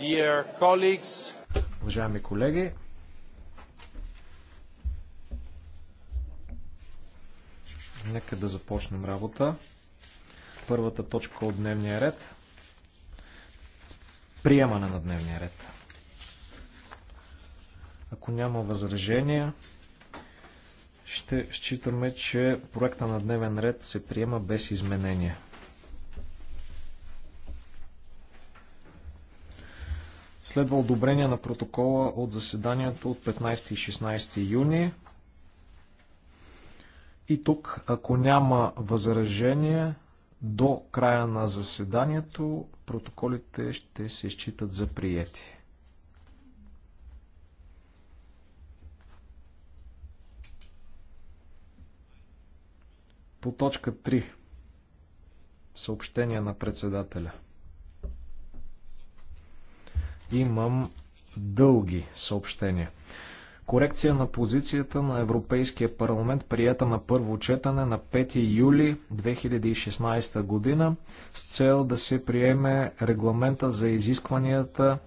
Dear colleagues, Уважаеми колеги, нека да започнем работа. Първата точка от дневния ред приемане на дневния ред. Ако няма възражения, ще считаме, че проекта на дневен ред се приема без изменения. Следва одобрение на протокола от заседанието от 15 и 16 юни. И тук, ако няма възражение, до края на заседанието протоколите ще се считат за приети. По точка 3 съобщение на председателя имам дълги съобщения. Корекция на позицията на Европейския парламент, прията на първо четане на 5 юли 2016 година, с цел да се приеме регламента за изискванията,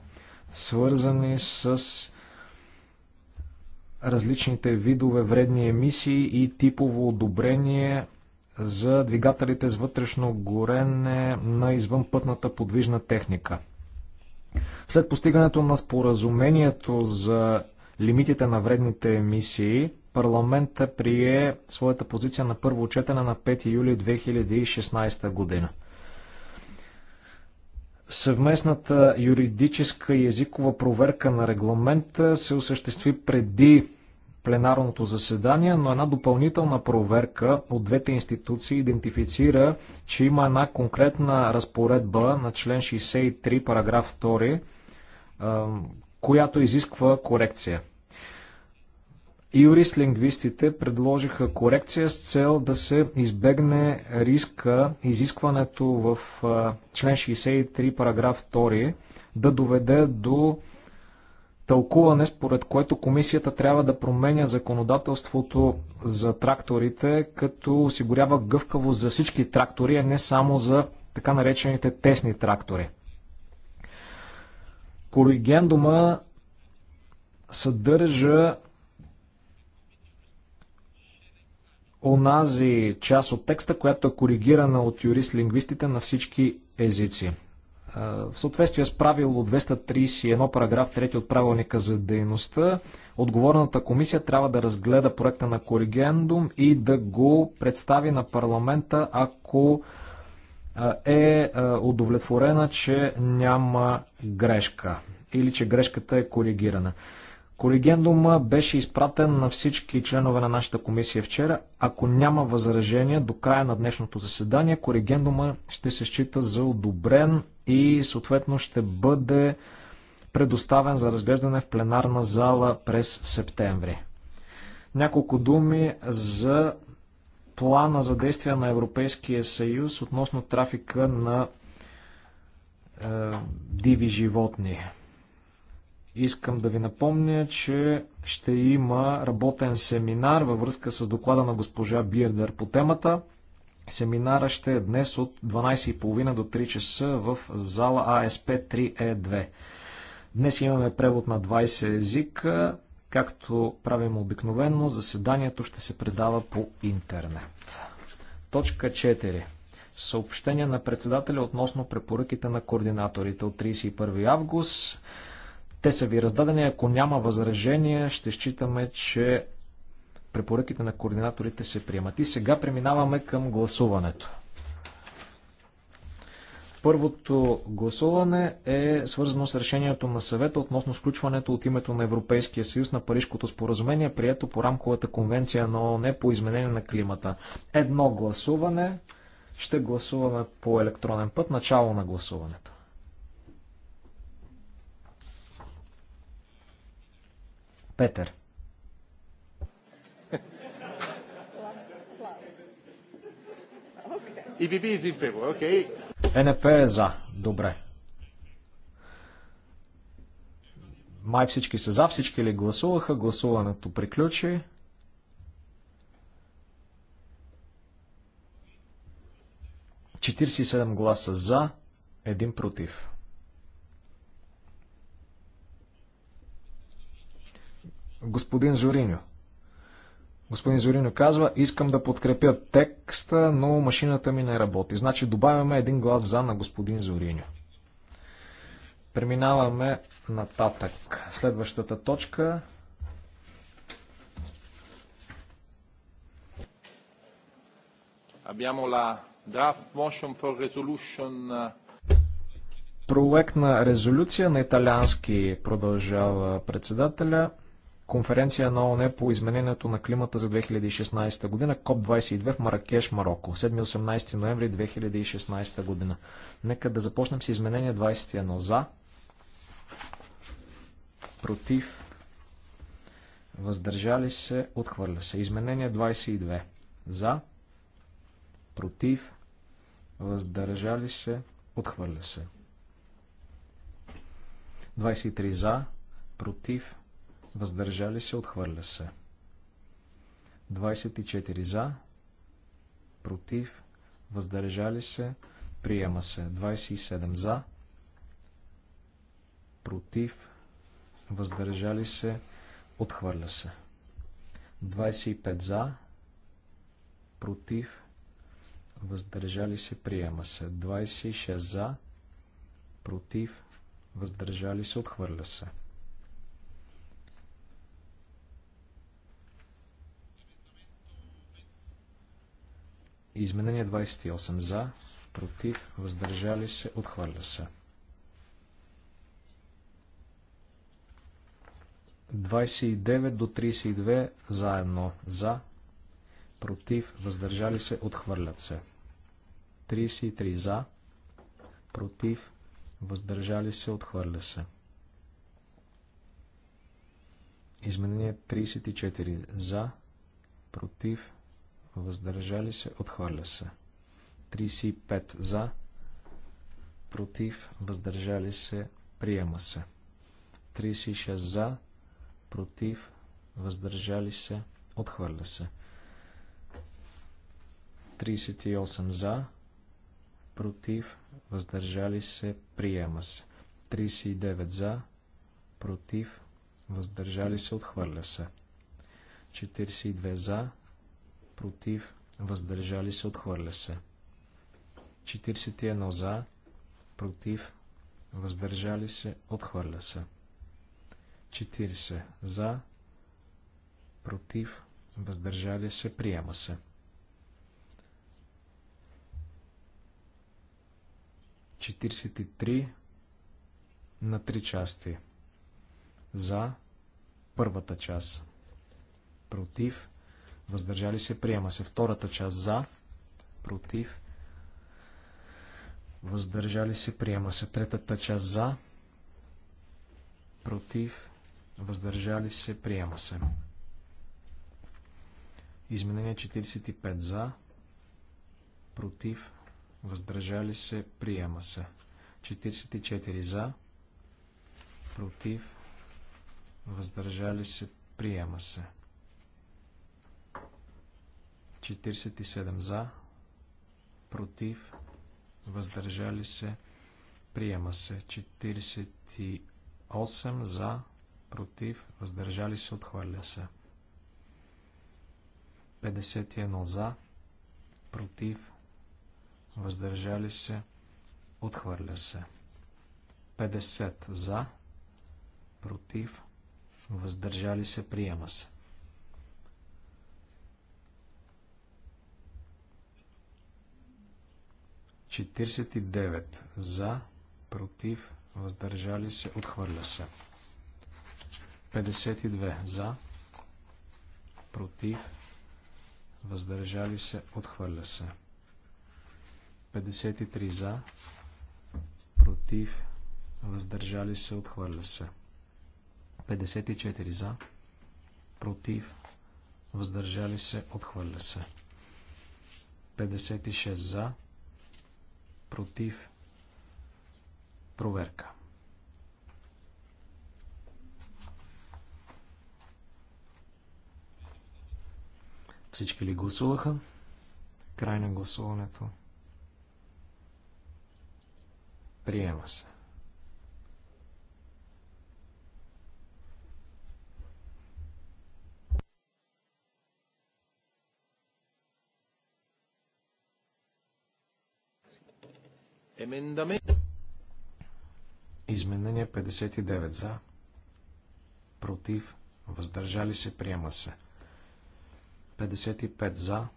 свързани с различните видове вредни емисии и типово одобрение за двигателите с вътрешно горене на извънпътната подвижна техника. След постигането на споразумението за лимитите на вредните емисии, парламента прие своята позиция на първо четене на 5 юли 2016 година. Съвместната юридическа и езикова проверка на регламента се осъществи преди пленарното заседание, но една допълнителна проверка от двете институции идентифицира, че има една конкретна разпоредба на член 63, параграф 2, която изисква корекция. Юрист-лингвистите предложиха корекция с цел да се избегне риска изискването в член 63, параграф 2 да доведе до тълкуване, според което комисията трябва да променя законодателството за тракторите, като осигурява гъвкаво за всички трактори, а не само за така наречените тесни трактори. Коригендума съдържа онази част от текста, която е коригирана от юрист-лингвистите на всички езици. В съответствие с правило 231 параграф 3 от правилника за дейността, отговорната комисия трябва да разгледа проекта на коригендум и да го представи на парламента, ако е удовлетворена, че няма грешка или че грешката е коригирана. Коригендума беше изпратен на всички членове на нашата комисия вчера. Ако няма възражения до края на днешното заседание, коригендума ще се счита за одобрен и съответно ще бъде предоставен за разглеждане в пленарна зала през септември. Няколко думи за плана за действие на Европейския съюз относно трафика на е, диви животни. Искам да ви напомня, че ще има работен семинар във връзка с доклада на госпожа Бирдер по темата. Семинара ще е днес от 12.30 до 3 часа в зала АСП 3E2. Е днес имаме превод на 20 езика. Както правим обикновено, заседанието ще се предава по интернет. Точка 4. Съобщение на председателя относно препоръките на координаторите от 31 август. Те са ви раздадени. Ако няма възражение, ще считаме, че препоръките на координаторите се приемат. И сега преминаваме към гласуването. Първото гласуване е свързано с решението на съвета относно сключването от името на Европейския съюз на Парижкото споразумение, прието по рамковата конвенция на ООН по изменение на климата. Едно гласуване. Ще гласуваме по електронен път начало на гласуването. Петър. EBB is in favor, okay. Е НП е за. Добре. Май всички са за, всички ли гласуваха? Гласуването приключи. Четирси седем гласа за, един против. Господин Жориньо. Господин Зорино казва, искам да подкрепя текста, но машината ми не работи. Значи добавяме един глас за на господин Зориньо. Преминаваме нататък. Следващата точка Абямо ла драфт мошен for resolution. Проект на резолюция на италиански продължава председателя конференция на ОНЕ по изменението на климата за 2016 година, КОП-22 в Маракеш, Марокко, 7-18 ноември 2016 година. Нека да започнем с изменение 21 за, против, въздържали се, отхвърля се. Изменение 22 за, против, въздържали се, отхвърля се. 23 за, против, въздържали се, отхвърля се. 24 за, против, въздържали се, приема се. 27 за, против, въздържали се, отхвърля се. 25 за, против, въздържали се, приема се. 26 за, против, въздържали се, отхвърля се. Изменение 28 за, против, въздържали се, отхвърля се. 29 до 32 заедно за, против, въздържали се, отхвърлят се. 33 за, против, въздържали се, отхвърля се. Изменение 34 за, против, въздържали се, отхвърля се. 35 за, против, въздържали се, приема се. 36 за, против, въздържали се, отхвърля се. 38 за, против, въздържали се, приема се. 39 за, против, въздържали се, отхвърля се. 42 за, против, въздържали се, отхвърля се. 41 за, против, въздържали се, отхвърля се. 40 за, против, въздържали се, приема се. 43 на три части. За първата част. Против, въздържали се, приема се. Втората част за, против, въздържали се, приема се. Третата част за, против, въздържали се, приема се. Изменение 45 за, против, въздържали се, приема се. 44 за, против, въздържали се, приема се. 47 за, против, въздържали се, приема се. 48 за, против, въздържали се, отхвърля се. 51 за, против, въздържали се, отхвърля се. 50 за, против, въздържали се, приема се. 49 за, против, въздържали се, отхвърля се. 52 за, против, въздържали се, отхвърля се. 53 за, против, въздържали се, отхвърля се. 54 за, против, въздържали се, отхвърля се. 56 за, против, против, проверка. Всички ли гласуваха? Край на гласуването. Приема се. Изменение 59 за. Против. Въздържали се. Приема се. 55 за.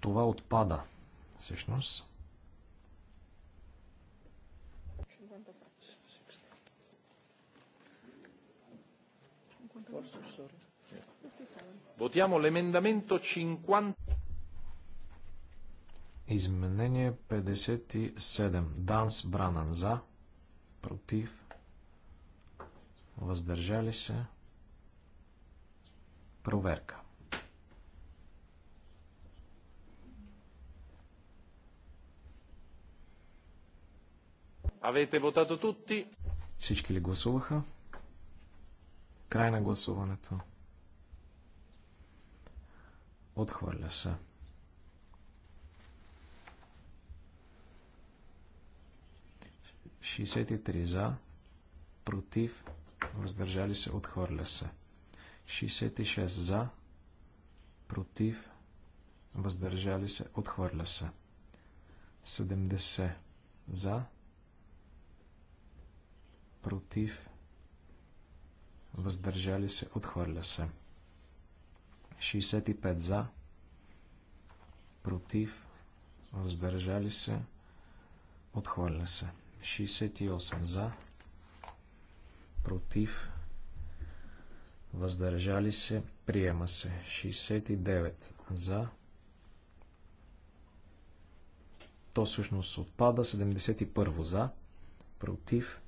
Това отпада. Всъщност. Votiamo l'emendamento 50. Изменение 57. Данс Бранан за. Против. Въздържали се. Проверка. Авете вотато тути. Всички ли гласуваха? Край на гласуването. Отхвърля се. 63 за, против, въздържали се, отхвърля се. 66 за, против, въздържали се, отхвърля се. 70 за, против, въздържали се, отхвърля се. 65 за, против, въздържали се, отхвърля се. 68 за, против, въздържали се, приема се. 69 за, то всъщност отпада, 71 за, против,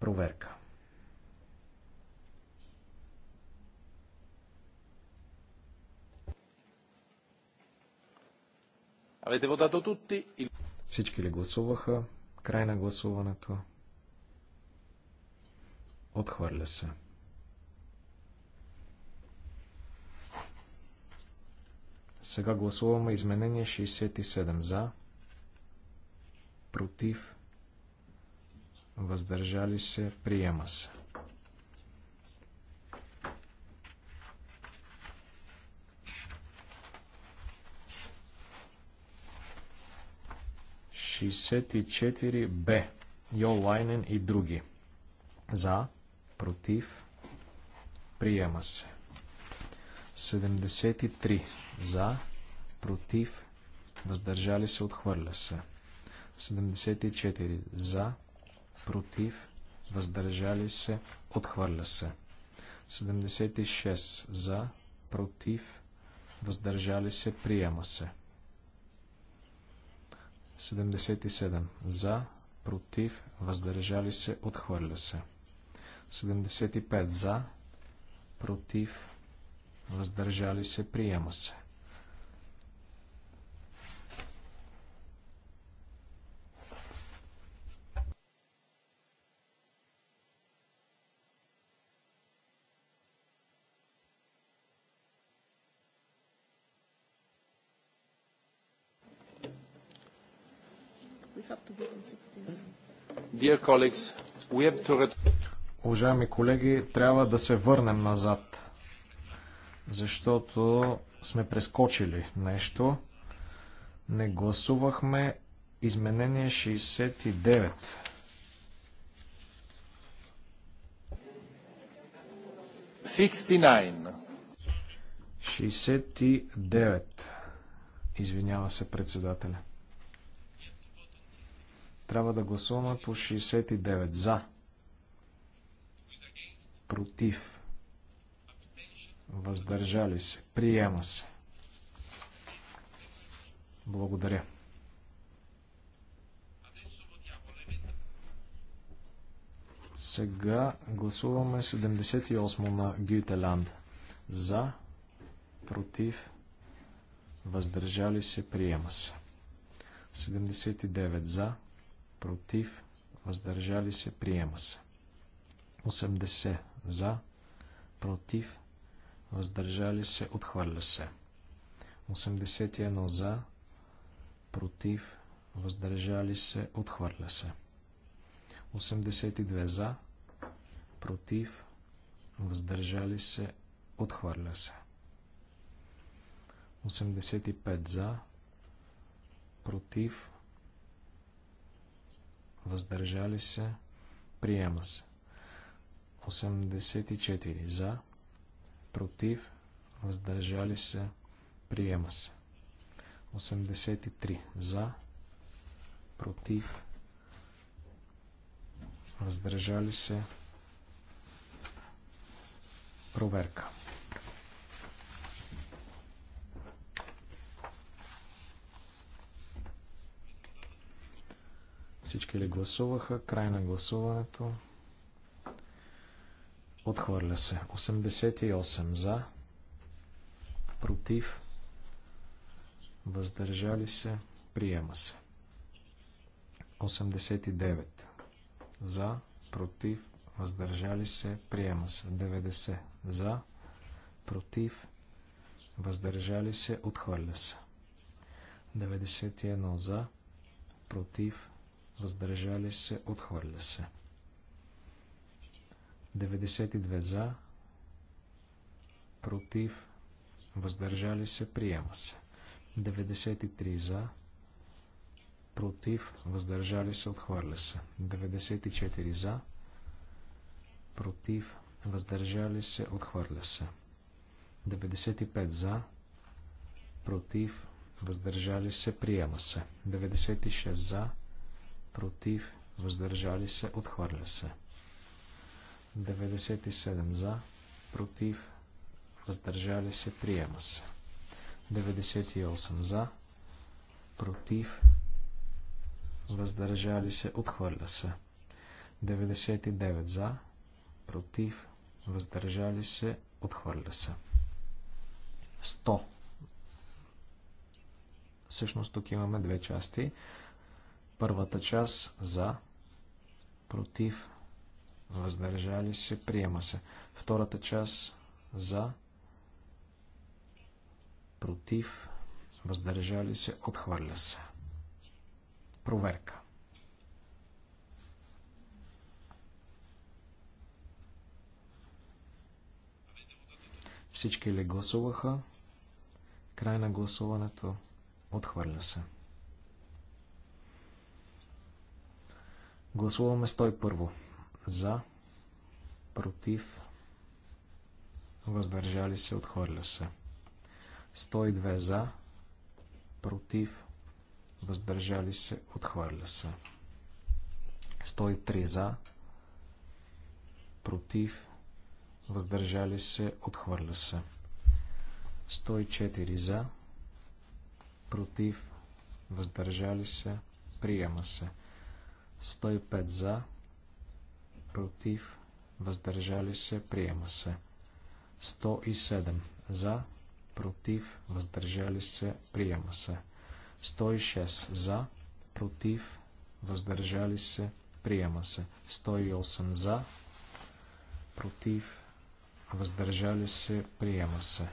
проверка. Avete votato tutti? Всички ли гласуваха? Край на гласуването. Отхвърля се. Сега гласуваме изменение 67 за, против, въздържали се, приема се. 64Б. Йолайнен и други. За, против, приема се. 73. За, против, въздържали се, отхвърля се. 74. За, против, въздържали се, отхвърля се. 76. За, против, въздържали се, приема се. 77. За, против, въздържали се, отхвърля се. 75. За, против, въздържали се, приема се. Уважаеми колеги, трябва да се върнем назад, защото сме прескочили нещо. Не гласувахме изменение 69. Шестдесет и девет. Извинява се председателя. Трябва да гласуваме по 69. За. Против. Въздържали се. Приема се. Благодаря. Сега гласуваме 78 на Гютеланд. За, против, въздържали се, приема се. 79 за, против, въздържали се, приема се. 80 за, против, въздържали се, отхвърля се. 81 за, против, въздържали се, отхвърля се. 82 за, против, въздържали се, отхвърля се. 85 за, против, въздържали се, приема се. 84 за, против, въздържали се, приема се. 83 за, против, въздържали се, проверка. Всички ли гласуваха? Край на гласуването. Отхвърля се. 88 за. Против. Въздържали се. Приема се. 89 за. Против. Въздържали се. Приема се. 90 за. Против. Въздържали се. Отхвърля се. 91 за. Против въздържали се, отхвърля се. 92 за, против, въздържали се, приема се. 93 за, против, въздържали се, отхвърля се. 94 за, против, въздържали се, отхвърля се. 95 за, против, въздържали се, приема се. 96 за, против, против, въздържали се, отхвърля се. 97 за, против, въздържали се, приема се. 98 за, против, въздържали се, отхвърля се. 99 за, против, въздържали се, отхвърля се. 100. Всъщност тук имаме две части. Първата част за, против, въздържали се, приема се. Втората част за, против, въздържали се, отхвърля се. Проверка. Всички ли гласуваха? Край на гласуването. Отхвърля се. Гласуваме 101. За, против, въздържали се, отхвърля се. 102 за, против, въздържали се, отхвърля се. 103 за, против, въздържали се, отхвърля се. 104 за, против, въздържали се, приема се. 105 за, против, въздържали се, приема се. 107 за, против, въздържали се, приема се. 106 за, против, въздържали се, приема се. 108 за, против, въздържали се, приема се.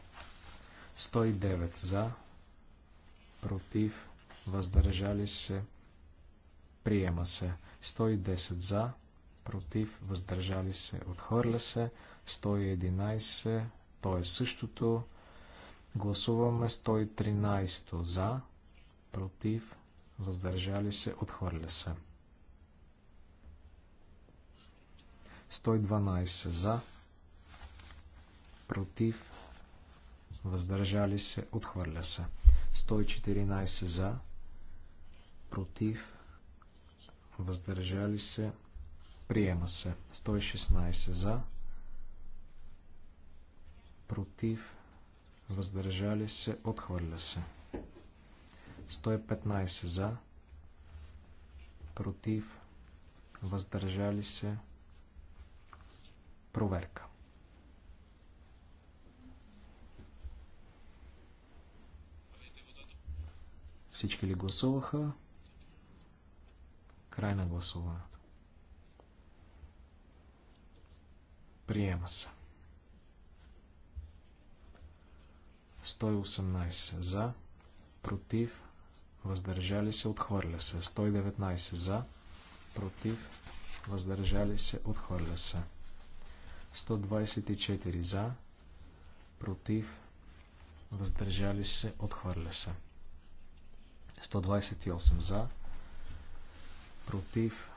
109 за, против, въздържали се, Приема се. 110 за, против, въздържали се, отхвърля се. 111, то е същото. Гласуваме 113 за, против, въздържали се, отхвърля се. 112 за, против, въздържали се, отхвърля се. 114 за, против, въздържали се, приема се. 116 за, против, въздържали се, отхвърля се. 115 за, против, въздържали се, проверка. Всички ли гласуваха? Край на гласуването. Приема се. 118 за, против, въздържали се, отхвърля се. 119 за, против, въздържали се, отхвърля се. 124 за, против, въздържали се, отхвърля се. 128 за, против,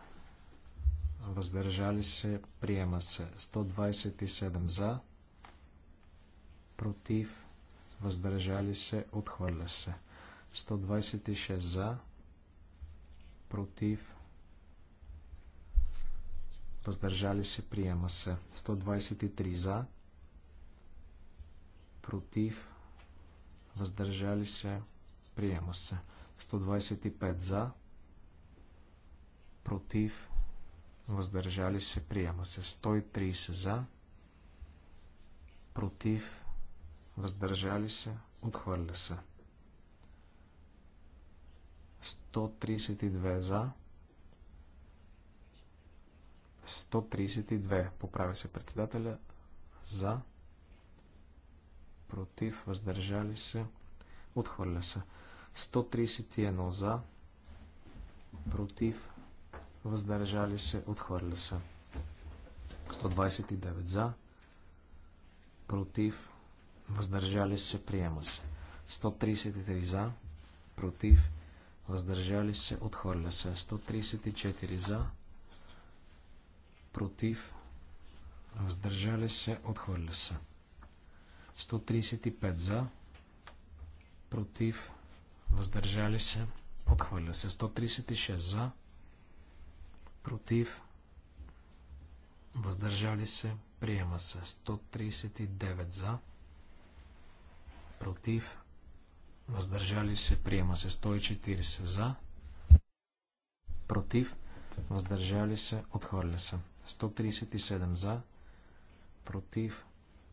въздържали се, приема се. 127 за, против, въздържали се, отхвърля се. 126 за, против, въздържали се, приема се. 123 за, против, въздържали се, приема се. 125 за, против, против, въздържали се, приема се. 130 за, против, въздържали се, отхвърля се. 132 за, 132, поправя се председателя, за, против, въздържали се, отхвърля се. 131 за, против, въздържали се, отхвърля се. 129 за, против, въздържали се, приема се. 133 за, против, въздържали се, отхвърля се. 134 за, против, въздържали се, отхвърля се. 135 за, против, въздържали се, отхвърля се. 136 за, против, против, въздържали се, приема се 139 за, против, въздържали се, приема се 140 за, против, въздържали се, отхвърля се 137 за, против,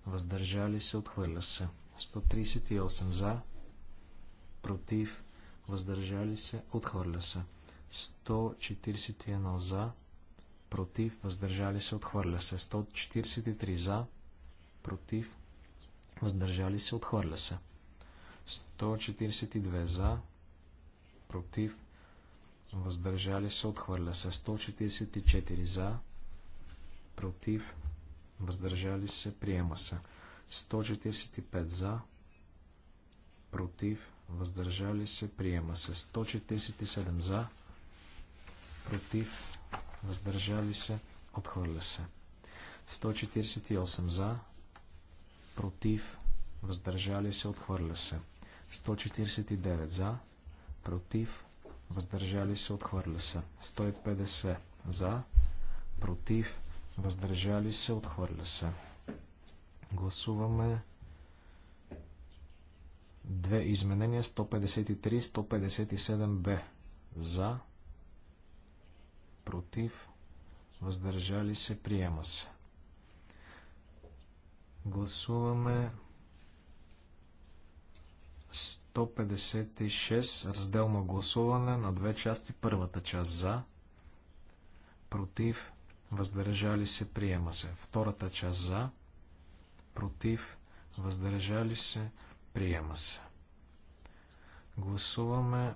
въздържали се, отхвърля се 138 за, против, въздържали се, отхвърля се 141 за, против, въздържали се, отхвърля се. 143 за, против, въздържали се, отхвърля се. 142 за, против, въздържали се, отхвърля се. 144 за, против, въздържали се, приема се. 145 за, против, въздържали се, приема се. 147 за, против, против, въздържали се, отхвърля се. 148 за, против, въздържали се, отхвърля се. 149 за, против, въздържали се, отхвърля се. 150 за, против, въздържали се, отхвърля се. Гласуваме две изменения 153-157 Б за, против, въздържали се, приема се. Гласуваме 156 разделно гласуване на две части. Първата част за, против, въздържали се, приема се. Втората част за, против, въздържали се, приема се. Гласуваме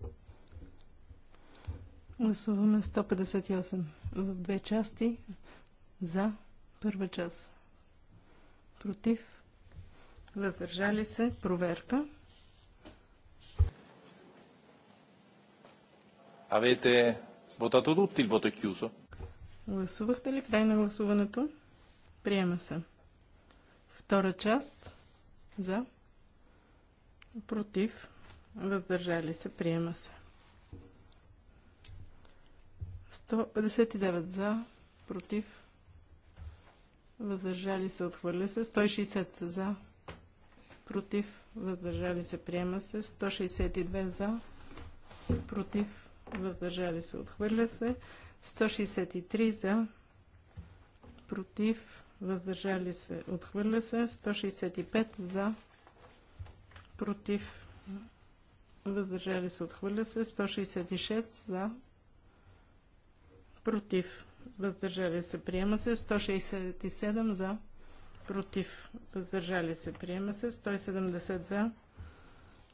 Гласуваме 158 в две части. За първа част. Против. Въздържали се. Проверка. Авете вотато до il voto è Гласувахте ли край на гласуването? Приема се. Втора част. За. Против. Въздържали се. Приема се. 159 за, против, въздържали се, отхвърля се. 160 за, против, въздържали се, приема се. 162 за, против, въздържали се, отхвърля се. 163 за, против, въздържали се, отхвърля се. 165 за, против, въздържали се, отхвърля се. 166 за, против, въздържали се, приема се. 167 за, против, въздържали се, приема се. 170 за,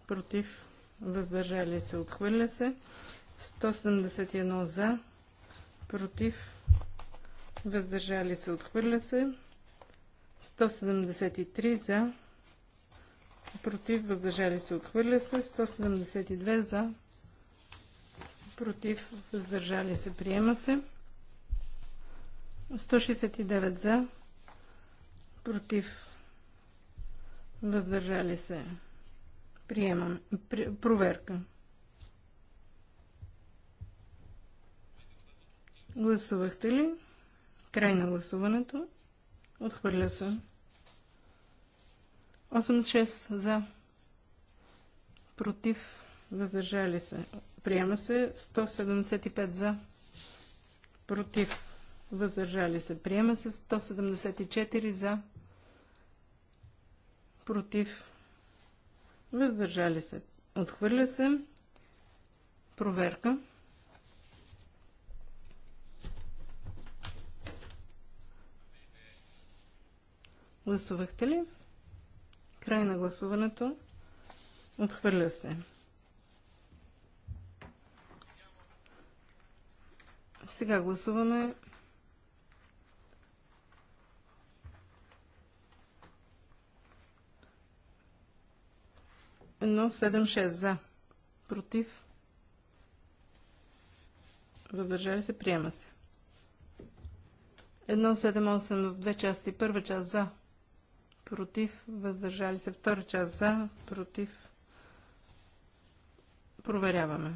против, въздържали се, отхвърля се. 171 за, против, въздържали се, отхвърля се. 173 за, против, въздържали се, отхвърля се. 172 за, против, въздържали се, приема се. 169 за, против, въздържали се, приемам, при, проверка. Гласувахте ли? Край на гласуването. Отхвърля се. 86 за, против, въздържали се, Приема се 175 за. Против. Въздържали се. Приема се 174 за. Против. Въздържали се. Отхвърля се. Проверка. Гласувахте ли? Край на гласуването. Отхвърля се. Сега гласуваме едно 7-6 за. Против. Въздържали се, приема се. Едно седем-осем в две части. Първа част за. Против. Въздържали се. Втора част за. Против. Проверяваме.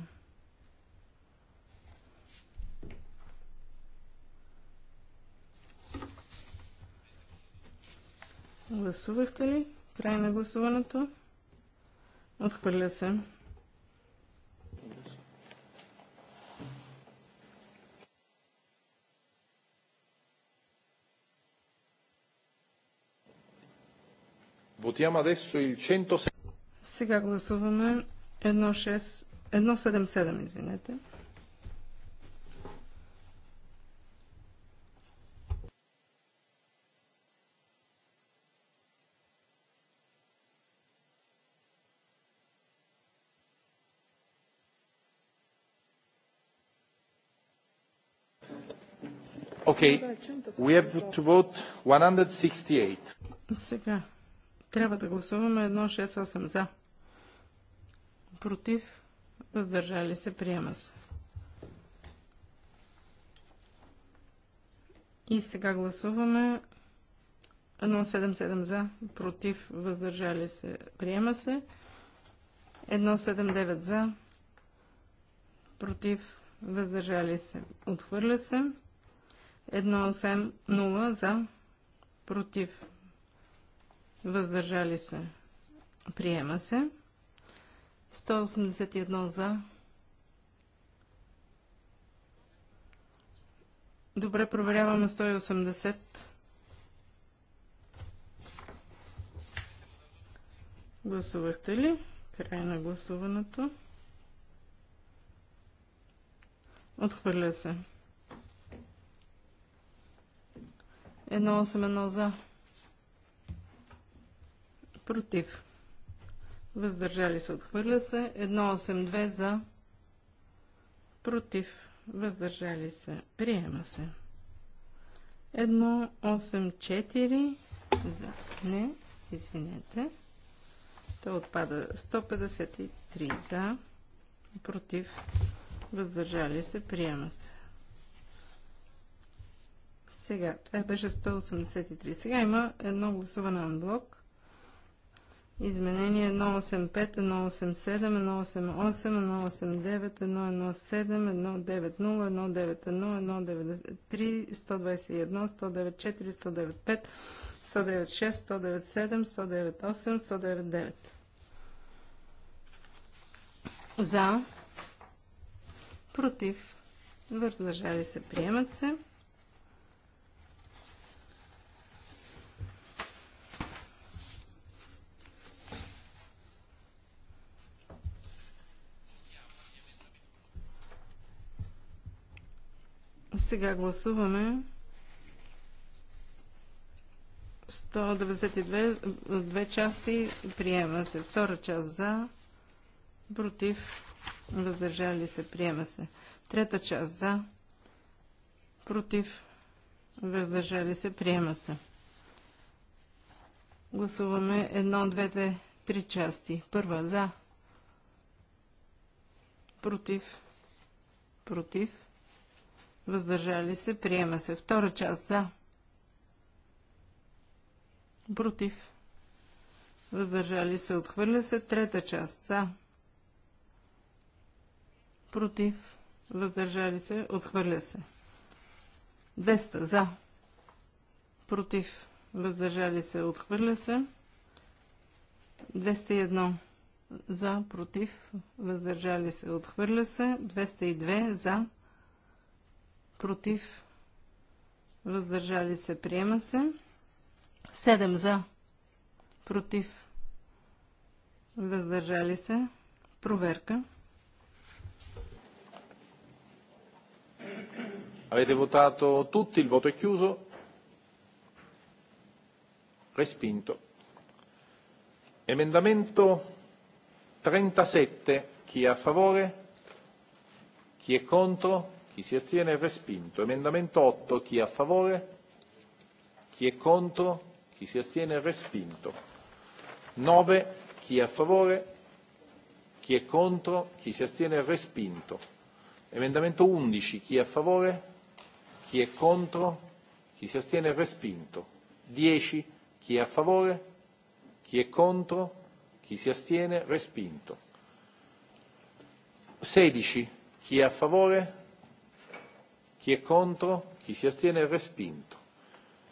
Гласувахте ли? Край на гласуването. Отхвърля се. Votiamo adesso il 100... Сега гласуваме 1.6... 1.77, извинете. We have to vote 168. Сега трябва да гласуваме 168 за. Против, въздържали се, приема се. И сега гласуваме 177 за, против, въздържали се, приема се. 179 за, против, въздържали се, отхвърля се. 180 за, против, въздържали се, приема се. 181 за. Добре, проверяваме 180. Гласувахте ли? Край на гласуването. Отхвърля се. Едно 8 181 за. Против. Въздържали се. Отхвърля се. Едно 8-2 за. Против. Въздържали се. Приема се. Едно 8-4 за. Не. Извинете. той отпада 153 за. Против. Въздържали се. Приема се. Сега, това беше 183. Сега има едно гласуване на блок. Изменение 185, 187, 188, 189, 117, 190, 191, 193, 121, 194, 195, 196, 197, 198, 199. За. Против. Въздържали се. Приемат се. Сега гласуваме 192 две части. Приема се. Втора част за. Против. Въздържали се. Приема се. Трета част за. Против. Въздържали се. Приема се. Гласуваме едно, две, две, три части. Първа за. Против. Против въздържали се, приема се. Втора част за, против, въздържали се, отхвърля се. Трета част за, против, въздържали се, отхвърля се. 200 за, против, въздържали се, отхвърля се. 201 за, против, въздържали се, отхвърля се. 202 за, против, въздържали се, приема се. 7 за, против, въздържали се, проверка. Avete votato tutti, il voto è chiuso. Respinto. Emendamento 37. Chi è a favore? Chi è contro? Chi si astiene? Respinto. Emendamento 8. Chi è a favore? Chi è contro? Chi si astiene? Respinto. 9. Chi è a favore? Chi è contro? Chi si astiene? Respinto. Emendamento 11. Chi è a favore? Chi è contro? Chi si astiene? Respinto. 10. Chi è a favore? Chi è contro? Chi si astiene? Respinto. 16. Chi è a favore? Chi è contro? Chi si astiene? Respinto.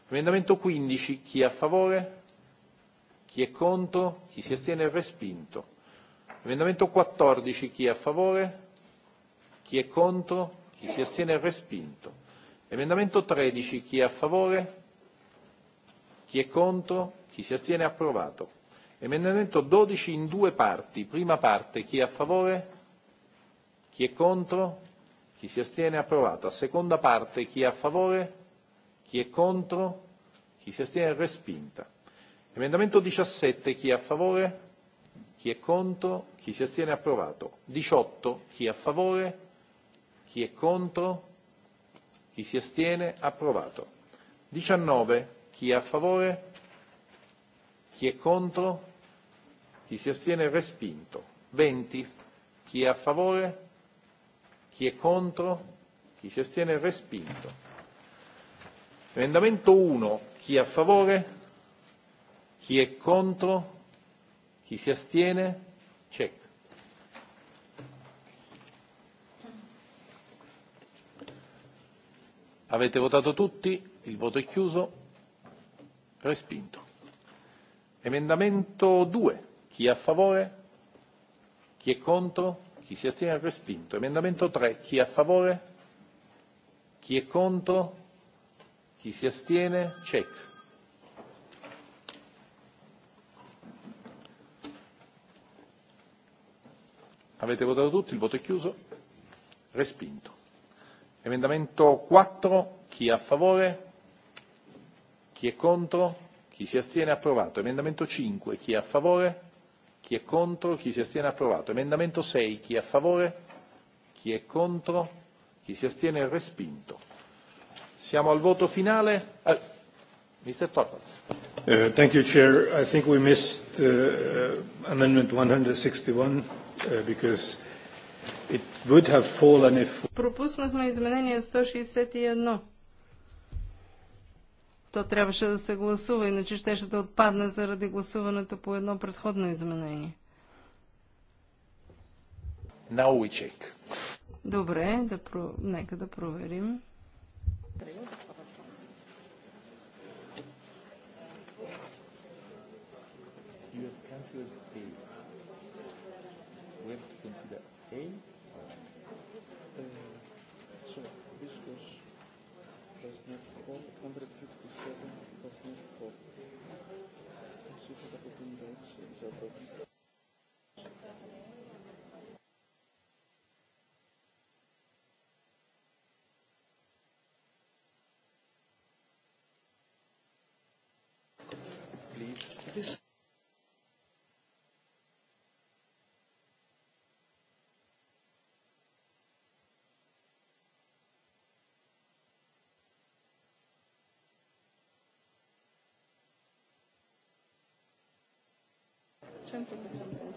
Emendamento 15. Chi è a favore? Chi è contro? Chi si astiene? Respinto. Emendamento 14. Chi è a favore? Chi è contro? Chi si astiene? Respinto. Emendamento 13. Chi è a favore? Chi è contro? Chi si astiene? Approvato. Emendamento 12 in due parti. Prima parte. Chi è a favore? Chi è contro? Chi si astiene? Approvata. Seconda parte. Chi è a favore? Chi è contro? Chi si astiene? Respinta. Emendamento 17. Chi è a favore? Chi è contro? Chi si astiene? Approvato. 18. Chi è a favore? Chi è contro? Chi si astiene? Approvato. 19. Chi è a favore? Chi è contro? Chi si astiene? Respinto. 20. Chi è a favore? Chi è contro? Chi si astiene? Respinto. Emendamento 1. Chi è a favore? Chi è contro? Chi si astiene? Check. Avete votato tutti? Il voto è chiuso. Respinto. Emendamento 2. Chi è a favore? Chi è contro? Chi si astiene è respinto. Emendamento 3. Chi è a favore? Chi è contro? Chi si astiene? Check. Avete votato tutti, il voto è chiuso. Respinto. Emendamento 4, chi è a favore? Chi è contro? Chi si astiene? Approvato. Emendamento 5, chi è a favore? Chi è contro? Chi si astiene? Approvato. Emendamento 6. Chi è a favore? Chi è contro? Chi si astiene? Respinto. Siamo al voto finale. Uh, Mr. Torvalds. Uh, thank you, Chair. I think we missed uh, Amendment 161 uh, because it would have fallen if... Пропуснахме изменение 161. То трябваше да се гласува, иначе ще да отпадне заради гласуването по едно предходно изменение. Now we check. Добре, да про... нека да проверим. You have cancelled A. We have to consider A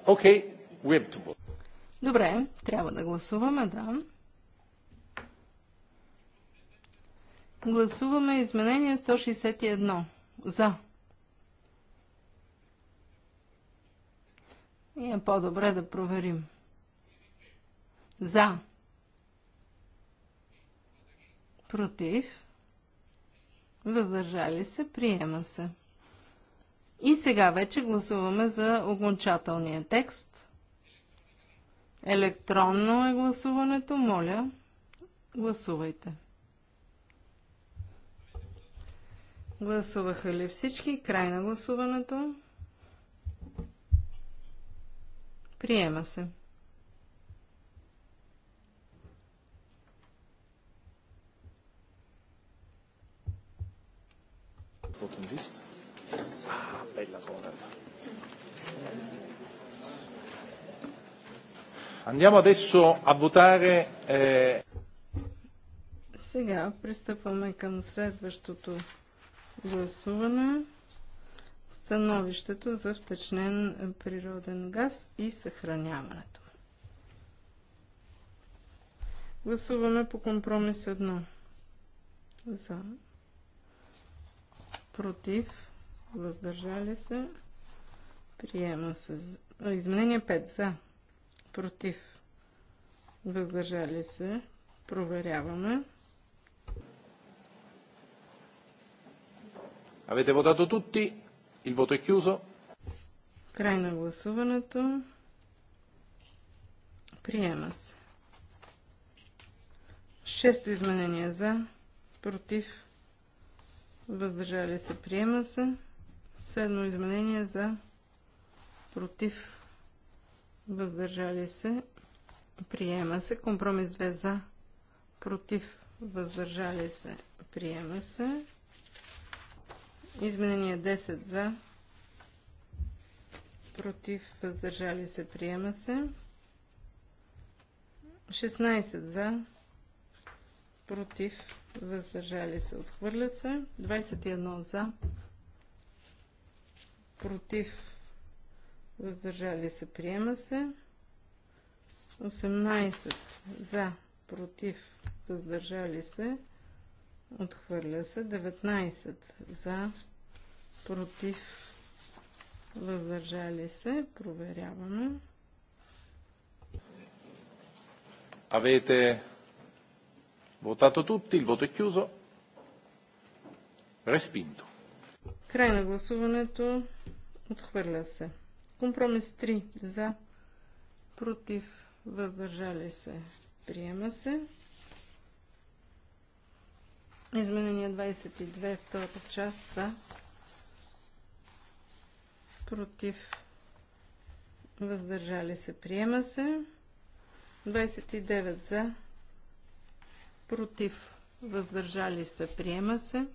Okay, we have to vote. Добре, трябва да гласуваме, да. Гласуваме изменение 161. За. И е по-добре да проверим. За. Против. Въздържали се. Приема се. И сега вече гласуваме за окончателния текст. Електронно е гласуването. Моля, гласувайте. Гласуваха ли всички? Край на гласуването. Приема се. Потом виждате. Andiamo adesso a votare... Eh, Сега пристъпваме към следващото гласуване. Становището за втечнен природен газ и съхраняването. Гласуваме по компромис 1. За. Против. Въздържали се. Приема се. Изменение 5. За против, въздържали се, проверяваме. Avete votato tutti? Il voto è chiuso. Край на гласуването. Приема се. Шесто изменение за, против, въздържали се, приема се. Седмо изменение за, против, въздържали се, приема се. Компромис 2 за, против, въздържали се, приема се. Изменение 10 за, против, въздържали се, приема се. 16 за, против, въздържали се, отхвърлят се. 21 за, против, въздържали се, приема се. 18 за, против, въздържали се, отхвърля се. 19 за, против, въздържали се, проверяваме. Avete votato tutti, il е кюзо. Респинто. Край на гласуването. Отхвърля се. Компромис 3 за, против, въздържали се, приема се. Изменение 22, втората част за, против, въздържали се, приема се. 29 за, против, въздържали се, приема се.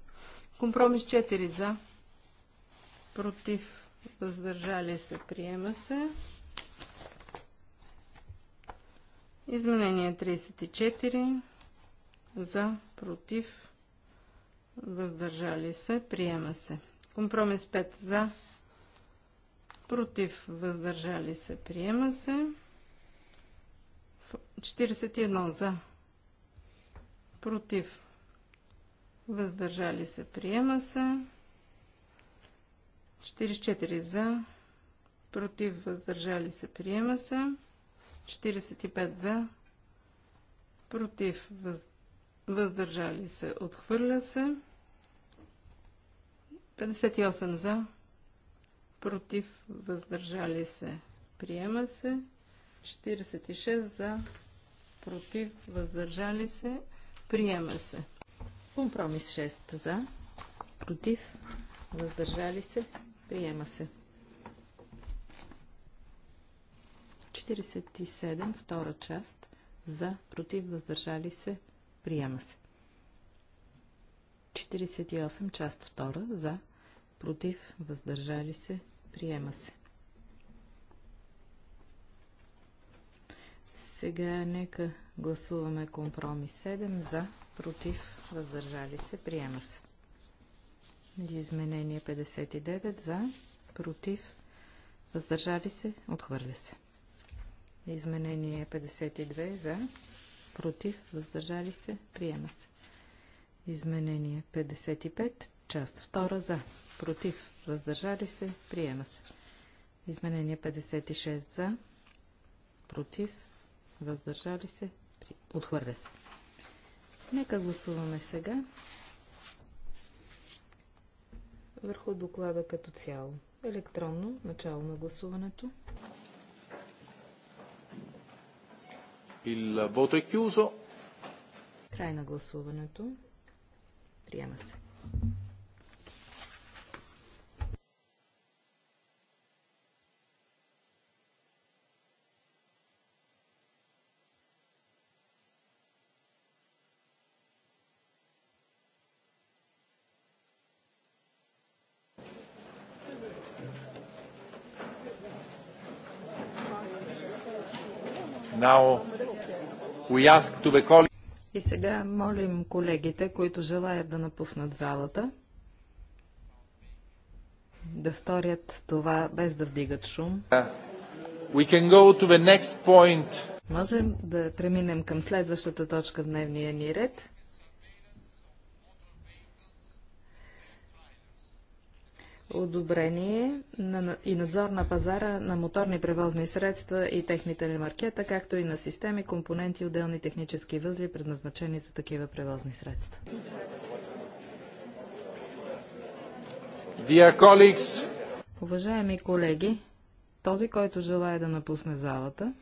Компромис 4 за, против, въздържали се, приема се. Изменение 34 за, против, въздържали се, приема се. Компромис 5 за, против, въздържали се, приема се. 41 за, против, въздържали се, приема се. 44 за, против, въздържали се, приема се. 45 за, против, въздържали се, отхвърля се. 58 за, против, въздържали се, приема се. 46 за, против, въздържали се, приема се. Компромис 6 за, против, въздържали се, Приема се. 47, втора част. За, против, въздържали се. Приема се. 48, част втора. За, против, въздържали се. Приема се. Сега нека гласуваме компромис 7 за, против, въздържали се, приема се. Изменение 59 за, против, въздържали се, отхвърля се. Изменение 52 за, против, въздържали се, приема се. Изменение 55, част 2 за, против, въздържали се, приема се. Изменение 56 за, против, въздържали се, при... отхвърля се. Нека гласуваме сега върху доклада като цяло. Електронно, начало на гласуването. Il voto è chiuso. Край на гласуването. Приема се. И сега молим колегите, които желаят да напуснат залата, да сторят това без да вдигат шум. Можем да преминем към следващата точка в дневния ни ред. одобрение на, и надзор на пазара на моторни превозни средства и техните ремаркета, както и на системи, компоненти и отделни технически възли, предназначени за такива превозни средства. Уважаеми колеги, този, който желая да напусне залата,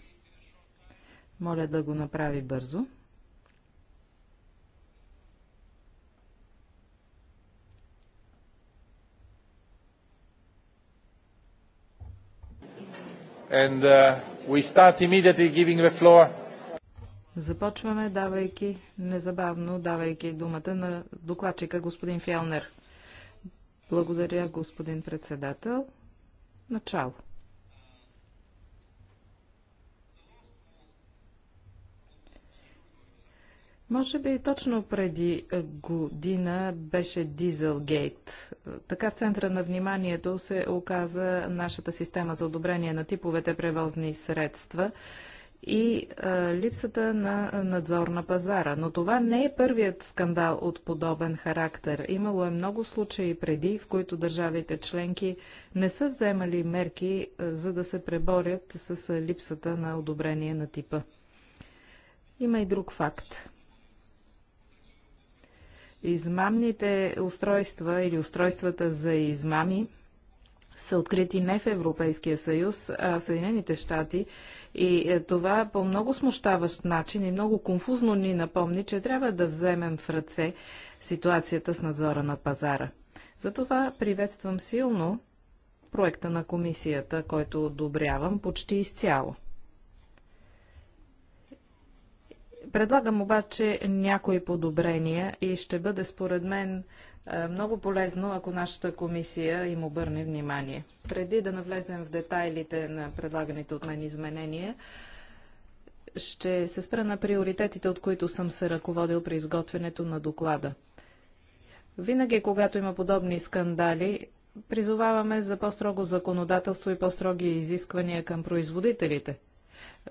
моля да го направи бързо. And uh, we start immediately giving the floor. Започваме, давайки незабавно, давайки думата на докладчика господин Фялнер. Благодаря, господин председател. Начало. Може би точно преди е, година беше Дизелгейт. Така в центъра на вниманието се оказа нашата система за одобрение на типовете превозни средства и а, е, липсата на е, надзор на пазара. Но това не е първият скандал от подобен характер. Имало е много случаи преди, в които държавите членки не са вземали мерки, а, за да се преборят с а, липсата на одобрение на типа. Има и друг факт. Измамните устройства или устройствата за измами са открити не в Европейския съюз, а Съединените щати. И е, това по много смущаващ начин и много конфузно ни напомни, че трябва да вземем в ръце ситуацията с надзора на пазара. Затова приветствам силно проекта на комисията, който одобрявам почти изцяло. Предлагам обаче някои подобрения и ще бъде според мен е, много полезно, ако нашата комисия им обърне внимание. Преди да навлезем в детайлите на предлаганите от мен изменения, ще се спра на приоритетите, от които съм се ръководил при изготвянето на доклада. Винаги, когато има подобни скандали, призоваваме за по-строго законодателство и по-строги изисквания към производителите –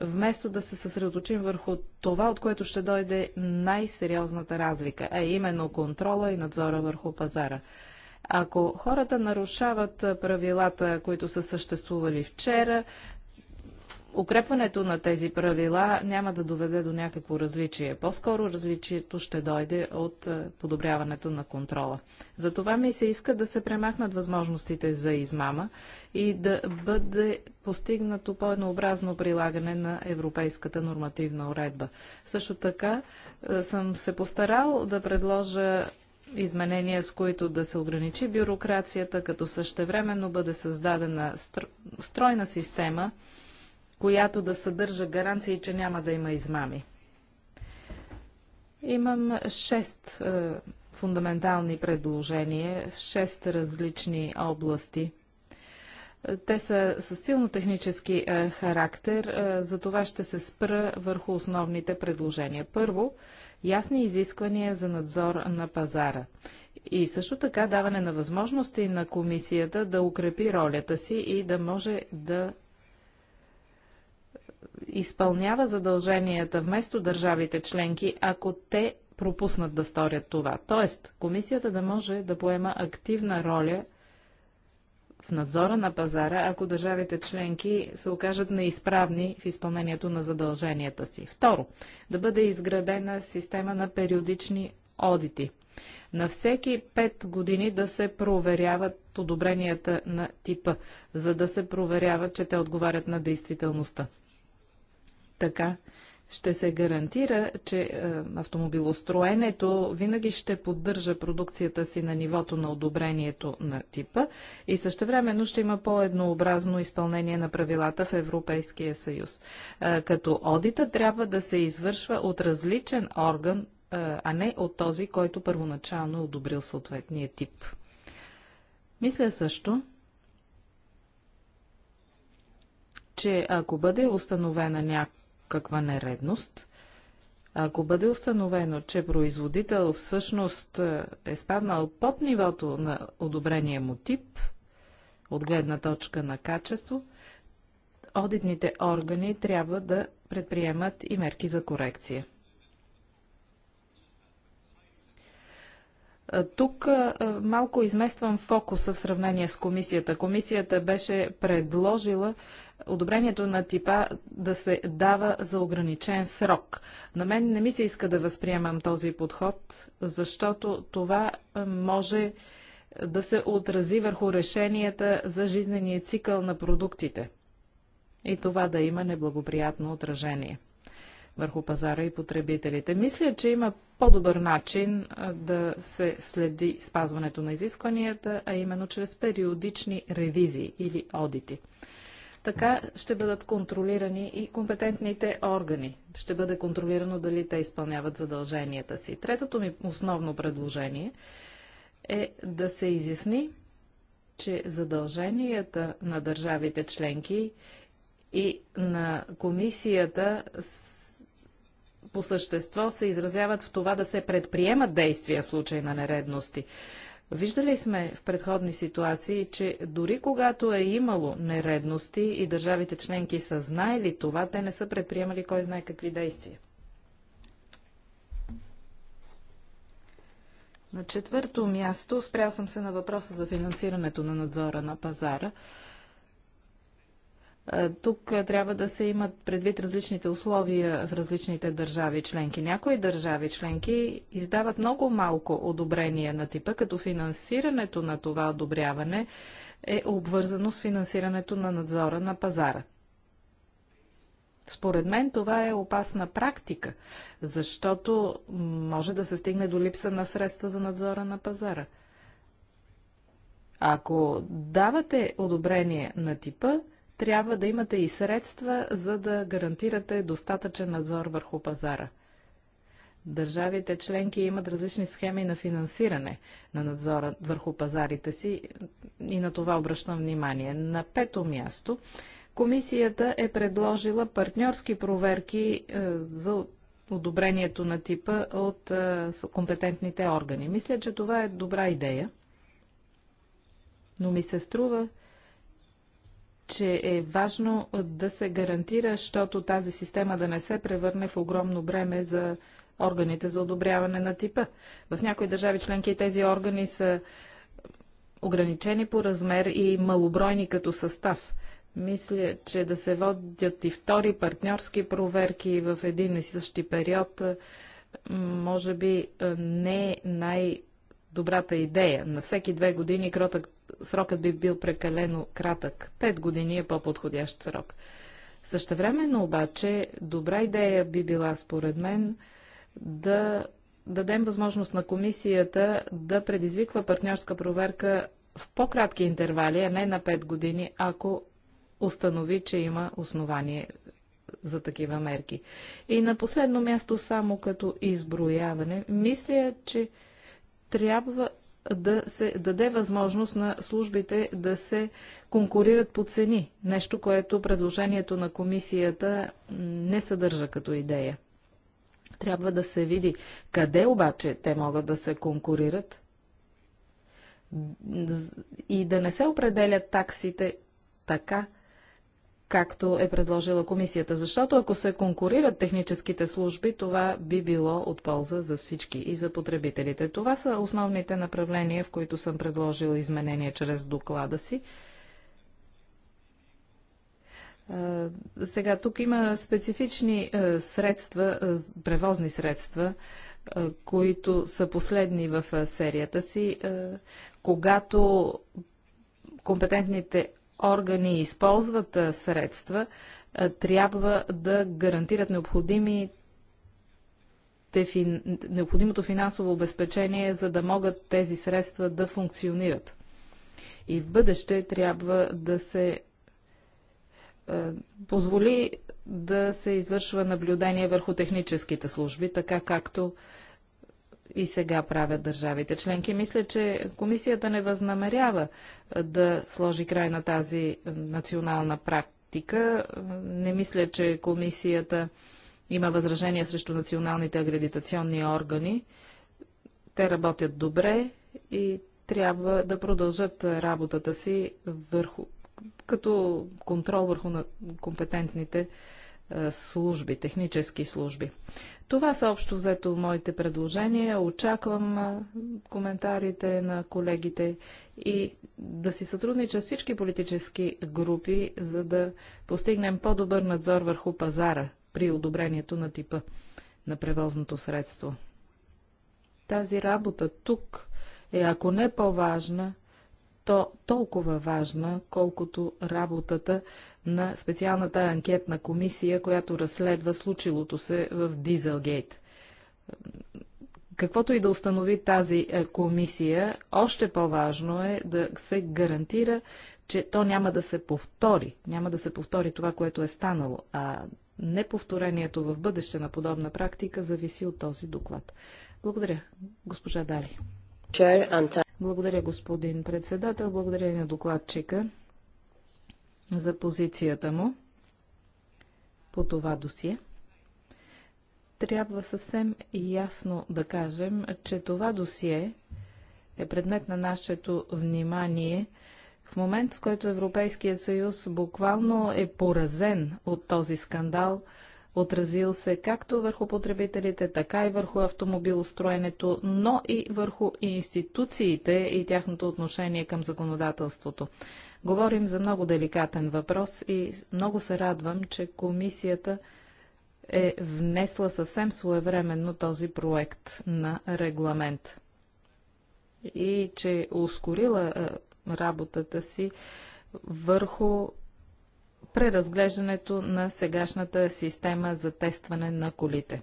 вместо да се съсредоточим върху това, от което ще дойде най-сериозната разлика, а именно контрола и надзора върху пазара. Ако хората нарушават правилата, които са съществували вчера, укрепването на тези правила няма да доведе до някакво различие. По-скоро различието ще дойде от е, подобряването на контрола. Затова ми се иска да се премахнат възможностите за измама и да бъде постигнато по-еднообразно прилагане на европейската нормативна уредба. Също така е, съм се постарал да предложа изменения, с които да се ограничи бюрокрацията, като същевременно бъде създадена стройна система, която да съдържа гаранции, че няма да има измами. Имам шест е, фундаментални предложения в шест различни области. Е, те са с силно технически е, характер, е, за това ще се спра върху основните предложения. Първо, ясни изисквания за надзор на пазара и също така даване на възможности на комисията да укрепи ролята си и да може да изпълнява задълженията вместо държавите членки, ако те пропуснат да сторят това. Тоест, комисията да може да поема активна роля в надзора на пазара, ако държавите членки се окажат неизправни в изпълнението на задълженията си. Второ, да бъде изградена система на периодични одити. На всеки 5 години да се проверяват одобренията на типа, за да се проверява, че те отговарят на действителността. Така ще се гарантира, че е, автомобилостроенето винаги ще поддържа продукцията си на нивото на одобрението на типа и същевременно ще има по-еднообразно изпълнение на правилата в Европейския съюз. Е, като одита трябва да се извършва от различен орган, е, а не от този, който първоначално е одобрил съответния тип. Мисля също, че ако бъде установена някаква каква нередност, ако бъде установено, че производител всъщност е спаднал под нивото на одобрение му тип, от гледна точка на качество, одитните органи трябва да предприемат и мерки за корекция. Тук малко измествам фокуса в сравнение с комисията. Комисията беше предложила одобрението на типа да се дава за ограничен срок. На мен не ми се иска да възприемам този подход, защото това може да се отрази върху решенията за жизнения цикъл на продуктите и това да има неблагоприятно отражение върху пазара и потребителите. Мисля, че има по-добър начин да се следи спазването на изискванията, а именно чрез периодични ревизии или одити. Така ще бъдат контролирани и компетентните органи. Ще бъде контролирано дали те изпълняват задълженията си. Третото ми основно предложение е да се изясни, че задълженията на държавите членки и на комисията по същество се изразяват в това да се предприемат действия в случай на нередности. Виждали сме в предходни ситуации, че дори когато е имало нередности и държавите членки са знаели това, те не са предприемали кой знае какви действия. На четвърто място спря съм се на въпроса за финансирането на надзора на пазара. Е, тук е, трябва да се имат предвид различните условия в различните държави членки. Някои държави членки издават много малко одобрение на типа, като финансирането на това одобряване е обвързано с финансирането на надзора на пазара. Според мен това е опасна практика, защото може да се стигне до липса на средства за надзора на пазара. Ако давате одобрение на типа, трябва да имате и средства, за да гарантирате достатъчен надзор върху пазара. Държавите членки имат различни схеми на финансиране на надзора върху пазарите си и на това обръщам внимание. На пето място комисията е предложила партньорски проверки е, за одобрението на типа от е, компетентните органи. Мисля, че това е добра идея, но ми се струва, че е важно да се гарантира, защото тази система да не се превърне в огромно бреме за органите за одобряване на типа. В някои държави членки тези органи са ограничени по размер и малобройни като състав. Мисля, че да се водят и втори партньорски проверки в един и същи период, може би не е най- добрата идея. На всеки две години кротък, срокът би бил прекалено кратък. Пет години е по-подходящ срок. Същевременно обаче добра идея би била според мен да дадем възможност на комисията да предизвиква партньорска проверка в по-кратки интервали, а не на 5 години, ако установи, че има основание за такива мерки. И на последно място, само като изброяване, мисля, че трябва да се даде възможност на службите да се конкурират по цени. Нещо, което предложението на комисията не съдържа като идея. Трябва да се види къде обаче те могат да се конкурират и да не се определят таксите така, както е предложила комисията. Защото ако се конкурират техническите служби, това би било от полза за всички и за потребителите. Това са основните направления, в които съм предложил изменения чрез доклада си. Сега тук има специфични средства, превозни средства, които са последни в серията си, когато компетентните органи използват средства, трябва да гарантират необходими необходимото финансово обезпечение, за да могат тези средства да функционират. И в бъдеще трябва да се е, позволи да се извършва наблюдение върху техническите служби, така както и сега правят държавите членки. Мисля, че комисията не възнамерява да сложи край на тази национална практика. Не мисля, че комисията има възражения срещу националните агредитационни органи. Те работят добре и трябва да продължат работата си върху, като контрол върху компетентните е, служби, технически служби. Това са общо взето моите предложения. Очаквам е, коментарите на колегите и да си сътрудничат всички политически групи, за да постигнем по-добър надзор върху пазара при одобрението на типа на превозното средство. Тази работа тук е, ако не по-важна, то толкова важна, колкото работата на специалната анкетна комисия, която разследва случилото се в Дизелгейт. Каквото и да установи тази е, комисия, още по-важно е да се гарантира, че то няма да се повтори. Няма да се повтори това, което е станало. А неповторението в бъдеще на подобна практика зависи от този доклад. Благодаря, госпожа Дали. Благодаря, господин председател. Благодаря на докладчика за позицията му по това досие. Трябва съвсем ясно да кажем, че това досие е предмет на нашето внимание в момент, в който Европейския съюз буквално е поразен от този скандал – Отразил се както върху потребителите, така и върху автомобилостроенето, но и върху институциите и тяхното отношение към законодателството. Говорим за много деликатен въпрос и много се радвам, че комисията е внесла съвсем своевременно този проект на регламент и че ускорила е, работата си върху преразглеждането на сегашната система за тестване на колите,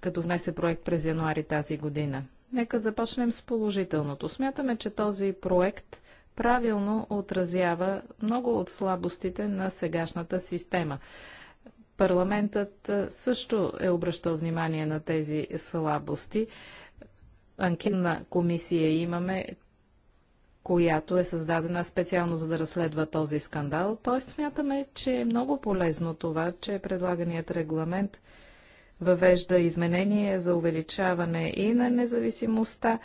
като внесе проект през януари тази година. Нека започнем с положителното. Смятаме, че този проект правилно отразява много от слабостите на сегашната система. Парламентът също е обръщал внимание на тези слабости анкетна комисия имаме, която е създадена специално за да разследва този скандал. Т.е. смятаме, че е много полезно това, че предлаганият регламент въвежда изменения за увеличаване и на независимостта,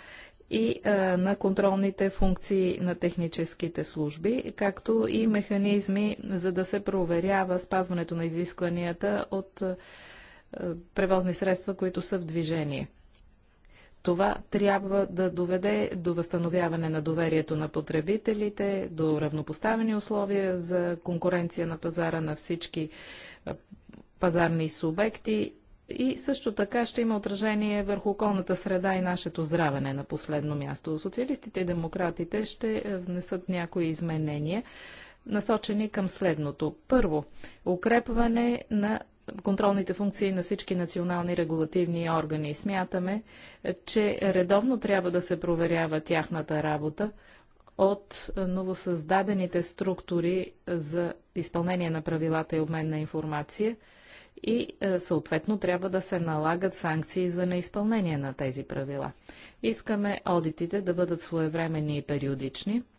и а, на контролните функции на техническите служби, както и механизми за да се проверява спазването на изискванията от а, превозни средства, които са в движение. Това трябва да доведе до възстановяване на доверието на потребителите, до равнопоставени условия за конкуренция на пазара на всички пазарни субекти и също така ще има отражение върху околната среда и нашето здравене на последно място. Социалистите и демократите ще е, внесат някои изменения, насочени към следното. Първо, укрепване на контролните функции на всички национални регулативни органи. Смятаме, че редовно трябва да се проверява тяхната работа от новосъздадените структури за изпълнение на правилата и обмен на информация и е, съответно трябва да се налагат санкции за неизпълнение на тези правила. Искаме одитите да бъдат своевременни и периодични –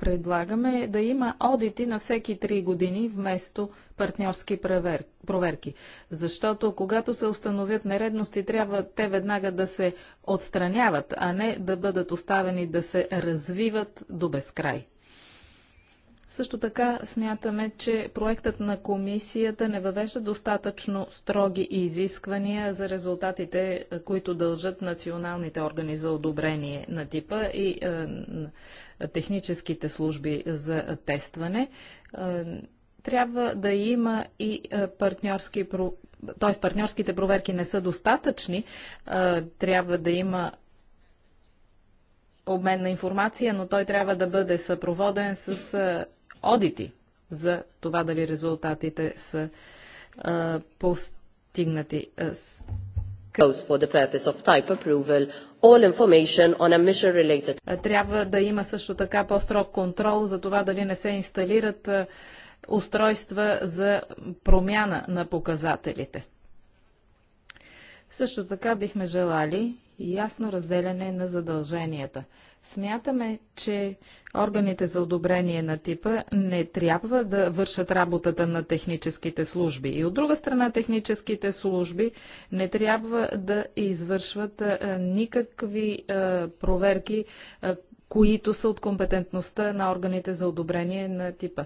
предлагаме е да има одити на всеки 3 години вместо партньорски проверки. Защото когато се установят нередности, трябва те веднага да се отстраняват, а не да бъдат оставени да се развиват до безкрай. Също така смятаме, че проектът на комисията не въвежда достатъчно строги изисквания за резултатите, е, които дължат националните органи за одобрение на типа и е, техническите служби за тестване. Е, трябва да има и е, партньорски, т.е. партньорските проверки не са достатъчни, е, трябва да има обмен на информация, но той трябва да бъде съпроводен с е, одити за това дали резултатите са а, постигнати. Трябва да има също така по-строг контрол за това дали не се инсталират устройства за промяна на показателите. Също така бихме желали ясно разделяне на задълженията. Смятаме, че органите за одобрение на типа не трябва да вършат работата на техническите служби. И от друга страна, техническите служби не трябва да извършват никакви проверки, които са от компетентността на органите за одобрение на типа.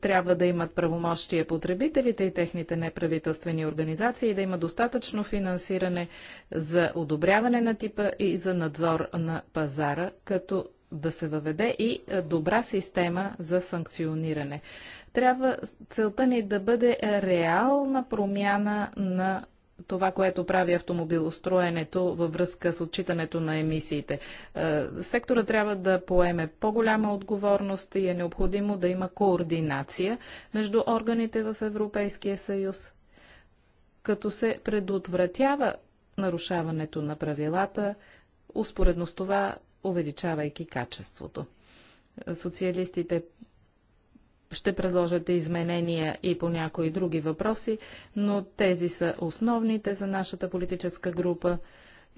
Трябва да имат правомощие потребителите и техните неправителствени организации, да има достатъчно финансиране за одобряване на типа и за надзор на пазара, като да се въведе и е, добра система за санкциониране. Трябва целта ни е да бъде реална промяна на това, което прави автомобилостроенето във връзка с отчитането на емисиите. Е, сектора трябва да поеме по-голяма отговорност и е необходимо да има координация между органите в Европейския съюз, като се предотвратява нарушаването на правилата, успоредно с това увеличавайки качеството. Социалистите ще предложате изменения и по някои други въпроси, но тези са основните за нашата политическа група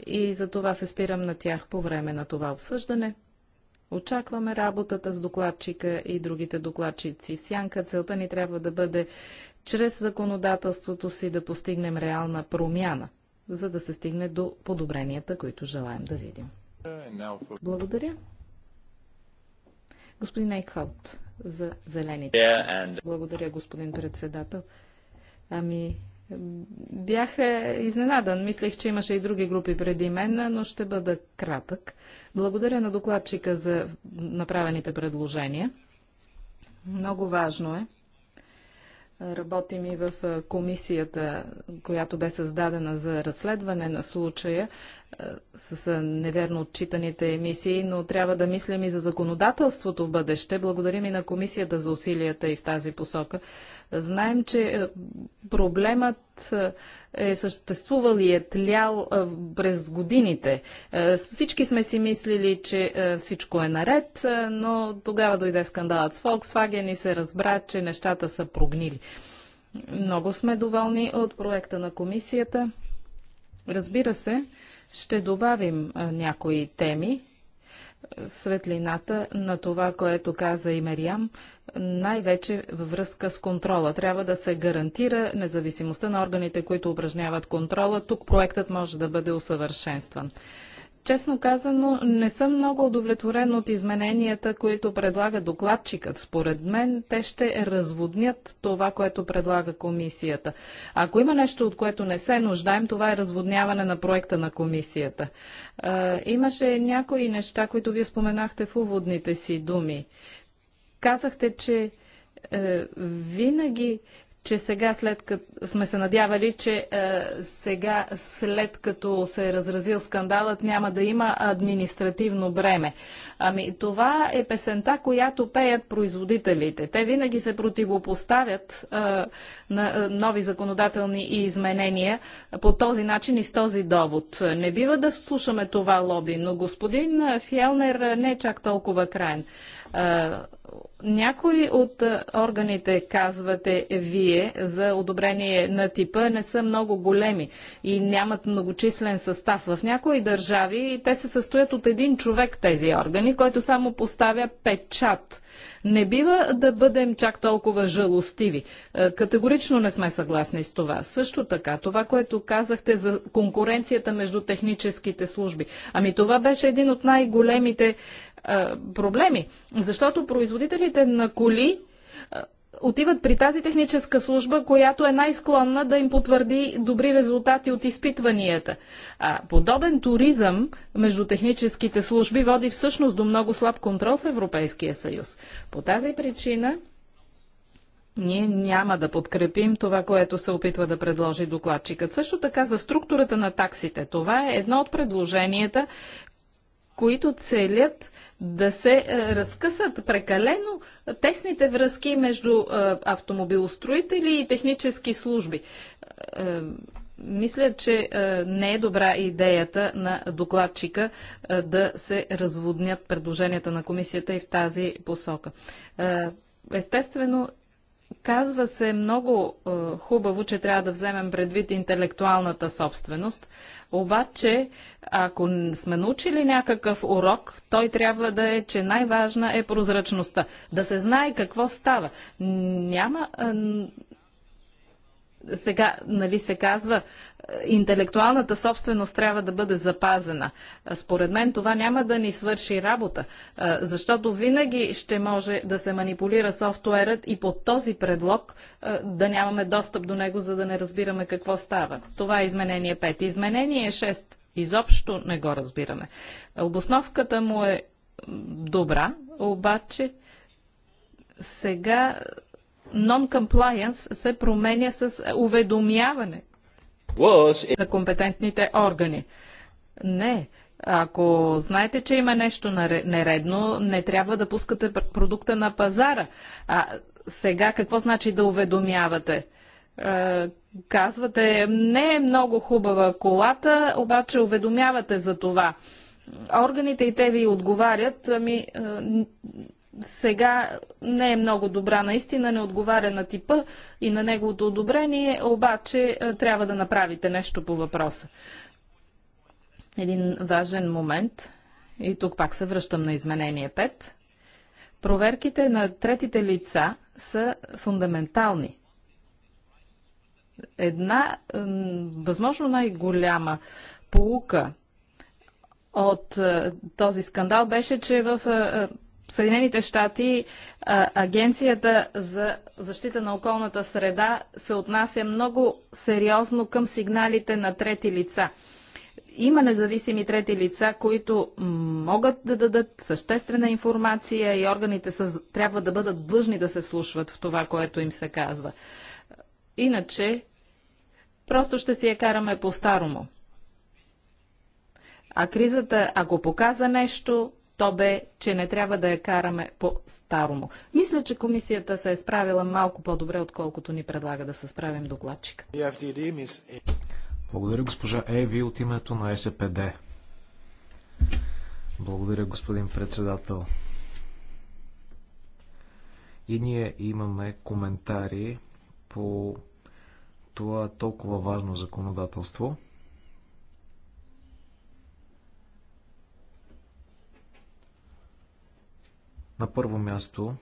и за това се спирам на тях по време на това обсъждане. Очакваме работата с докладчика и другите докладчици. В сянка целта ни трябва да бъде чрез законодателството си да постигнем реална промяна, за да се стигне до подобренията, които желаем да видим. Благодаря. Господин Ейкхаут за зелените. Благодаря, господин председател. Ами, бях е, изненадан. Мислех, че имаше и други групи преди мен, но ще бъда кратък. Благодаря на докладчика за направените предложения. Много важно е Работим и в комисията, която бе създадена за разследване на случая с неверно отчитаните емисии, но трябва да мислим и за законодателството в бъдеще. Благодарим и на комисията за усилията и в тази посока. Знаем, че е, проблемът е, е съществувал и е тлял е, през годините. Всички сме си мислили, че всичко е наред, но тогава дойде скандалът с Volkswagen и се разбра, че нещата са прогнили. Много сме доволни от проекта на комисията. Разбира се, ще добавим някои теми, светлината на това, което каза и Мериам, най-вече във връзка с контрола. Трябва да се гарантира независимостта на органите, които упражняват контрола. Тук проектът може да бъде усъвършенстван. Честно казано, не съм много удовлетворен от измененията, които предлага докладчикът. Според мен, те ще разводнят това, което предлага комисията. Ако има нещо, от което не се нуждаем, това е разводняване на проекта на комисията. А, имаше някои неща, които вие споменахте в уводните си думи. Казахте, че е, винаги че сега след като сме се надявали, че е, сега след като се е разразил скандалът няма да има административно бреме. Ами това е песента, която пеят производителите. Те винаги се противопоставят е, на е, нови законодателни изменения по този начин и с този довод. Не бива да слушаме това лоби, но господин Фиелнер не е чак толкова крайен. Е, някои от органите, казвате вие, за одобрение на типа не са много големи и нямат многочислен състав. В някои държави те се състоят от един човек тези органи, който само поставя печат. Не бива да бъдем чак толкова жалостиви. Категорично не сме съгласни с това. Също така, това, което казахте за конкуренцията между техническите служби. Ами това беше един от най-големите проблеми. Защото производителите на коли отиват при тази техническа служба, която е най-склонна да им потвърди добри резултати от изпитванията. А подобен туризъм между техническите служби води всъщност до много слаб контрол в Европейския съюз. По тази причина ние няма да подкрепим това, което се опитва да предложи докладчикът. Също така за структурата на таксите. Това е едно от предложенията, които целят да се е, разкъсат прекалено тесните връзки между е, автомобилостроители и технически служби. Е, мисля, че не е добра идеята на докладчика да се разводнят предложенията на комисията и в тази посока. Естествено, Казва се много е, хубаво, че трябва да вземем предвид интелектуалната собственост, обаче ако сме научили някакъв урок, той трябва да е, че най-важна е прозрачността. Да се знае какво става. Няма е, сега нали се казва, е, интелектуалната собственост трябва да бъде запазена. Е, според мен това няма да ни свърши работа, е, защото винаги ще може да се манипулира софтуерът и под този предлог да нямаме достъп до него, за да не разбираме какво става. Това е изменение 5. Изменение 6. Изобщо не го разбираме. Обосновката му е добра, обаче сега non-compliance се променя с уведомяване на компетентните органи. Не. Ако знаете, че има нещо нередно, не трябва да пускате продукта на пазара. А сега какво значи да уведомявате? Е, казвате, не е много хубава колата, обаче уведомявате за това. Органите и те ви отговарят, ами е, сега не е много добра, наистина не отговаря на типа и на неговото одобрение, обаче трябва да направите нещо по въпроса. Един важен момент, и тук пак се връщам на изменение 5, проверките на третите лица са фундаментални. Една възможно най-голяма полука от този скандал беше, че в Съединените щати Агенцията за защита на околната среда се отнася много сериозно към сигналите на трети лица. Има независими трети лица, които могат да дадат съществена информация и органите са, трябва да бъдат длъжни да се вслушват в това, което им се казва. Иначе, просто ще си я караме по-старому. А кризата, ако показа нещо, то бе, че не трябва да я караме по-старому. Мисля, че комисията се е справила малко по-добре, отколкото ни предлага да се справим докладчик. Е е. Благодаря, госпожа Еви, от името на СПД. Благодаря, господин председател. И ние имаме коментари по това толкова важно законодателство – На първо място,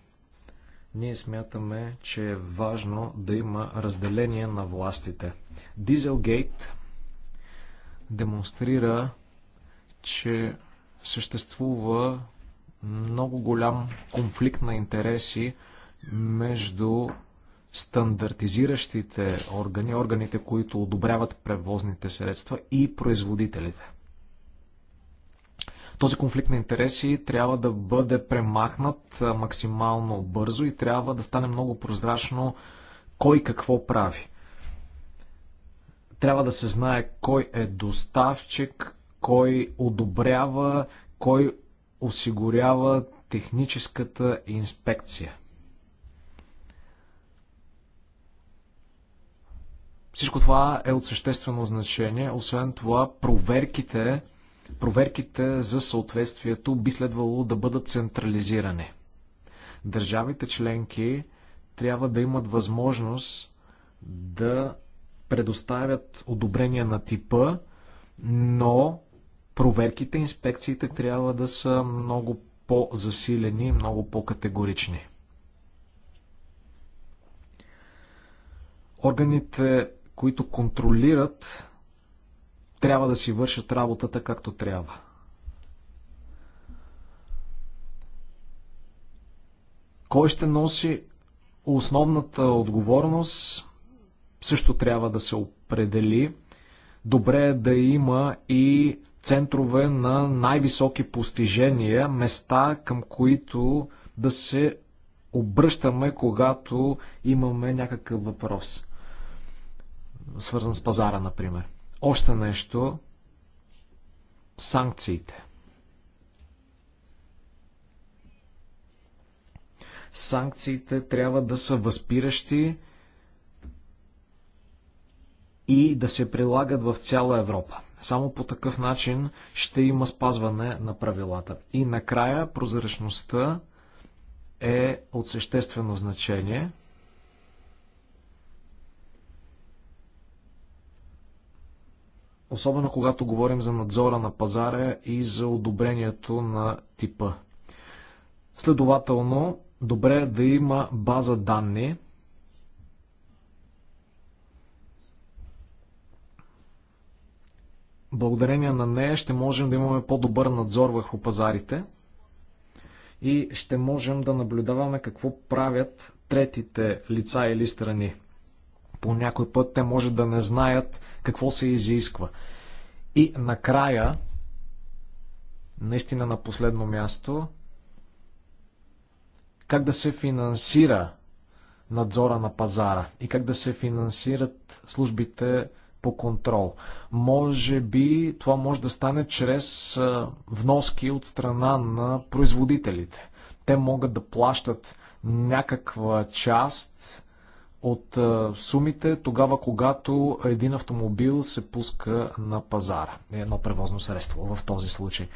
ние смятаме, че е важно да има разделение на властите. Дизелгейт демонстрира, че съществува много голям конфликт на интереси между стандартизиращите органи, органите, които одобряват превозните средства и производителите. Този конфликт на интереси трябва да бъде премахнат максимално бързо и трябва да стане много прозрачно кой какво прави. Трябва да се знае кой е доставчик, кой одобрява, кой осигурява техническата инспекция. Всичко това е от съществено значение. Освен това, проверките проверките за съответствието би следвало да бъдат централизирани. Държавите членки трябва да имат възможност да предоставят одобрение на типа, но проверките, инспекциите трябва да са много по-засилени, много по-категорични. Органите, които контролират трябва да си вършат работата както трябва. Кой ще носи основната отговорност също трябва да се определи. Добре е да има и центрове на най-високи постижения, места към които да се обръщаме, когато имаме някакъв въпрос, свързан с пазара, например. Още нещо. Санкциите. Санкциите трябва да са възпиращи и да се прилагат в цяла Европа. Само по такъв начин ще има спазване на правилата. И накрая прозрачността е от съществено значение – особено когато говорим за надзора на пазара и за одобрението на типа. Следователно, добре е да има база данни, благодарение на нея ще можем да имаме по-добър надзор върху пазарите и ще можем да наблюдаваме какво правят третите лица или страни. По някой път те може да не знаят какво се изисква. И накрая, наистина на последно място, как да се финансира надзора на пазара и как да се финансират службите по контрол. Може би това може да стане чрез вноски от страна на производителите. Те могат да плащат някаква част от е, сумите тогава, когато един автомобил се пуска на пазара. Е, едно превозно средство в този случай.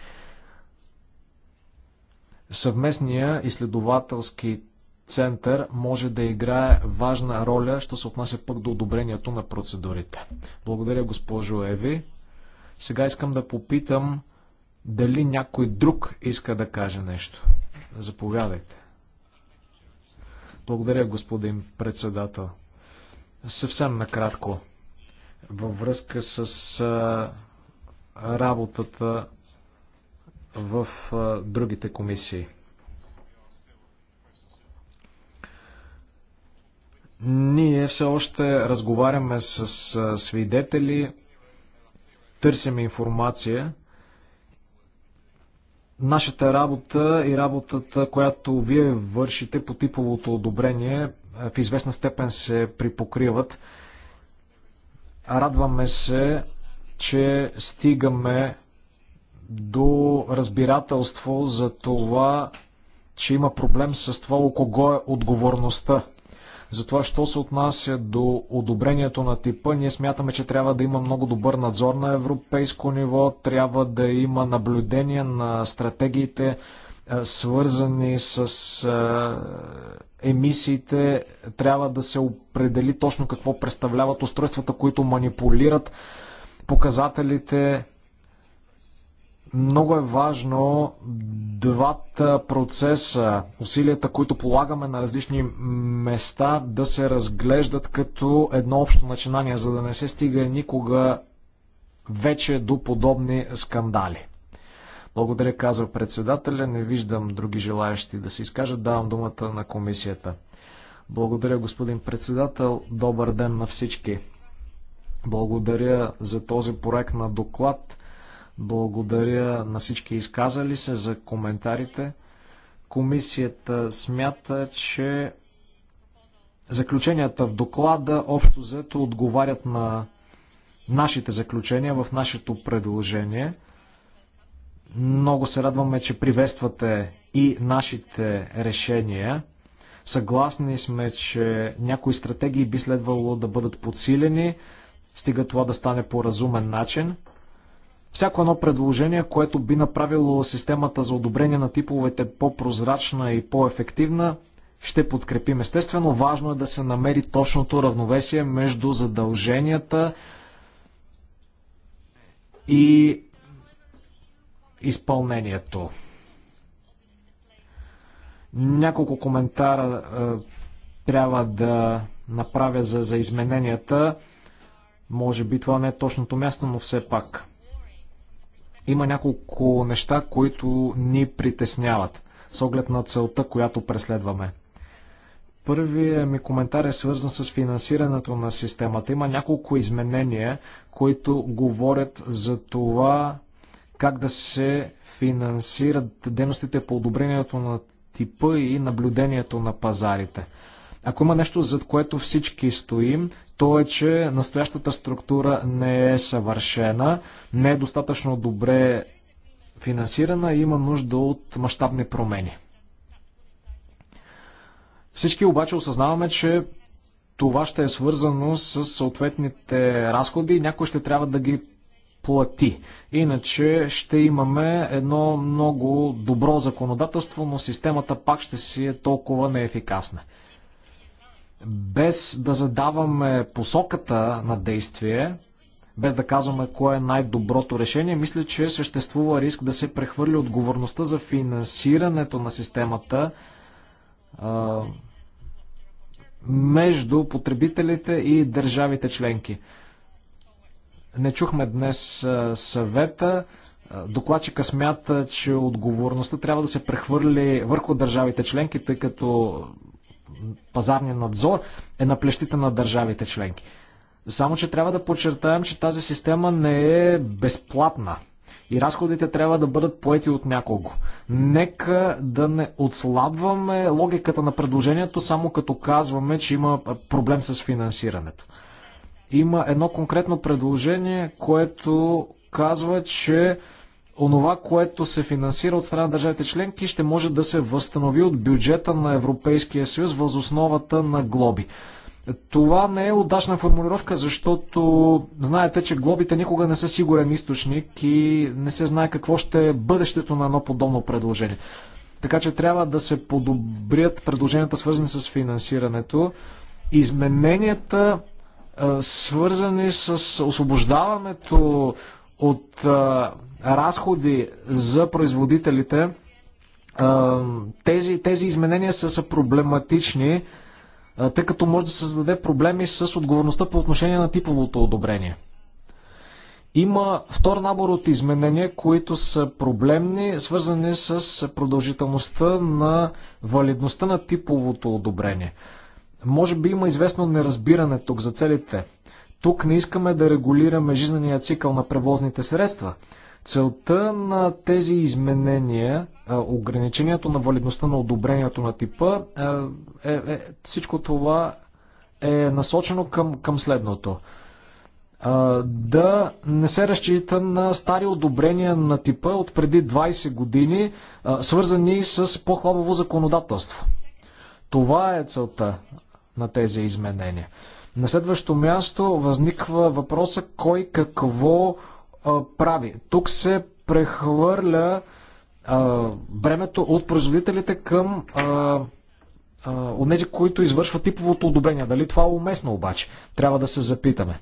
Съвместния изследователски център може да играе важна роля, що се отнася пък до одобрението на процедурите. Благодаря, госпожо Еви. Сега искам да попитам дали някой друг иска да каже нещо. Заповядайте. Благодаря, господин председател. Съвсем накратко, във връзка с а, работата в а, другите комисии. Ние все още разговаряме с а, свидетели, търсим информация нашата работа и работата, която вие вършите по типовото одобрение, е, в известна степен се припокриват. Радваме се, че стигаме до разбирателство за това, че има проблем с това, кого е отговорността затова, що се отнася до одобрението на типа, ние смятаме, че трябва да има много добър надзор на европейско ниво, трябва да има наблюдение на стратегиите, е, свързани с е, емисиите, трябва да се определи точно какво представляват устройствата, които манипулират показателите много е важно двата процеса, усилията, които полагаме на различни места, да се разглеждат като едно общо начинание, за да не се стига никога вече до подобни скандали. Благодаря, казва председателя. Не виждам други желаящи да се изкажат. Давам думата на комисията. Благодаря, господин председател. Добър ден на всички. Благодаря за този проект на доклад. Благодаря на всички изказали се за коментарите. Комисията смята, че заключенията в доклада общо взето отговарят на нашите заключения в нашето предложение. Много се радваме, че приветствате и нашите решения. Съгласни сме, че някои стратегии би следвало да бъдат подсилени, стига това да стане по разумен начин всяко едно предложение, което би направило системата за одобрение на типовете по-прозрачна и по-ефективна, ще подкрепим. Естествено, важно е да се намери точното равновесие между задълженията и изпълнението. Няколко коментара е, трябва да направя за, за измененията. Може би това не е точното място, но все пак. Има няколко неща, които ни притесняват с оглед на целта, която преследваме. Първият ми коментар е свързан с финансирането на системата. Има няколко изменения, които говорят за това как да се финансират дейностите по одобрението на типа и наблюдението на пазарите. Ако има нещо, зад което всички стоим, то е, че настоящата структура не е съвършена не е достатъчно добре финансирана и има нужда от мащабни промени. Всички обаче осъзнаваме, че това ще е свързано с съответните разходи и някой ще трябва да ги плати. Иначе ще имаме едно много добро законодателство, но системата пак ще си е толкова неефикасна. Без да задаваме посоката на действие, без да казваме кое е най-доброто решение, мисля, че съществува риск да се прехвърли отговорността за финансирането на системата а, между потребителите и държавите членки. Не чухме днес съвета. Докладчика смята, че отговорността трябва да се прехвърли върху държавите членки, тъй като пазарния надзор е на плещите на държавите членки. Само, че трябва да подчертаем, че тази система не е безплатна и разходите трябва да бъдат поети от някого. Нека да не отслабваме логиката на предложението, само като казваме, че има проблем с финансирането. Има едно конкретно предложение, което казва, че онова, което се финансира от страна на държавите членки, ще може да се възстанови от бюджета на Европейския съюз възосновата на глоби. Това не е удачна формулировка, защото знаете, че глобите никога не са сигурен източник и не се знае какво ще е бъдещето на едно подобно предложение. Така че трябва да се подобрят предложенията, свързани с финансирането. Измененията, свързани с освобождаването от разходи за производителите, тези, тези изменения са, са проблематични тъй като може да се създаде проблеми с отговорността по отношение на типовото одобрение. Има втор набор от изменения, които са проблемни, свързани с продължителността на валидността на типовото одобрение. Може би има известно неразбиране тук за целите. Тук не искаме да регулираме жизнения цикъл на превозните средства. Целта на тези изменения, ограничението на валидността на одобрението на типа, е, е, всичко това е насочено към, към следното. Да не се разчита на стари одобрения на типа от преди 20 години, свързани с по-хлабаво законодателство. Това е целта на тези изменения. На следващо място възниква въпроса кой какво прави. Тук се прехвърля бремето от производителите към от тези, които извършват типовото одобрение. Дали това е уместно обаче? Трябва да се запитаме.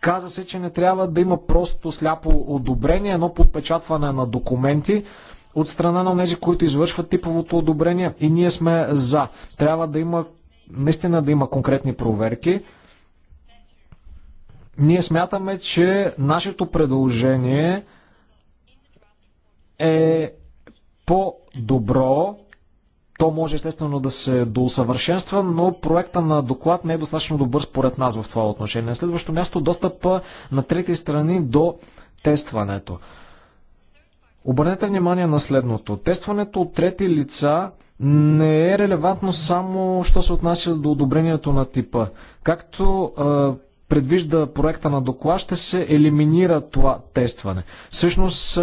Каза се, че не трябва да има просто сляпо одобрение, но подпечатване на документи от страна на тези, които извършват типовото одобрение и ние сме за. Трябва да има, наистина да има конкретни проверки. Ние смятаме, че нашето предложение е по-добро. То може естествено да се доусъвършенства, но проекта на доклад не е достатъчно добър според нас в това отношение. На следващо място достъпа на трети страни до тестването. Обърнете внимание на следното. Тестването от трети лица не е релевантно само, що се отнася до одобрението на типа. Както предвижда проекта на доклад, ще се елиминира това тестване. Всъщност,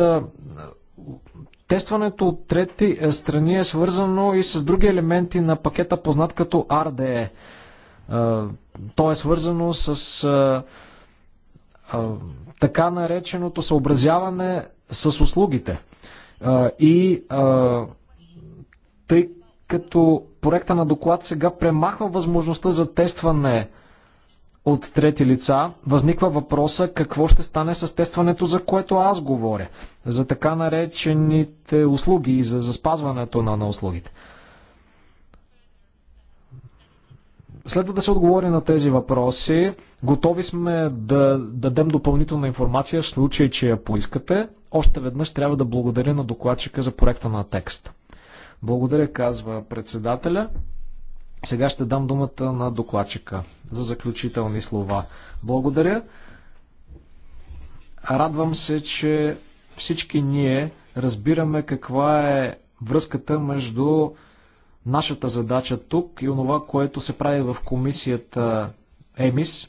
тестването от трети страни е свързано и с други елементи на пакета, познат като RDE. То е свързано с така нареченото съобразяване с услугите. И тъй като проекта на доклад сега премахва възможността за тестване от трети лица, възниква въпроса какво ще стане с тестването, за което аз говоря, за така наречените услуги и за, за спазването на, на услугите. Следва да се отговори на тези въпроси. Готови сме да дадем допълнителна информация в случай, че я поискате. Още веднъж трябва да благодаря на докладчика за проекта на текст. Благодаря, казва председателя. Сега ще дам думата на докладчика за заключителни слова. Благодаря. Радвам се, че всички ние разбираме каква е връзката между нашата задача тук и онова, което се прави в комисията ЕМИС.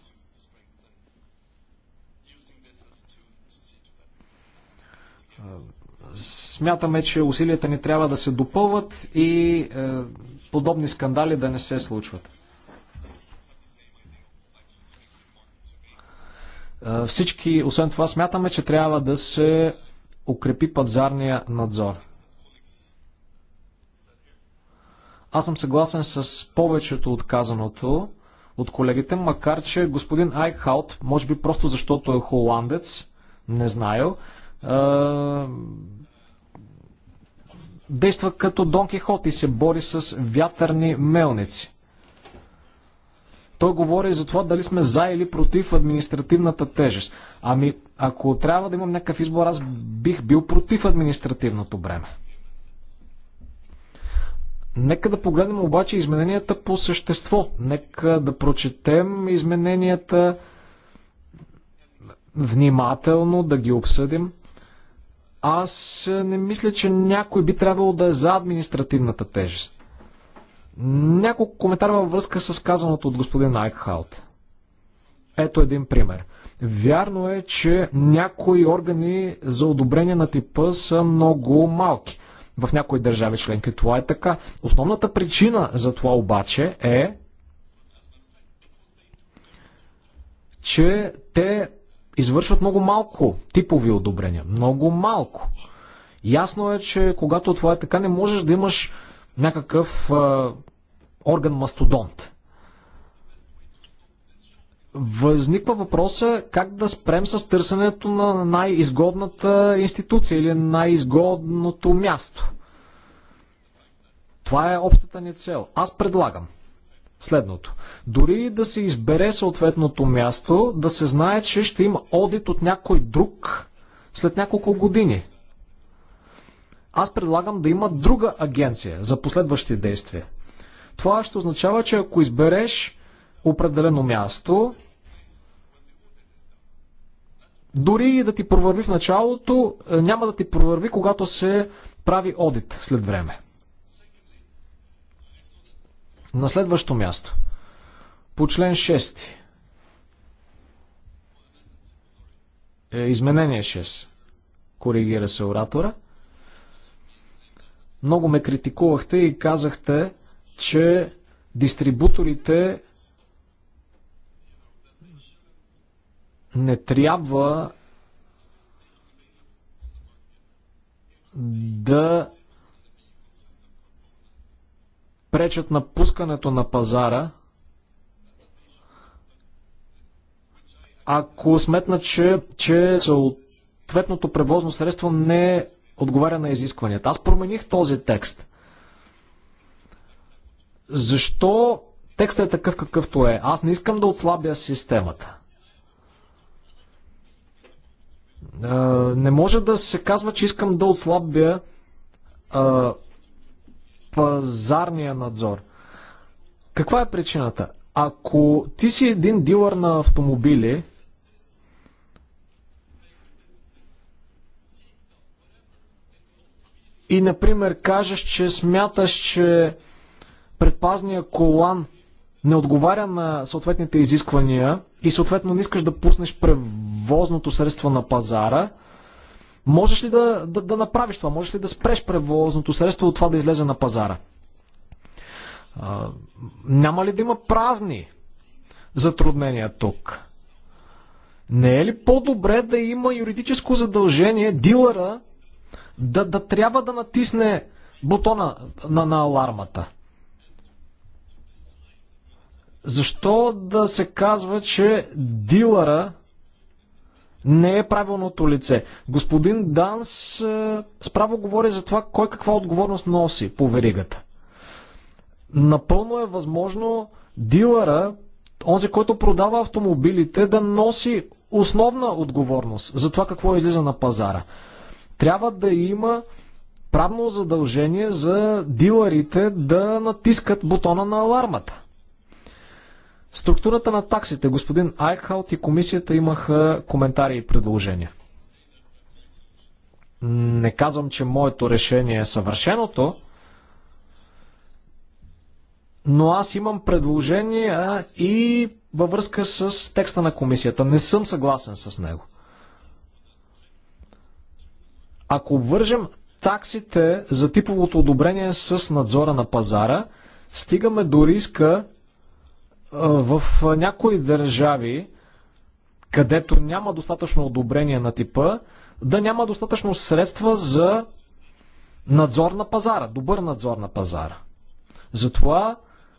Смятаме, че усилията ни трябва да се допълват и е, подобни скандали да не се случват. Всички, освен това, смятаме, че трябва да се укрепи пазарния надзор. Аз съм съгласен с повечето отказаното от колегите, макар че господин Айкхаут, може би просто защото е холандец, не знаю, действа като Дон Кихот и се бори с вятърни мелници. Той говори за това дали сме за или против административната тежест. Ами, ако трябва да имам някакъв избор, аз бих бил против административното бреме. Нека да погледнем обаче измененията по същество. Нека да прочетем измененията внимателно, да ги обсъдим. Аз е, не мисля, че някой би трябвало да е за административната тежест. Няколко коментар във връзка с казаното от господин Айкхаут. Ето един пример. Вярно е, че някои органи за одобрение на типа са много малки. В някои държави членки това е така. Основната причина за това обаче е, че те извършват много малко типови одобрения. Много малко. Ясно е, че когато това е така, не можеш да имаш някакъв а, орган мастодонт. Възниква въпроса как да спрем с търсенето на най-изгодната институция или най-изгодното място. Това е общата ни цел. Аз предлагам следното. Дори да се избере съответното място, да се знае, че ще има одит от някой друг след няколко години. Аз предлагам да има друга агенция за последващи действия. Това ще означава, че ако избереш определено място, дори и да ти провърви в началото, е, няма да ти провърви, когато се прави одит след време. На следващо място. По член 6. Е, изменение 6. Коригира се оратора. Много ме критикувахте и казахте, че дистрибуторите не трябва да пречат на пускането на пазара, ако сметна, че, че съответното превозно средство не отговаря на изискванията. Аз промених този текст. Защо текстът е такъв какъвто е? Аз не искам да отслабя системата. Е, не може да се казва, че искам да отслабя е, пазарния надзор. Каква е причината? Ако ти си един дилър на автомобили, и, например, кажеш, че смяташ, че предпазния колан не отговаря на съответните изисквания и съответно не искаш да пуснеш превозното средство на пазара – Можеш ли да, да, да направиш това? Можеш ли да спреш превозното средство от това да излезе на пазара? А, няма ли да има правни затруднения тук? Не е ли по-добре да има юридическо задължение дилъра да, да трябва да натисне бутона на, на алармата? Защо да се казва, че дилъра не е правилното лице. Господин Данс е, справо говори за това кой каква отговорност носи по веригата. Напълно е възможно дилъра, онзи, който продава автомобилите, да носи основна отговорност за това какво излиза на пазара. Трябва да има правно задължение за дилърите да натискат бутона на алармата. Структурата на таксите. Господин Айхалт и комисията имаха коментари и предложения. Не казвам, че моето решение е съвършеното, но аз имам предложения и във връзка с текста на комисията. Не съм съгласен с него. Ако вържем таксите за типовото одобрение с надзора на пазара, стигаме до риска в някои държави, където няма достатъчно одобрение на типа, да няма достатъчно средства за надзор на пазара, добър надзор на пазара. Затова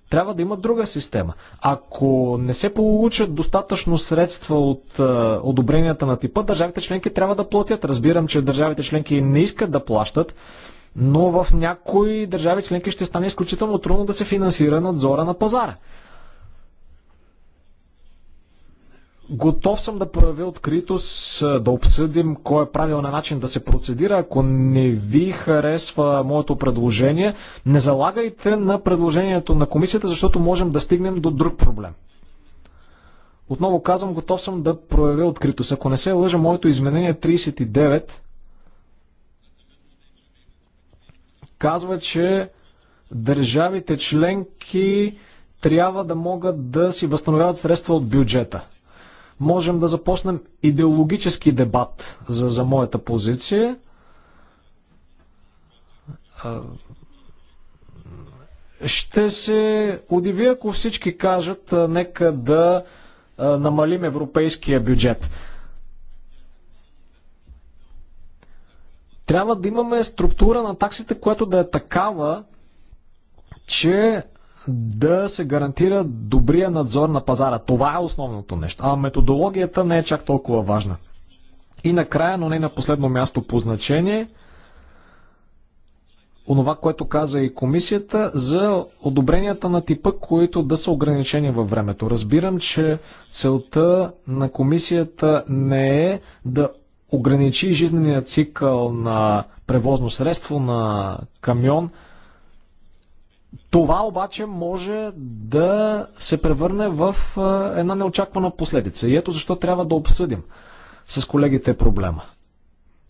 трябва да има друга система. Ако не се получат достатъчно средства от а, одобренията на типа, държавите членки трябва да платят. Разбирам, че държавите членки не искат да плащат, но в някои държави членки ще стане изключително трудно да се финансира надзора на пазара. Готов съм да проявя откритост, е, да обсъдим кой е правилният начин да се процедира. Ако не ви харесва моето предложение, не залагайте на предложението на комисията, защото можем да стигнем до друг проблем. Отново казвам, готов съм да проявя откритост. Ако не се лъжа, моето изменение 39 казва, че държавите членки трябва да могат да си възстановяват средства от бюджета можем да започнем идеологически дебат за, за моята позиция. Ще се удиви, ако всички кажат, нека да намалим европейския бюджет. Трябва да имаме структура на таксите, която да е такава, че да се гарантира добрия надзор на пазара. Това е основното нещо. А методологията не е чак толкова важна. И накрая, но не на последно място по значение, онова, което каза и комисията, за одобренията на типа, които да са ограничени във времето. Разбирам, че целта на комисията не е да ограничи жизнения цикъл на превозно средство, на камион – това обаче може да се превърне в една неочаквана последица. И ето защо трябва да обсъдим с колегите проблема.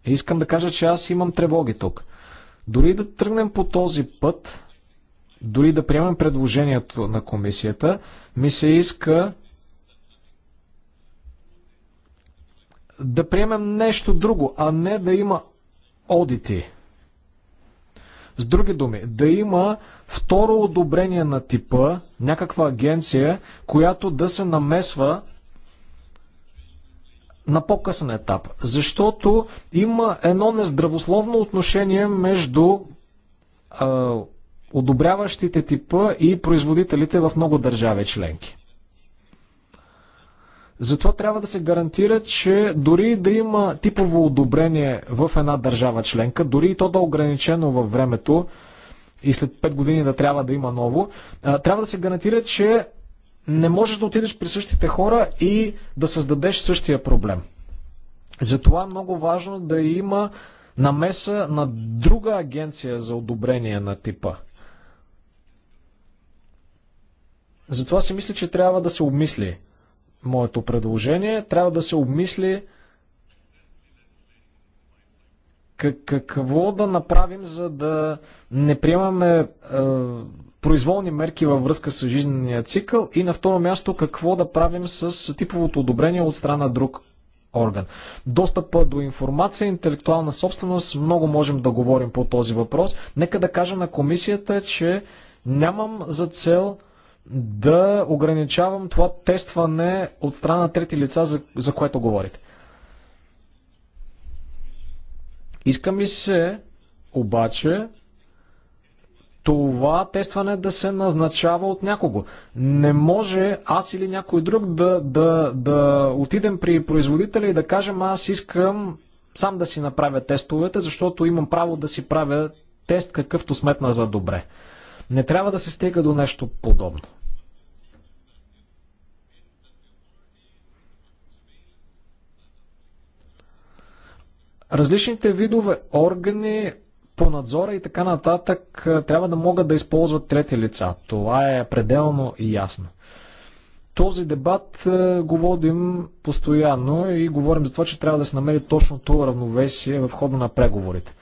И искам да кажа, че аз имам тревоги тук. Дори да тръгнем по този път, дори да приемем предложението на комисията, ми се иска да приемем нещо друго, а не да има одити. С други думи, да има второ одобрение на типа, някаква агенция, която да се намесва на по-късен етап. Защото има едно нездравословно отношение между а, одобряващите типа и производителите в много държави членки. Затова трябва да се гарантира, че дори да има типово одобрение в една държава членка, дори и то да е ограничено във времето, и след 5 години да трябва да има ново, трябва да се гарантира, че не можеш да отидеш при същите хора и да създадеш същия проблем. Затова е много важно да има намеса на друга агенция за одобрение на типа. Затова си мисля, че трябва да се обмисли моето предложение. Трябва да се обмисли какво да направим, за да не приемаме е, произволни мерки във връзка с жизнения цикъл и на второ място какво да правим с типовото одобрение от страна друг орган. Достъпа до информация, интелектуална собственост, много можем да говорим по този въпрос. Нека да кажа на комисията, че нямам за цел да ограничавам това тестване от страна на трети лица, за, за което говорите. Иска ми се обаче това тестване да се назначава от някого. Не може аз или някой друг да, да, да отидем при производителя и да кажем аз искам сам да си направя тестовете, защото имам право да си правя тест какъвто сметна за добре. Не трябва да се стига до нещо подобно. Различните видове органи по надзора и така нататък трябва да могат да използват трети лица. Това е пределно и ясно. Този дебат го водим постоянно и говорим за това, че трябва да се намери точното равновесие в хода на преговорите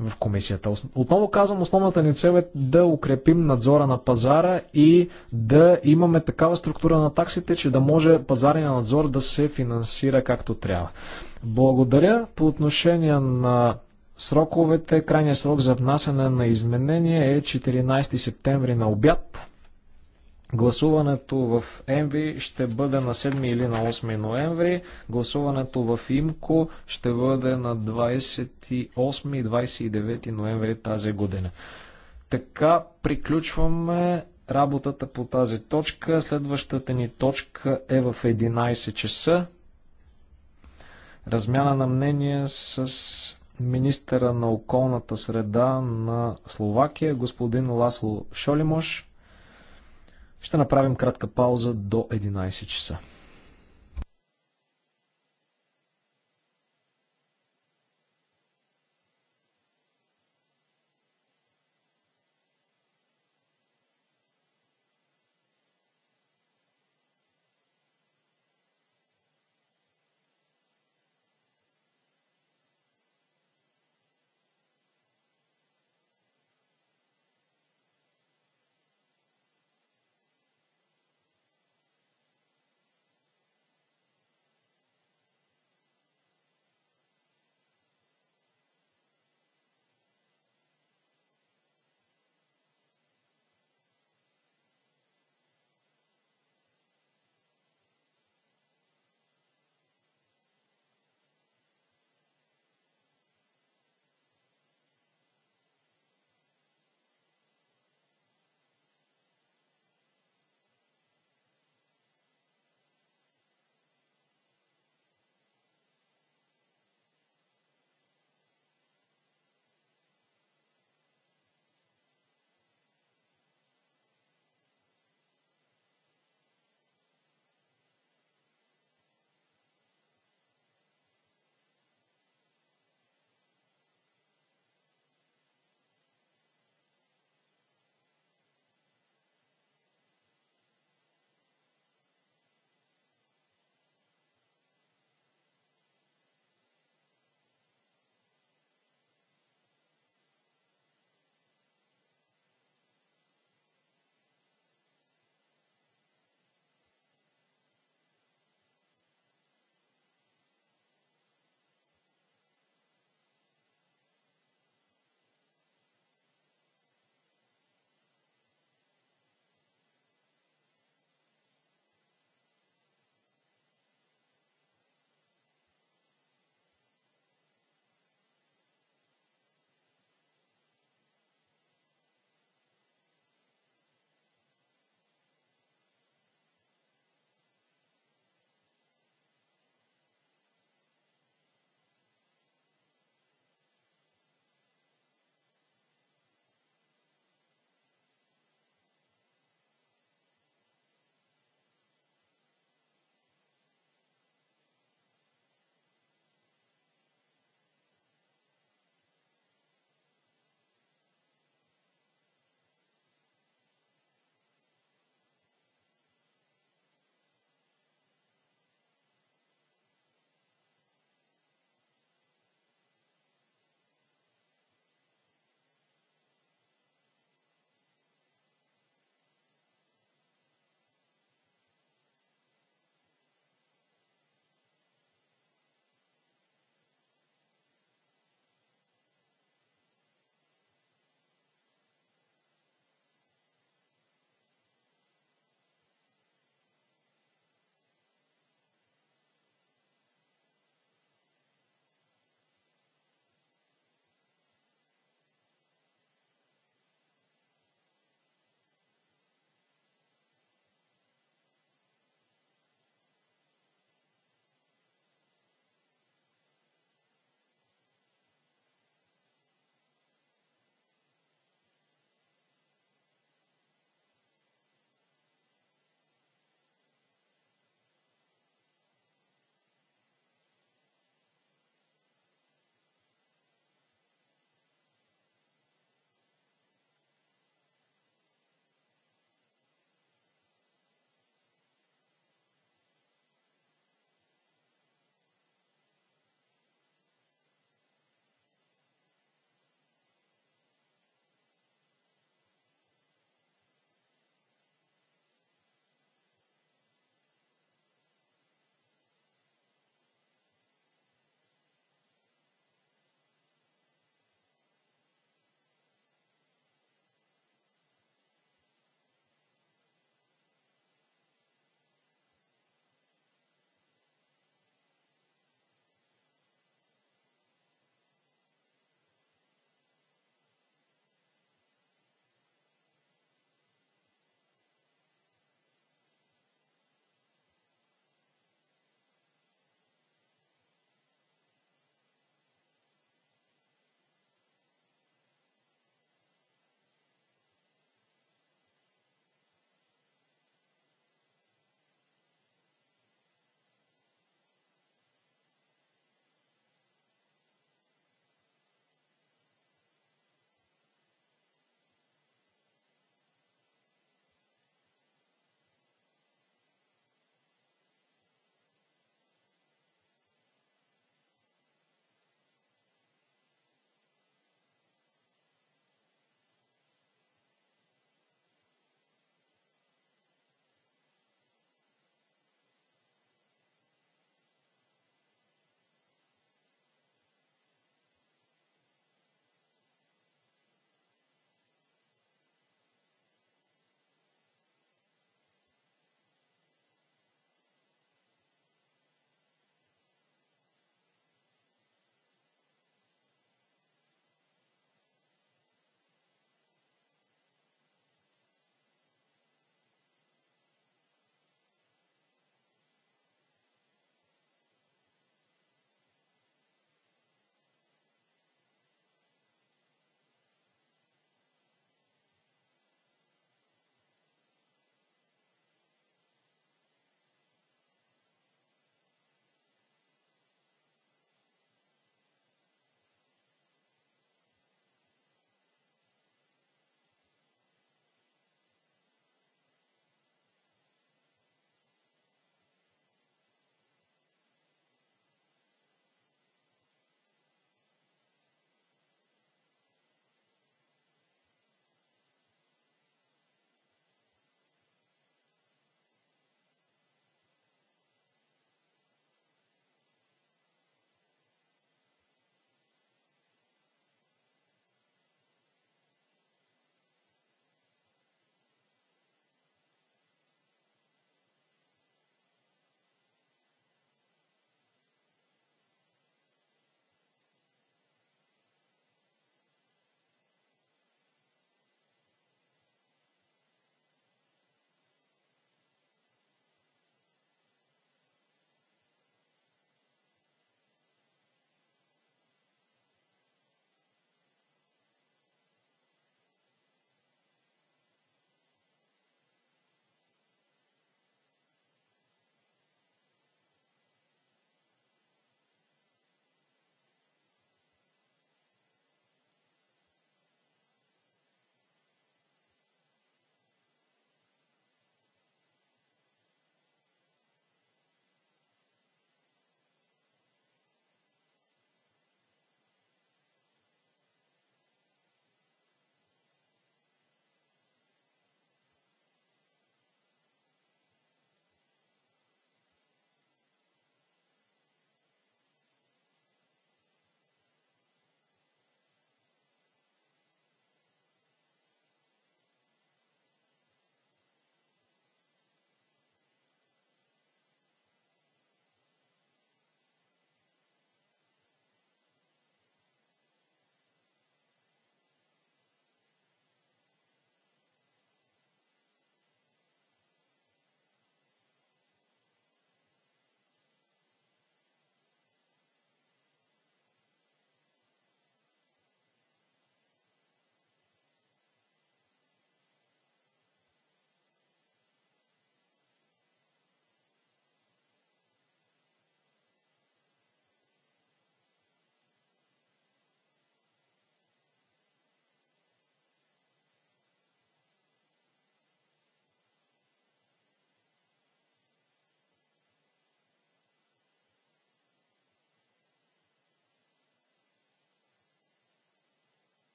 в комисията. Отново казвам, основната ни цел е да укрепим надзора на пазара и да имаме такава структура на таксите, че да може пазарния надзор да се финансира както трябва. Благодаря. По отношение на сроковете, крайният срок за внасяне на изменения е 14 септември на обяд. Гласуването в ЕМВИ ще бъде на 7 или на 8 ноември. Гласуването в ИМКО ще бъде на 28 и 29 ноември тази година. Така приключваме работата по тази точка. Следващата ни точка е в 11 часа размяна на мнение с министъра на околната среда на Словакия, господин Ласло Шолимош. Ще направим кратка пауза до 11 часа.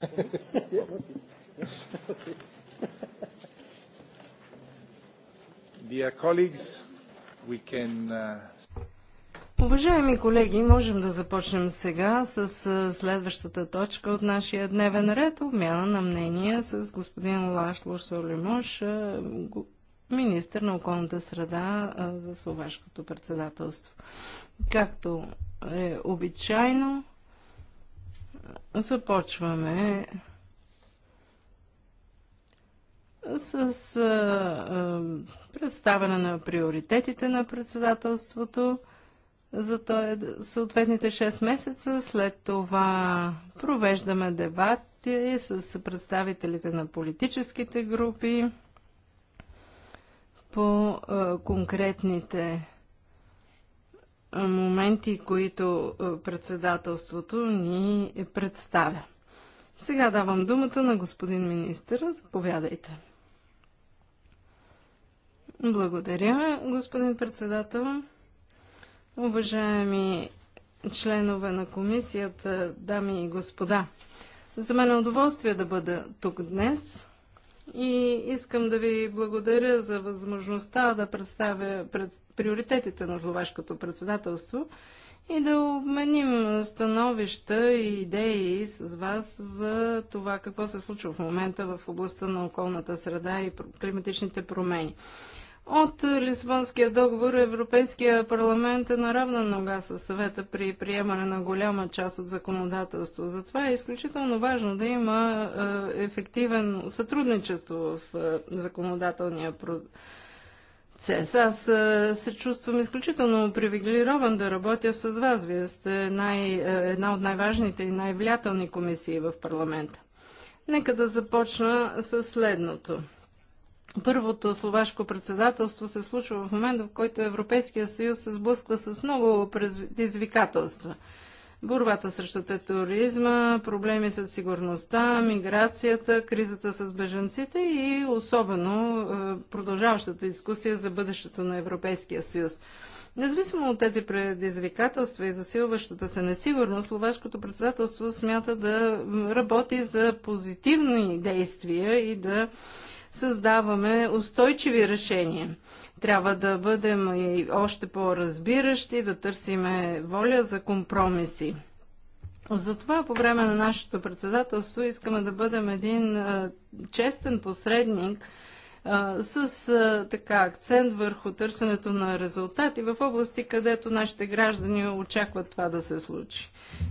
Uh, Уважаеми колеги, можем да започнем сега с следващата точка от нашия дневен ред обмяна на мнение с господин Лашло Солимош, министр на околната среда за словашкото председателство. Както е обичайно, започваме с а, а, представяне на приоритетите на председателството за тъй, съответните 6 месеца. След това провеждаме дебати с представителите на политическите групи по а, конкретните моменти, които е, председателството ни представя. Сега давам думата на господин министър. Заповядайте. Благодаря, господин председател. Уважаеми членове на комисията, дами и господа. За мен е удоволствие да бъда тук днес и искам да ви благодаря за възможността да представя пред приоритетите на словашкото председателство и да обменим становища и идеи с вас за това какво се случва в момента в областта на околната среда и климатичните промени. От Лисбонския договор Европейския парламент е на равна нога с съвета при приемане на голяма част от законодателство. Затова е изключително важно да има е, ефективен сътрудничество в е, законодателния процес ЦЕС. Аз е, се чувствам изключително привилегирован да работя с вас. Вие сте най, е, една от най-важните и най-влиятелни комисии в парламента. Нека да започна с следното. Първото словашко председателство се случва в момента, в който Европейския съюз се сблъсква с много предизвикателства – борбата срещу тероризма, проблеми с сигурността, миграцията, кризата с беженците и особено е, продължаващата дискусия за бъдещето на Европейския съюз. Независимо от тези предизвикателства и засилващата се несигурност, словашкото председателство смята да работи за позитивни действия и да създаваме устойчиви решения. Трябва да бъдем и още по-разбиращи, да търсиме воля за компромиси. Затова по време на нашето председателство искаме да бъдем един честен посредник с така акцент върху търсенето на резултати в области, където нашите граждани очакват това да се случи.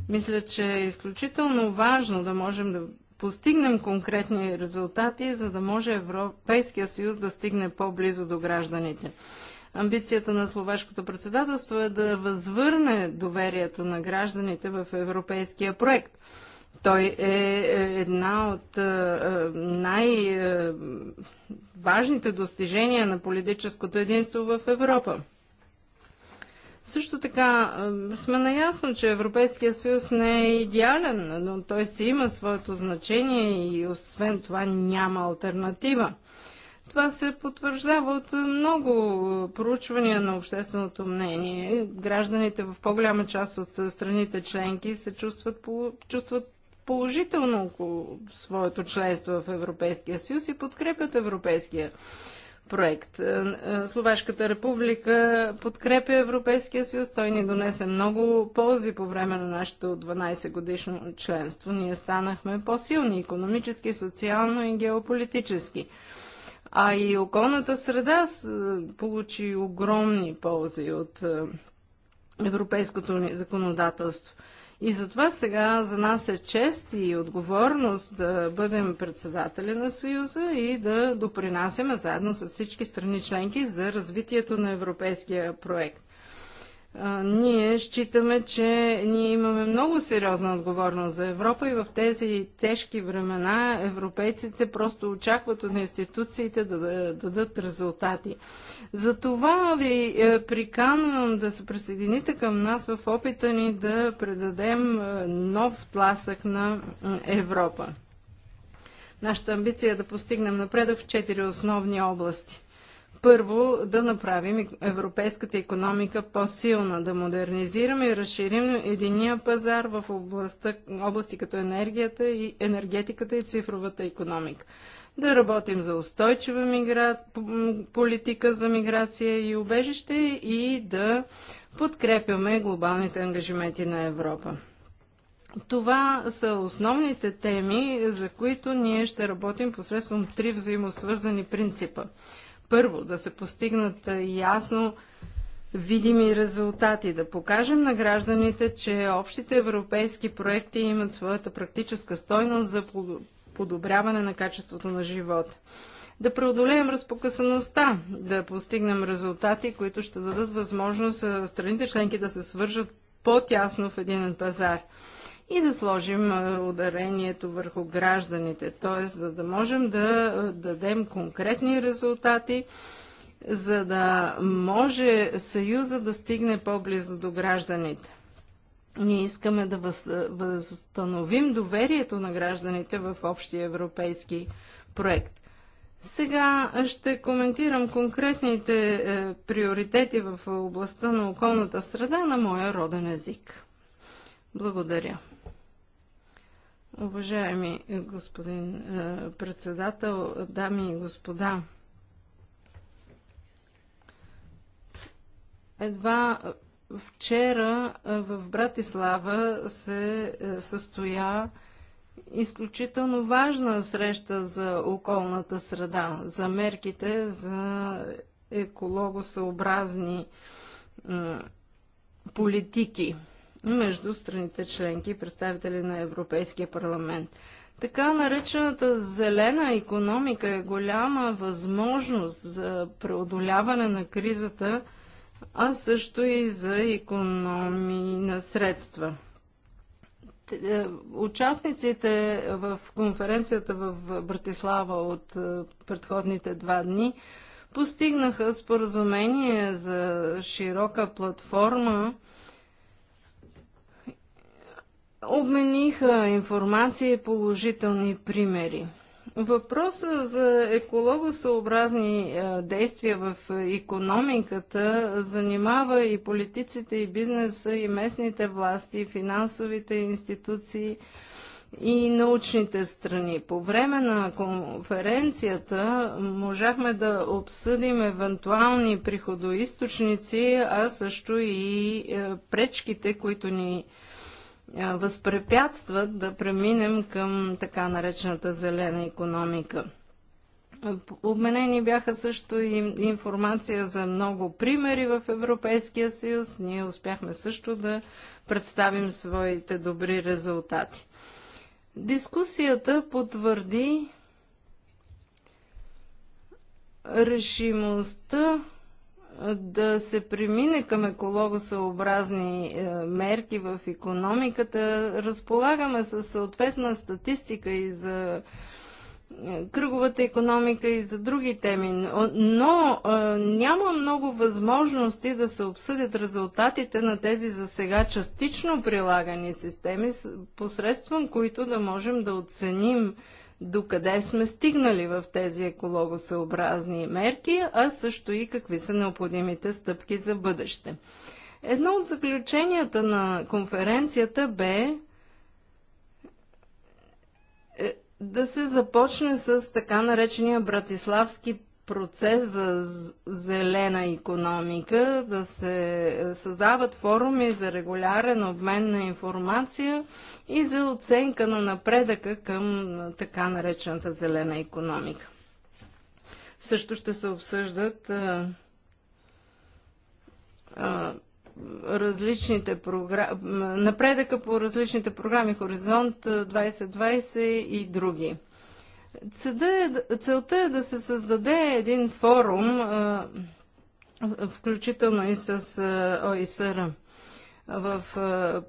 Мисля, че е изключително важно да можем да постигнем конкретни резултати, за да може Европейския съюз да стигне по-близо до гражданите. Амбицията на словашкото председателство е да възвърне доверието на гражданите в европейския проект. Той е, е една от е, е, най-важните достижения на политическото единство в Европа. Също така сме наясно, че Европейския съюз не е идеален, но той си има своето значение и освен това няма альтернатива. Това се потвърждава от много проучвания на общественото мнение. Гражданите в по-голяма част от страните членки се чувстват, чувстват положително около своето членство в Европейския съюз и подкрепят Европейския съюз проект. Е, е, Словашката република подкрепя Европейския съюз. Той ни донесе много ползи по време на нашето 12-годишно членство. Ние станахме по-силни економически, социално и геополитически. А и околната среда е, получи огромни ползи от европейското ни законодателство – и затова сега за нас е чест и отговорност да бъдем председатели на Съюза и да допринасяме заедно с всички страни членки за развитието на европейския проект ние считаме, че ние имаме много сериозна отговорност за Европа и в тези тежки времена европейците просто очакват от институциите да дадат резултати. Затова ви е, приканвам да се присъедините към нас в опита ни да предадем е, нов тласък на Европа. Нашата амбиция е да постигнем напредък в четири основни области – първо, да направим европейската економика по-силна, да модернизираме и разширим единия пазар в областта, области като енергията и енергетиката и цифровата економика. Да работим за устойчива мигра... политика за миграция и убежище и да подкрепяме глобалните ангажименти на Европа. Това са основните теми, за които ние ще работим посредством три взаимосвързани принципа – първо, да се постигнат ясно видими резултати, да покажем на гражданите, че общите европейски проекти имат своята практическа стойност за подобряване на качеството на живота. Да преодолеем разпокъсаността, да постигнем резултати, които ще дадат възможност страните членки да се свържат по-тясно в един пазар и да сложим ударението върху гражданите, т.е. за да можем да дадем конкретни резултати, за да може Съюза да стигне по-близо до гражданите. Ние искаме да възстановим доверието на гражданите в общия европейски проект. Сега ще коментирам конкретните е, приоритети в областта на околната среда на моя роден език. Благодаря. Уважаеми господин е, председател, дами и господа, едва вчера е, в Братислава се е, състоя изключително важна среща за околната среда, за мерките за екологосъобразни политики между страните членки и представители на Европейския парламент. Така наречената зелена економика е голяма възможност за преодоляване на кризата, а също и за економии на средства. Е, участниците в конференцията в Братислава от е, предходните два дни постигнаха споразумение за широка платформа, обмениха информация и положителни примери. Въпроса за екологосъобразни е, действия в економиката занимава и политиците, и бизнеса, и местните власти, и финансовите институции, и научните страни. По време на конференцията можахме да обсъдим евентуални приходоисточници, а също и е, пречките, които ни възпрепятстват да преминем към така наречената зелена економика. Обменени бяха също и информация за много примери в Европейския съюз. Ние успяхме също да представим своите добри резултати. Дискусията потвърди решимостта да се премине към екологосъобразни е, мерки в економиката. Разполагаме с съответна статистика и за е, кръговата економика и за други теми, но е, няма много възможности да се обсъдят резултатите на тези за сега частично прилагани системи, посредством които да можем да оценим докъде сме стигнали в тези екологосъобразни мерки, а също и какви са необходимите стъпки за бъдеще. Едно от заключенията на конференцията бе е, да се започне с така наречения Братиславски процес за зелена економика, да се създават форуми за регулярен обмен на информация и за оценка на напредъка към така наречената зелена економика. Също ще се обсъждат а, а, различните програми, напредъка по различните програми Хоризонт 2020 и други. Е целта е да се създаде един форум, включително и с ОИСР. В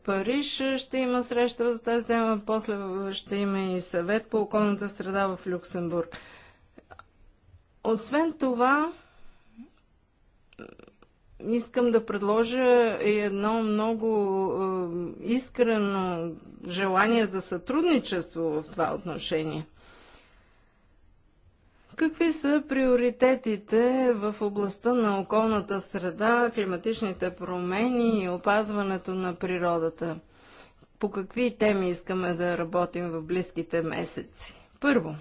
Париж ще има среща за тази тема, после ще има и съвет по околната среда в Люксембург. Освен това, искам да предложа едно много искрено желание за сътрудничество в това отношение – Какви са приоритетите в областта на околната среда, климатичните промени и опазването на природата? По какви теми искаме да работим в близките месеци? Първо,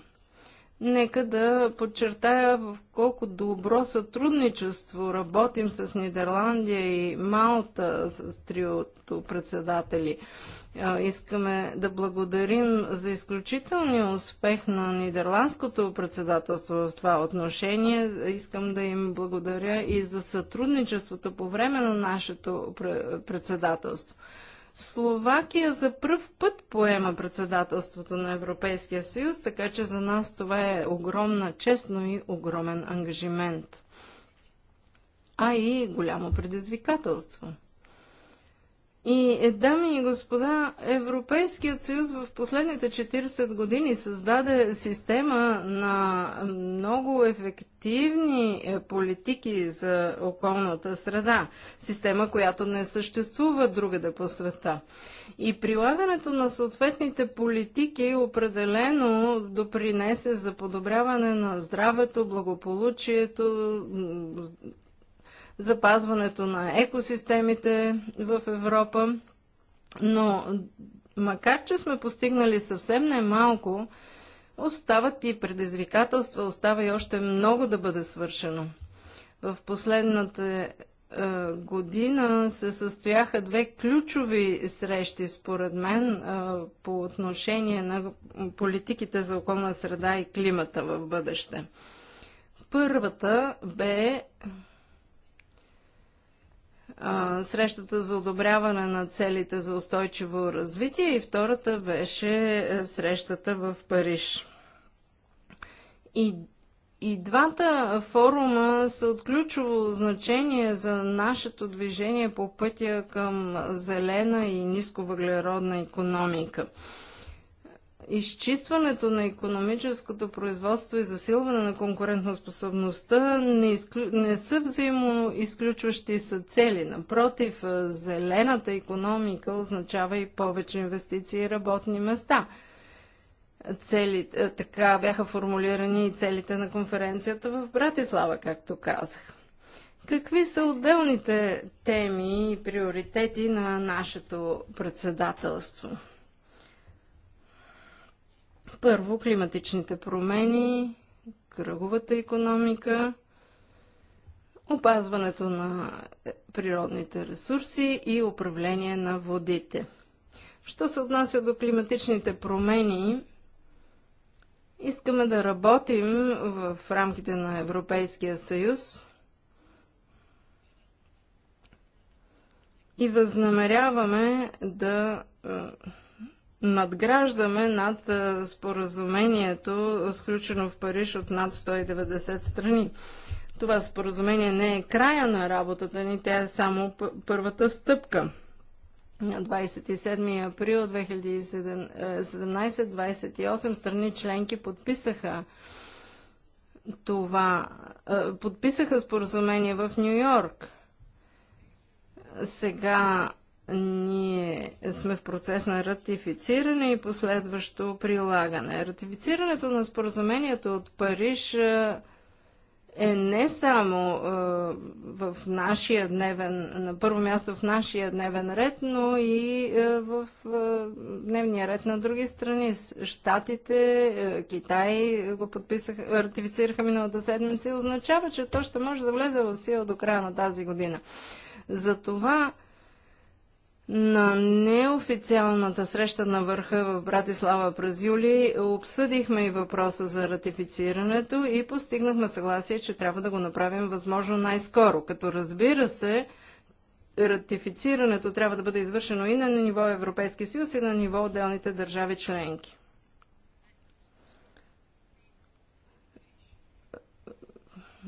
нека да подчертая в колко добро сътрудничество работим с Нидерландия и Малта, с триото председатели – Искаме да благодарим за изключителния успех на Нидерландското председателство в това отношение. Искам да им благодаря и за сътрудничеството по време на нашето председателство. Словакия за първ път поема председателството на Европейския съюз, така че за нас това е огромна чест, но и огромен ангажимент. А и голямо предизвикателство. И, е, дами и господа, Европейският съюз в последните 40 години създаде система на много ефективни е, политики за околната среда. Система, която не съществува другаде по света. И прилагането на съответните политики определено допринесе за подобряване на здравето, благополучието, запазването на екосистемите в Европа. Но макар, че сме постигнали съвсем немалко, остават и предизвикателства, остава и още много да бъде свършено. В последната е, година се състояха две ключови срещи, според мен, е, по отношение на политиките за околна среда и климата в бъдеще. Първата бе срещата за одобряване на целите за устойчиво развитие и втората беше е, срещата в Париж. И и двата форума са от ключово значение за нашето движение по пътя към зелена и нисковъглеродна економика изчистването на економическото производство и засилване на конкурентоспособността не, изклю... не са взаимо изключващи са цели. Напротив, зелената економика означава и повече инвестиции и работни места. Цели... Така бяха формулирани и целите на конференцията в Братислава, както казах. Какви са отделните теми и приоритети на нашето председателство? Първо, климатичните промени, кръговата економика, опазването на природните ресурси и управление на водите. Що се отнася до климатичните промени, искаме да работим в рамките на Европейския съюз и възнамеряваме да е, надграждаме над споразумението, сключено в Париж от над 190 страни. Това споразумение не е края на работата ни, тя е само първата стъпка. На 27 април 2017 28 е, страни членки подписаха това, е, подписаха споразумение в Нью Йорк. Сега ние сме в процес на ратифициране и последващо прилагане. Ратифицирането на споразумението от Париж е, е не само е, в нашия дневен, на първо място в нашия дневен ред, но и е, в дневния ред на други страни. Штатите, Китай го подписаха, ратифицираха миналата седмица и означава, че то ще може да влезе в сила до края на тази година. Затова това на неофициалната среща на върха в Братислава през юли обсъдихме и въпроса за ратифицирането и постигнахме съгласие, че трябва да го направим възможно най-скоро. Като разбира се, ратифицирането трябва да бъде извършено и на ниво Европейски съюз, и на ниво отделните държави членки.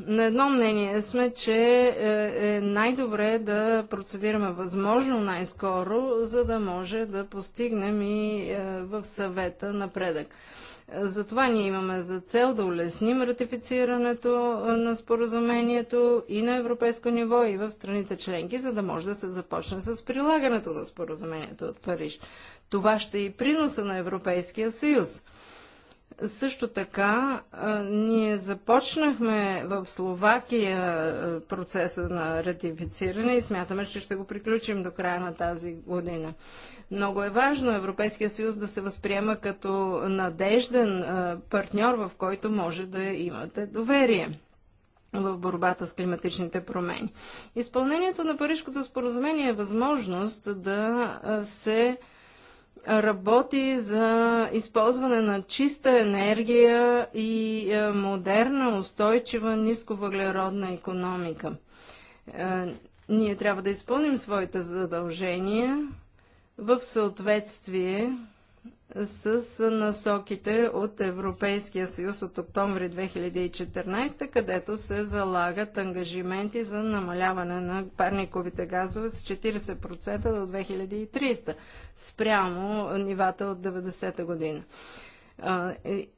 на едно мнение сме, че е, е най-добре да процедираме възможно най-скоро, за да може да постигнем и е, в съвета напредък. Затова ние имаме за цел да улесним ратифицирането е, на споразумението и на европейско ниво, и в страните членки, за да може да се започне с прилагането на споразумението от Париж. Това ще и приноса на Европейския съюз – също така, ние започнахме в Словакия процеса на ратифициране и смятаме, че ще го приключим до края на тази година. Много е важно Европейския съюз да се възприема като надежден партньор, в който може да имате доверие в борбата с климатичните промени. Изпълнението на Парижкото споразумение е възможност да се работи за използване на чиста енергия и е, модерна, устойчива, нисковъглеродна економика. Е, ние трябва да изпълним своите задължения в съответствие с насоките от Европейския съюз от октомври 2014, където се залагат ангажименти за намаляване на парниковите газове с 40% до 2300 спрямо нивата от 90-та година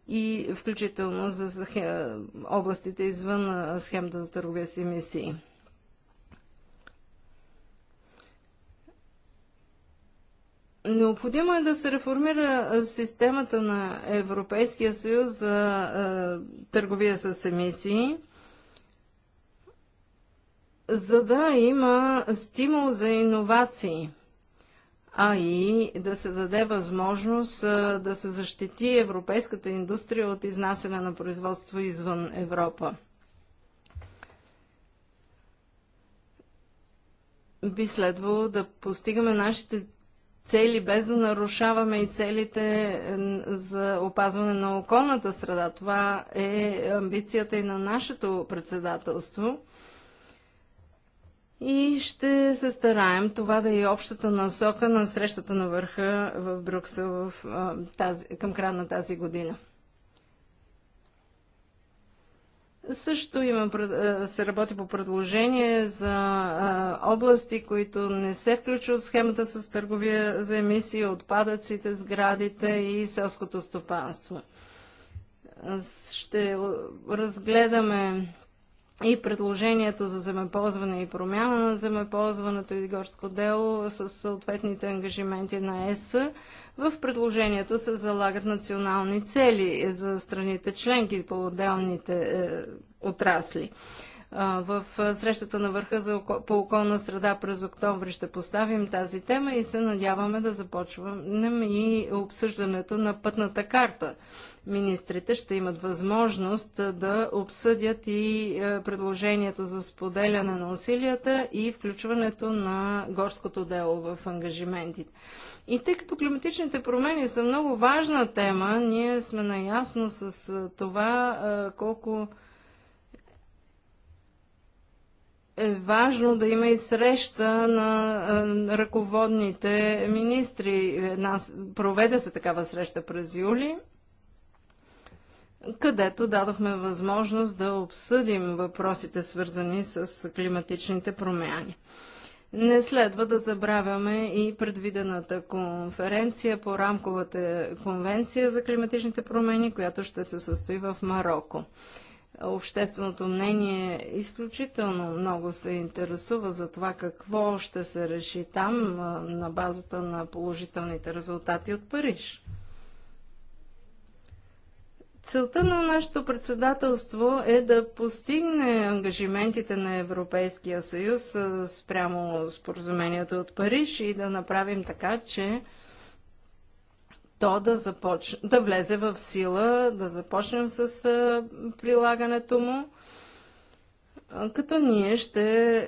и включително за областите извън схемата за търговия с емисии. Необходимо е да се реформира системата на Европейския съюз за търговия с емисии, за да има стимул за иновации, а и да се даде възможност да се защити европейската индустрия от изнасяне на производство извън Европа. би следвало да постигаме нашите цели, без да нарушаваме и целите за опазване на околната среда. Това е амбицията и на нашето председателство. И ще се стараем това да е и общата насока на срещата на върха в Брюксел в, тази, към края на тази година. Също има, е, се работи по предложение за е, области, които не се включват в схемата с търговия за емисии, отпадъците, сградите и селското стопанство. Е, ще разгледаме и предложението за земеползване и промяна на земеползването и горско дело с съответните ангажименти на ЕС. В предложението се залагат национални цели за страните членки по отделните е, отрасли. В срещата на върха за, по околна среда през октомври ще поставим тази тема и се надяваме да започнем и обсъждането на пътната карта. Министрите ще имат възможност да обсъдят и предложението за споделяне на усилията и включването на горското дело в ангажиментите. И тъй като климатичните промени са много важна тема, ние сме наясно с това колко е важно да има и среща на е, ръководните министри. Една, проведе се такава среща през юли, където дадохме възможност да обсъдим въпросите, свързани с климатичните промяни. Не следва да забравяме и предвидената конференция по рамковата конвенция за климатичните промени, която ще се състои в Марокко общественото мнение изключително много се интересува за това какво ще се реши там на базата на положителните резултати от Париж. Целта на нашето председателство е да постигне ангажиментите на Европейския съюз спрямо споразумението от Париж и да направим така, че то да, започ... да влезе в сила, да започнем с прилагането му, като ние ще е,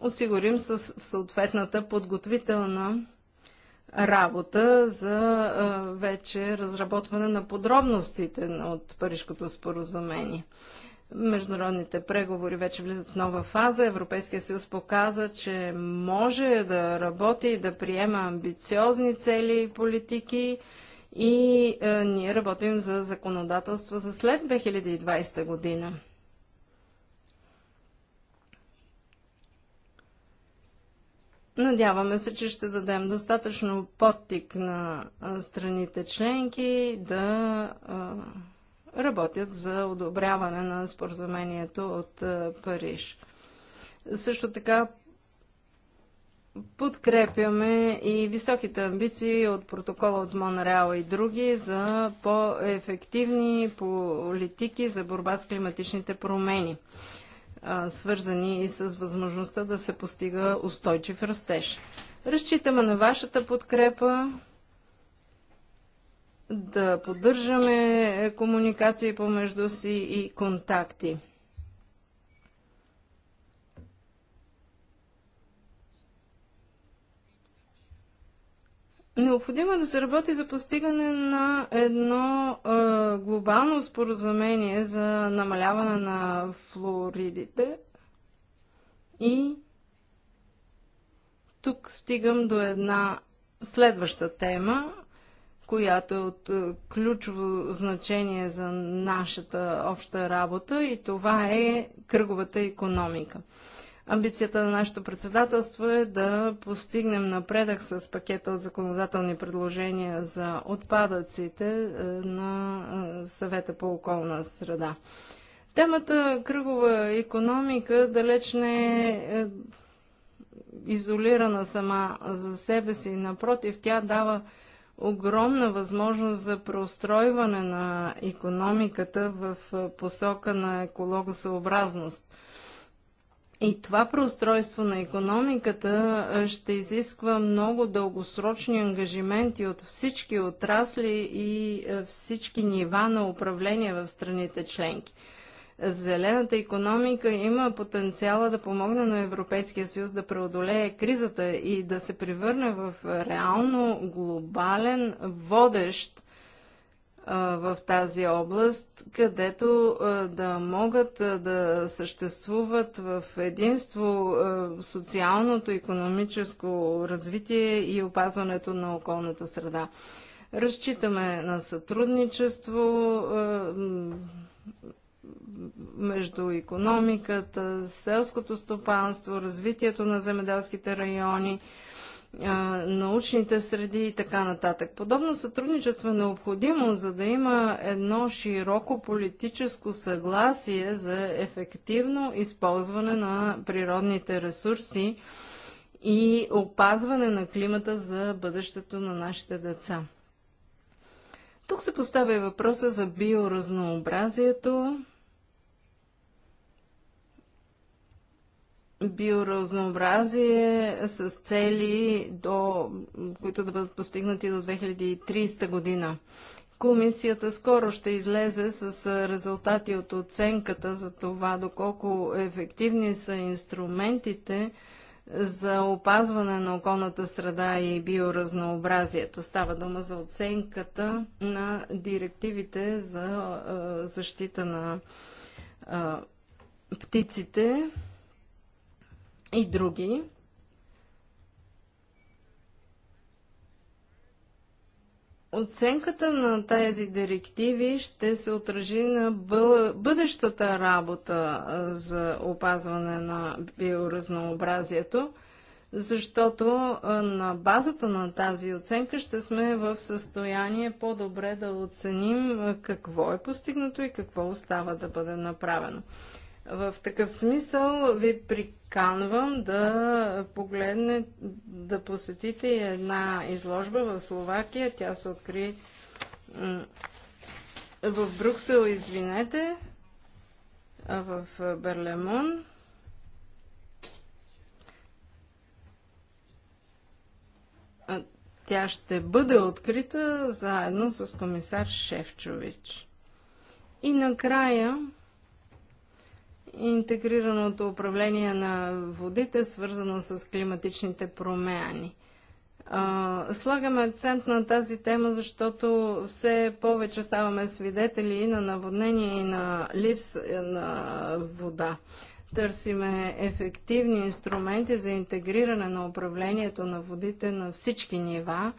осигурим с съответната подготвителна работа за вече разработване на подробностите от Парижкото споразумение. Международните преговори вече влизат в нова фаза. Европейския съюз показа, че може да работи и да приема амбициозни цели и политики. И е, ние работим за законодателство за след 2020 година. Надяваме се, че ще дадем достатъчно подтик на е, страните членки да. Е, работят за одобряване на споразумението от е, Париж. Също така подкрепяме и високите амбиции от протокола от Монреал и други за по-ефективни политики за борба с климатичните промени, свързани и с възможността да се постига устойчив растеж. Разчитаме на вашата подкрепа да поддържаме е, комуникации помежду си и контакти. Необходимо е да се работи за постигане на едно е, глобално споразумение за намаляване на флоридите и тук стигам до една следваща тема която е от е, ключово значение за нашата обща работа и това е кръговата економика. Амбицията на нашето председателство е да постигнем напредък с пакета от законодателни предложения за отпадъците е, на е, съвета по околна среда. Темата кръгова економика далеч не е изолирана сама за себе си. Напротив, тя дава огромна възможност за преустройване на економиката в посока на екологосъобразност. И това преустройство на економиката ще изисква много дългосрочни ангажименти от всички отрасли и всички нива на управление в страните членки зелената економика има потенциала да помогне на Европейския съюз да преодолее кризата и да се превърне в реално глобален водещ в тази област, където да могат да съществуват в единство социалното, економическо развитие и опазването на околната среда. Разчитаме на сътрудничество, между економиката, селското стопанство, развитието на земеделските райони, научните среди и така нататък. Подобно сътрудничество е необходимо, за да има едно широко политическо съгласие за ефективно използване на природните ресурси и опазване на климата за бъдещето на нашите деца. Тук се поставя и въпроса за биоразнообразието, биоразнообразие с цели, до, които да бъдат постигнати до 2030 година. Комисията скоро ще излезе с резултати от оценката за това доколко ефективни са инструментите за опазване на околната среда и биоразнообразието. Става дума за оценката на директивите за защита на птиците и други. Оценката на тези директиви ще се отражи на бъдещата работа за опазване на биоразнообразието, защото на базата на тази оценка ще сме в състояние по-добре да оценим какво е постигнато и какво остава да бъде направено. В такъв смисъл ви приканвам да погледне, да посетите една изложба в Словакия. Тя се откри в Брюксел, извинете, в Берлемон. Тя ще бъде открита заедно с комисар Шефчович. И накрая интегрираното управление на водите, свързано с климатичните промени. Слагаме акцент на тази тема, защото все повече ставаме свидетели и на наводнение, и на липс на вода. Търсиме ефективни инструменти за интегриране на управлението на водите на всички нива.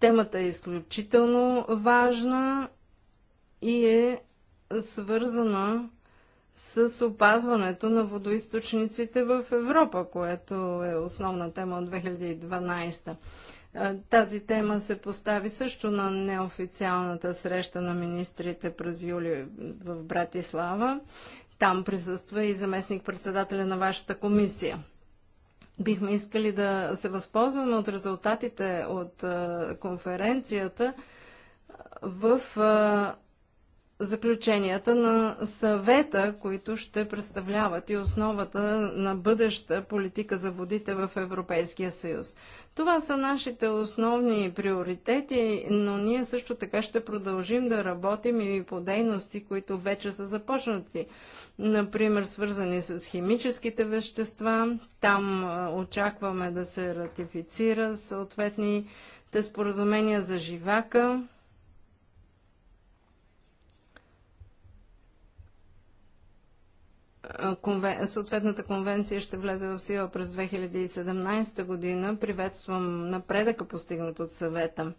Темата е изключително важна и е свързана с опазването на водоисточниците в Европа, което е основна тема от 2012. Тази тема се постави също на неофициалната среща на министрите през юли в Братислава. Там присъства и заместник-председателя на вашата комисия. Бихме искали да се възползваме от резултатите от конференцията в заключенията на съвета, които ще представляват и основата на бъдеща политика за водите в Европейския съюз. Това са нашите основни приоритети, но ние също така ще продължим да работим и по дейности, които вече са започнати. Например, свързани с химическите вещества. Там очакваме да се ратифицира съответните споразумения за живака. конвен... съответната конвенция ще влезе в сила през 2017 година. Приветствам напредъка постигнат от съвета.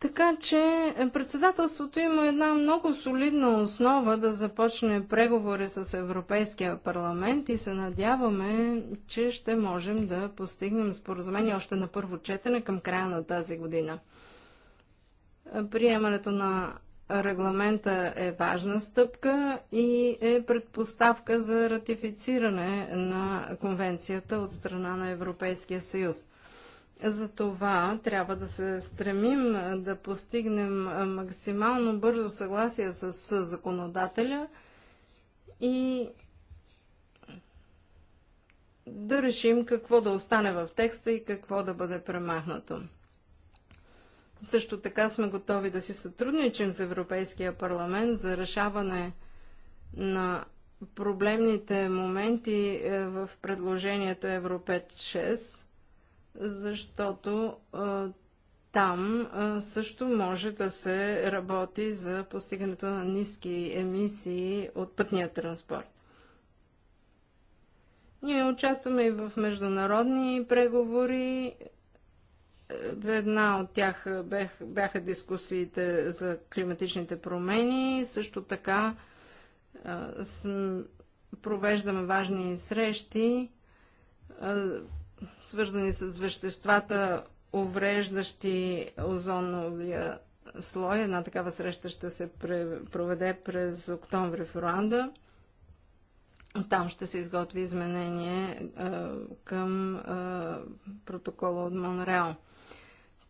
Така че е, председателството има една много солидна основа да започне преговори с Европейския парламент и се надяваме, че ще можем да постигнем споразумение още на първо четене към края на тази година. Е, приемането на Регламента е важна стъпка и е предпоставка за ратифициране на конвенцията от страна на Европейския съюз. За това трябва да се стремим да постигнем максимално бързо съгласие с законодателя и да решим какво да остане в текста и какво да бъде премахнато. Също така сме готови да си сътрудничим с Европейския парламент за решаване на проблемните моменти е, в предложението Евро 5-6, защото е, там е, също може да се работи за постигането на ниски емисии от пътния транспорт. Ние участваме и в международни преговори е, една от тях е, бяха дискусиите за климатичните промени. Също така е, провеждаме важни срещи, свързани с веществата, увреждащи озоновия слой. Една такава среща ще се проведе през октомври в Руанда. Там ще се изготви изменение към протокола от Монреал.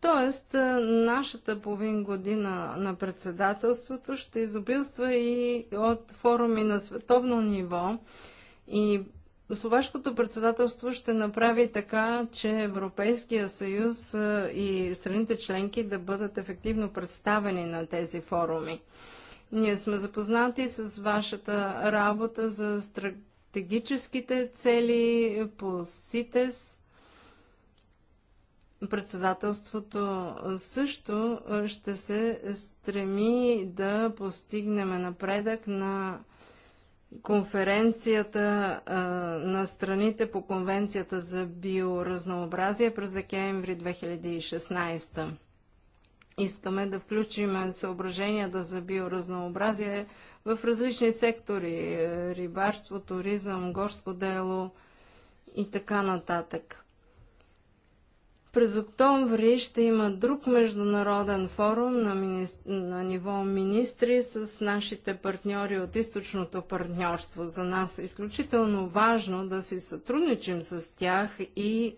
Тоест, е, нашата половин година на председателството ще изобилства и от форуми на световно ниво. И Словашкото председателство ще направи така, че Европейския съюз е, и страните членки да бъдат ефективно представени на тези форуми. Ние сме запознати с вашата работа за стратегическите цели по СИТЕС – Председателството също ще се стреми да постигнем напредък на конференцията на страните по Конвенцията за биоразнообразие през декември 2016. Искаме да включим съображенията за биоразнообразие в различни сектори е, – рибарство, туризъм, горско дело и така нататък през октомври ще има друг международен форум на, мини... на ниво министри с нашите партньори от източното партньорство. За нас е изключително важно да си сътрудничим с тях и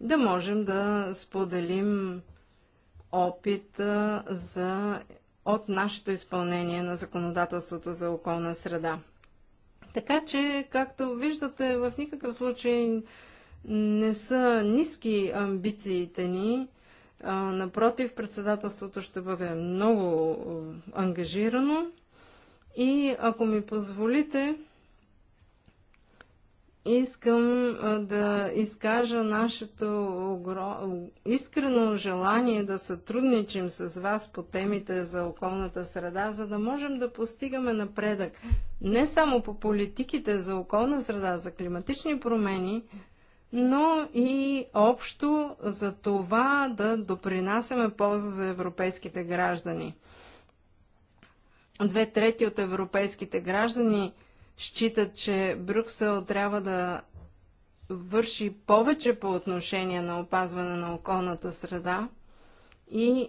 да можем да споделим опит за... от нашето изпълнение на законодателството за околна среда. Така че, както виждате, в никакъв случай не са ниски амбициите ни. А, напротив, председателството ще бъде много ангажирано. И ако ми позволите, искам да изкажа нашето искрено желание да сътрудничим с вас по темите за околната среда, за да можем да постигаме напредък не само по политиките за околна среда, за климатични промени, но и общо за това да допринасяме полза за европейските граждани. Две трети от европейските граждани считат, че Брюксел трябва да върши повече по отношение на опазване на околната среда и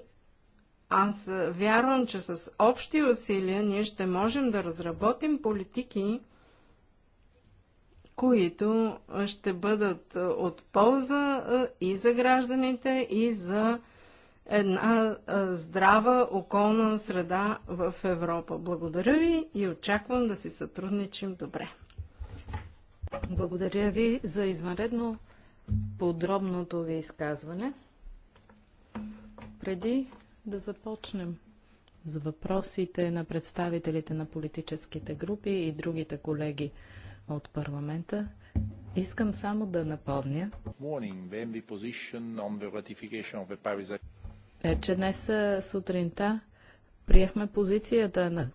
аз вярвам, че с общи усилия ние ще можем да разработим политики, които ще бъдат е, от полза е, и за гражданите, и за една е, здрава околна среда в Европа. Благодаря ви и очаквам да си сътрудничим добре. Благодаря ви за извънредно подробното ви изказване. Преди да започнем с въпросите на представителите на политическите групи и другите колеги, от парламента. Искам само да напомня, е, че днес сутринта приехме позицията на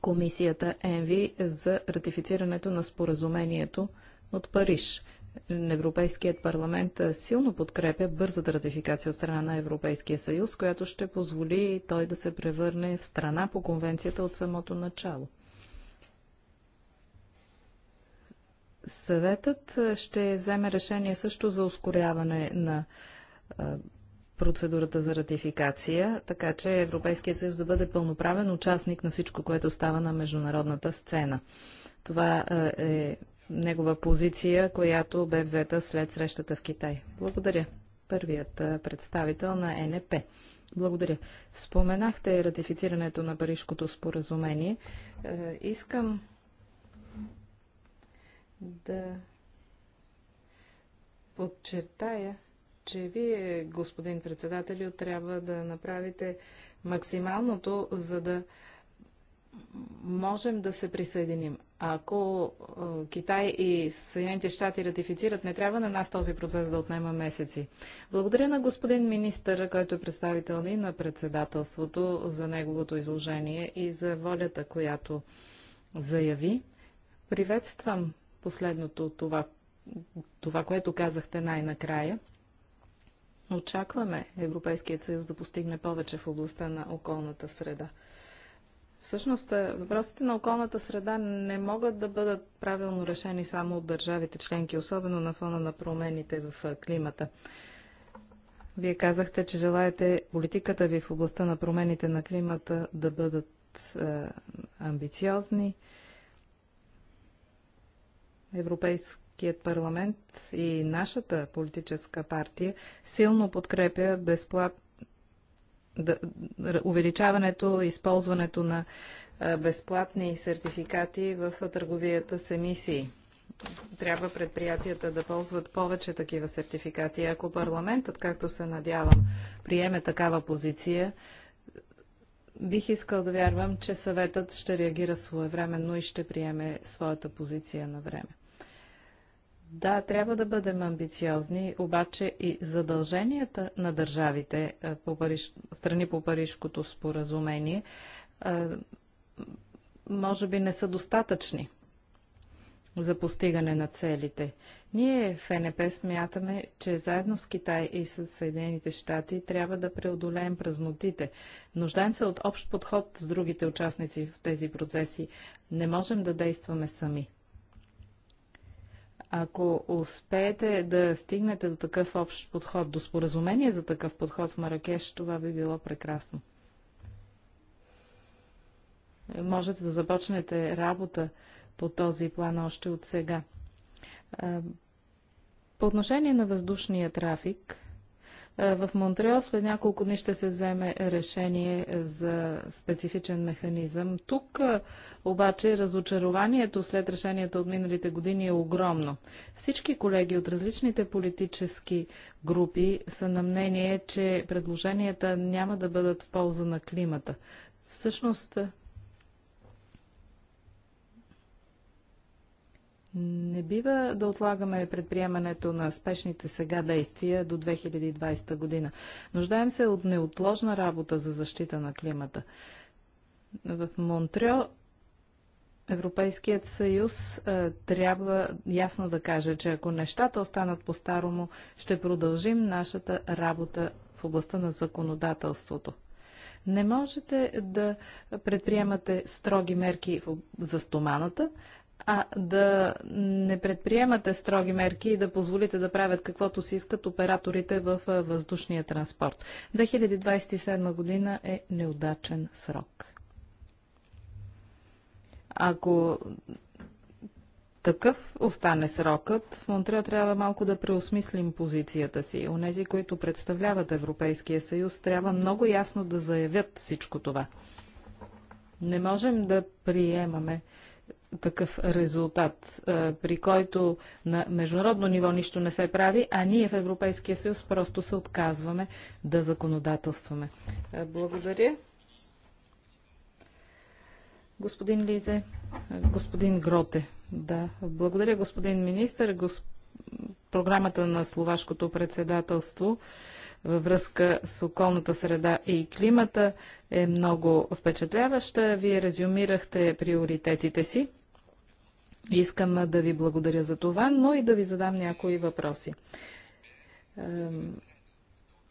комисията ЕНВИ за ратифицирането на споразумението от Париж. Европейският парламент силно подкрепя бързата ратификация от страна на Европейския съюз, която ще позволи той да се превърне в страна по конвенцията от самото начало. Съветът ще вземе решение също за ускоряване на процедурата за ратификация, така че Европейският съюз да бъде пълноправен участник на всичко, което става на международната сцена. Това е негова позиция, която бе взета след срещата в Китай. Благодаря. Първият представител на НП. Благодаря. Споменахте ратифицирането на Парижкото споразумение. Е, искам да подчертая, че вие, господин председател, трябва да направите максималното, за да можем да се присъединим. Ако Китай и Съединените щати ратифицират, не трябва на нас този процес да отнема месеци. Благодаря на господин министър, който е представител и на председателството за неговото изложение и за волята, която заяви. Приветствам последното това, това, което казахте най-накрая. Очакваме Европейският съюз да постигне повече в областта на околната среда. Всъщност, е, въпросите на околната среда не могат да бъдат правилно решени само от държавите членки, особено на фона на промените в е, климата. Вие казахте, че желаете политиката ви в областта на промените на климата да бъдат е, амбициозни. Е, Европейският парламент и нашата политическа партия силно подкрепя безплатно да, увеличаването, използването на безплатни сертификати в търговията с емисии. Трябва предприятията да ползват повече такива сертификати. Ако парламентът, както се надявам, приеме такава позиция, бих искал да вярвам, че съветът ще реагира своевременно и ще приеме своята позиция на време. Да, трябва да бъдем амбициозни, обаче и задълженията на държавите по Париж, страни по Парижкото споразумение може би не са достатъчни за постигане на целите. Ние в НП смятаме, че заедно с Китай и с Съединените щати трябва да преодолеем празнотите. Нуждаем се от общ подход с другите участници в тези процеси. Не можем да действаме сами. Ако успеете да стигнете до такъв общ подход, до споразумение за такъв подход в Маракеш, това би било прекрасно. Можете да започнете работа по този план още от сега. По отношение на въздушния трафик, в Монтреал след няколко дни ще се вземе решение за специфичен механизъм. Тук обаче разочарованието след решението от миналите години е огромно. Всички колеги от различните политически групи са на мнение, че предложенията няма да бъдат в полза на климата. Всъщност, Не бива да отлагаме предприемането на спешните сега действия до 2020 година. Нуждаем се от неотложна работа за защита на климата. В Монтрео Европейският съюз е, трябва ясно да каже, че ако нещата останат по-старому, ще продължим нашата работа в областта на законодателството. Не можете да предприемате строги мерки за стоманата, а да не предприемате строги мерки и да позволите да правят каквото си искат операторите в въздушния транспорт. 2027 година е неудачен срок. Ако такъв остане срокът, в Монтрео трябва малко да преосмислим позицията си. Онези, които представляват Европейския съюз, трябва много ясно да заявят всичко това. Не можем да приемаме такъв резултат, при който на международно ниво нищо не се прави, а ние в Европейския съюз просто се отказваме да законодателстваме. Благодаря. Господин Лизе, господин Гроте. Да, благодаря господин министър. Госп... Програмата на словашкото председателство във връзка с околната среда и климата е много впечатляваща. Вие резюмирахте приоритетите си. Искам да ви благодаря за това, но и да ви задам някои въпроси.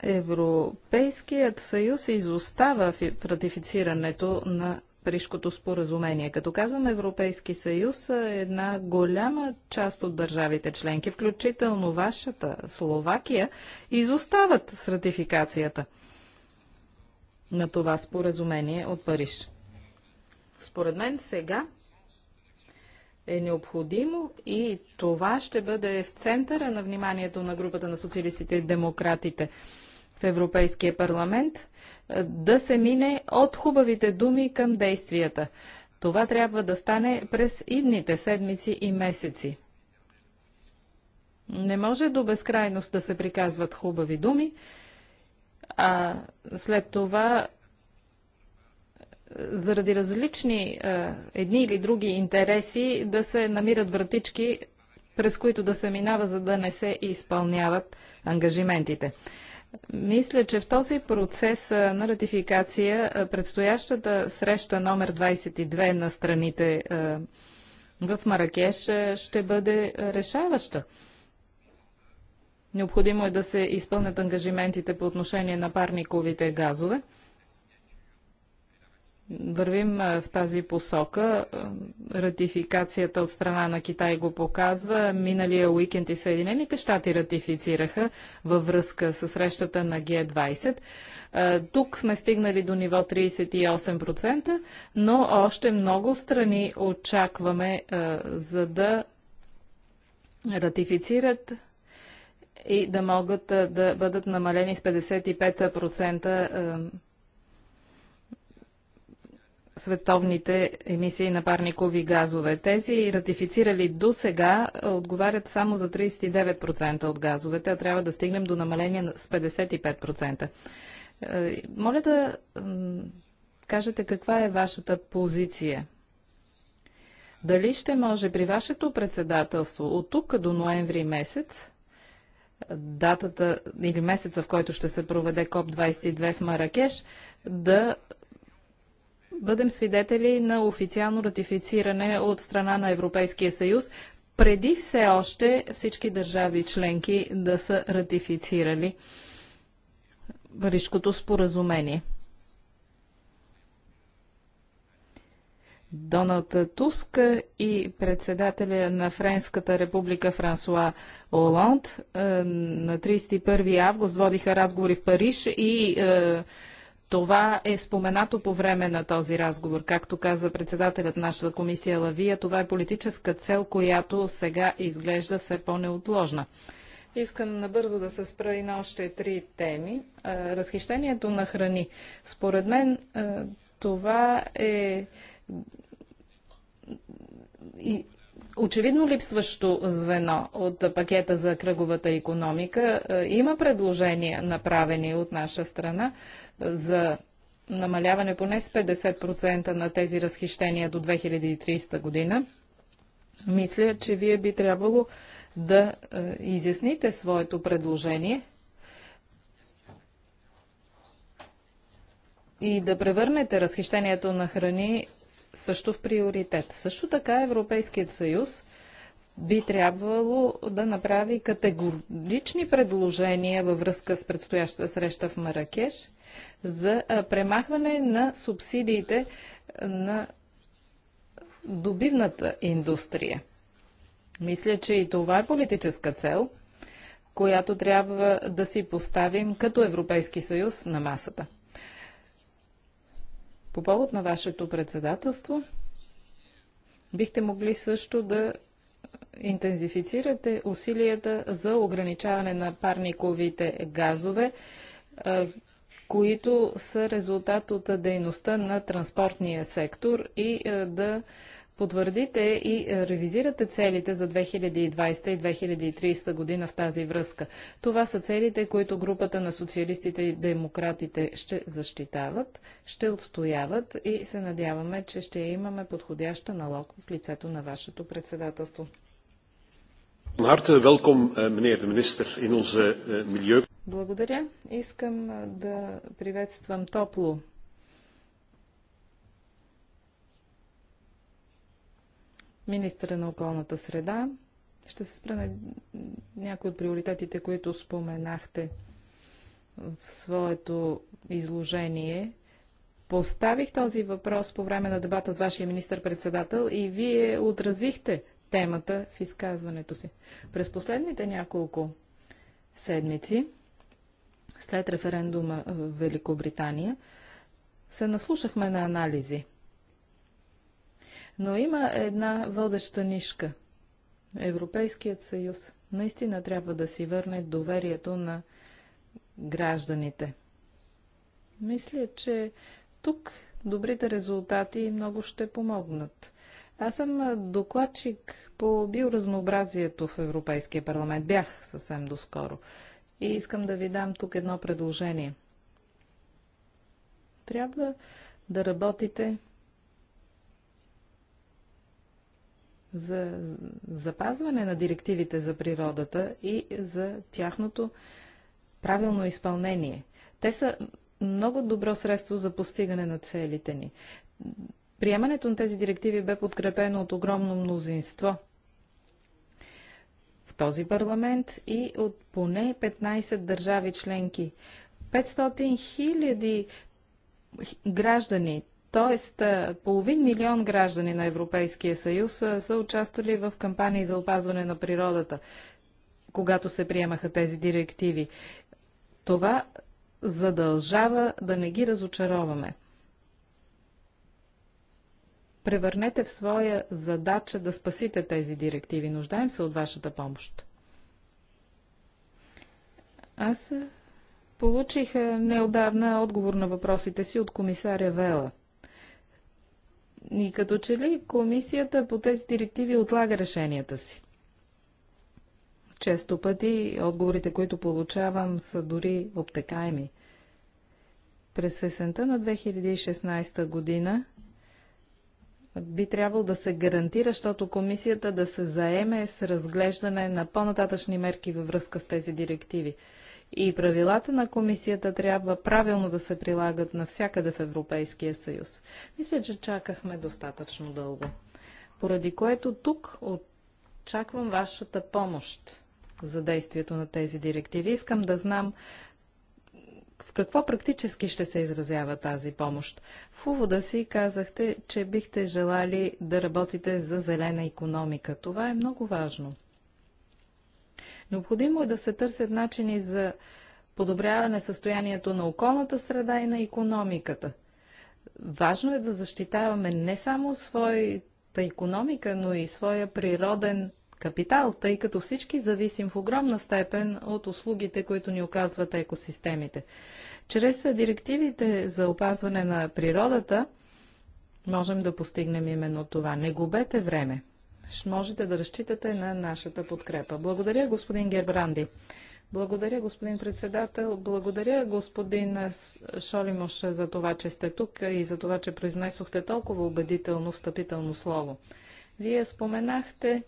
Европейският съюз изостава в ратифицирането на Парижкото споразумение. Като казвам Европейски съюз, е една голяма част от държавите членки, включително вашата Словакия, изостават с ратификацията на това споразумение от Париж. Според мен сега е необходимо и това ще бъде в центъра на вниманието на групата на социалистите и демократите – в Европейския парламент, е, да се мине от хубавите думи към действията. Това трябва да стане през идните седмици и месеци. Не може до безкрайност да се приказват хубави думи, а след това е, заради различни а, е, едни или други интереси да се намират вратички, през които да се минава, за да не се изпълняват ангажиментите. Мисля, че в този процес на ратификация предстоящата среща номер 22 на страните в Маракеш ще бъде решаваща. Необходимо е да се изпълнят ангажиментите по отношение на парниковите газове вървим в тази посока. Ратификацията от страна на Китай го показва. Миналия уикенд и Съединените щати ратифицираха във връзка с срещата на Г-20. Тук сме стигнали до ниво 38%, но още много страни очакваме за да ратифицират и да могат да бъдат намалени с 55% световните емисии на парникови газове. Тези ратифицирали до сега отговарят само за 39% от газовете, а трябва да стигнем до намаление с 55%. Моля да кажете каква е вашата позиция. Дали ще може при вашето председателство от тук до ноември месец датата или месеца, в който ще се проведе КОП-22 в Маракеш, да бъдем свидетели на официално ратифициране от страна на Европейския съюз, преди все още всички държави членки да са ратифицирали Парижкото споразумение. Доналд Туск и председателя на Френската република Франсуа Оланд е, на 31 август водиха разговори в Париж и е, това е споменато по време на този разговор. Както каза председателят нашата комисия Лавия, това е политическа цел, която сега изглежда все по-неотложна. Искам набързо да се спра и на още три теми. Разхищението на храни. Според мен това е и очевидно липсващо звено от пакета за кръговата економика. Има предложения, направени от наша страна, за намаляване поне с 50% на тези разхищения до 2030 година, мисля, че вие би трябвало да е, изясните своето предложение и да превърнете разхищението на храни също в приоритет. Също така Европейският съюз би трябвало да направи категорични предложения във връзка с предстоящата среща в Маракеш за премахване на субсидиите на добивната индустрия. Мисля, че и това е политическа цел, която трябва да си поставим като Европейски съюз на масата. По повод на вашето председателство, бихте могли също да интензифицирате усилията за ограничаване на парниковите газове, които са резултат от дейността на транспортния сектор и да потвърдите и е, ревизирате целите за 2020 и 2030 година в тази връзка. Това са целите, които групата на социалистите и демократите ще защитават, ще отстояват и се надяваме, че ще имаме подходяща налог в лицето на вашето председателство. Е, е, Благодаря. Искам да приветствам топло министра на околната среда. Ще се спра на някои от приоритетите, които споменахте в своето изложение. Поставих този въпрос по време на дебата с вашия министр-председател и вие отразихте темата в изказването си. През последните няколко седмици, след референдума в Великобритания, се наслушахме на анализи – но има една водеща нишка. Европейският съюз наистина трябва да си върне доверието на гражданите. Мисля, че тук добрите резултати много ще помогнат. Аз съм докладчик по биоразнообразието в Европейския парламент. Бях съвсем доскоро. И искам да ви дам тук едно предложение. Трябва да работите за запазване на директивите за природата и за тяхното правилно изпълнение. Те са много добро средство за постигане на целите ни. Приемането на тези директиви бе подкрепено от огромно мнозинство в този парламент и от поне 15 държави членки. 500 хиляди граждани Тоест, половин милион граждани на Европейския съюз са участвали в кампании за опазване на природата, когато се приемаха тези директиви. Това задължава да не ги разочароваме. Превърнете в своя задача да спасите тези директиви. Нуждаем се от вашата помощ. Аз получих неодавна отговор на въпросите си от комисаря Вела – и като че ли комисията по тези директиви отлага решенията си? Често пъти отговорите, които получавам, са дори обтекаеми. През есента на 2016 година би трябвало да се гарантира, защото комисията да се заеме с разглеждане на по-нататъчни мерки във връзка с тези директиви и правилата на комисията трябва правилно да се прилагат навсякъде в Европейския съюз. Мисля, че чакахме достатъчно дълго. Поради което тук очаквам вашата помощ за действието на тези директиви. Искам да знам в какво практически ще се изразява тази помощ? В увода си казахте, че бихте желали да работите за зелена економика. Това е много важно. Необходимо е да се търсят начини за подобряване състоянието на околната среда и на економиката. Важно е да защитаваме не само своята економика, но и своя природен капитал, тъй като всички зависим в огромна степен от услугите, които ни оказват екосистемите. Чрез директивите за опазване на природата можем да постигнем именно това. Не губете време можете да разчитате на нашата подкрепа. Благодаря, господин Гербранди. Благодаря, господин председател. Благодаря, господин Шолимош, за това, че сте тук и за това, че произнесохте толкова убедително встъпително слово. Вие споменахте,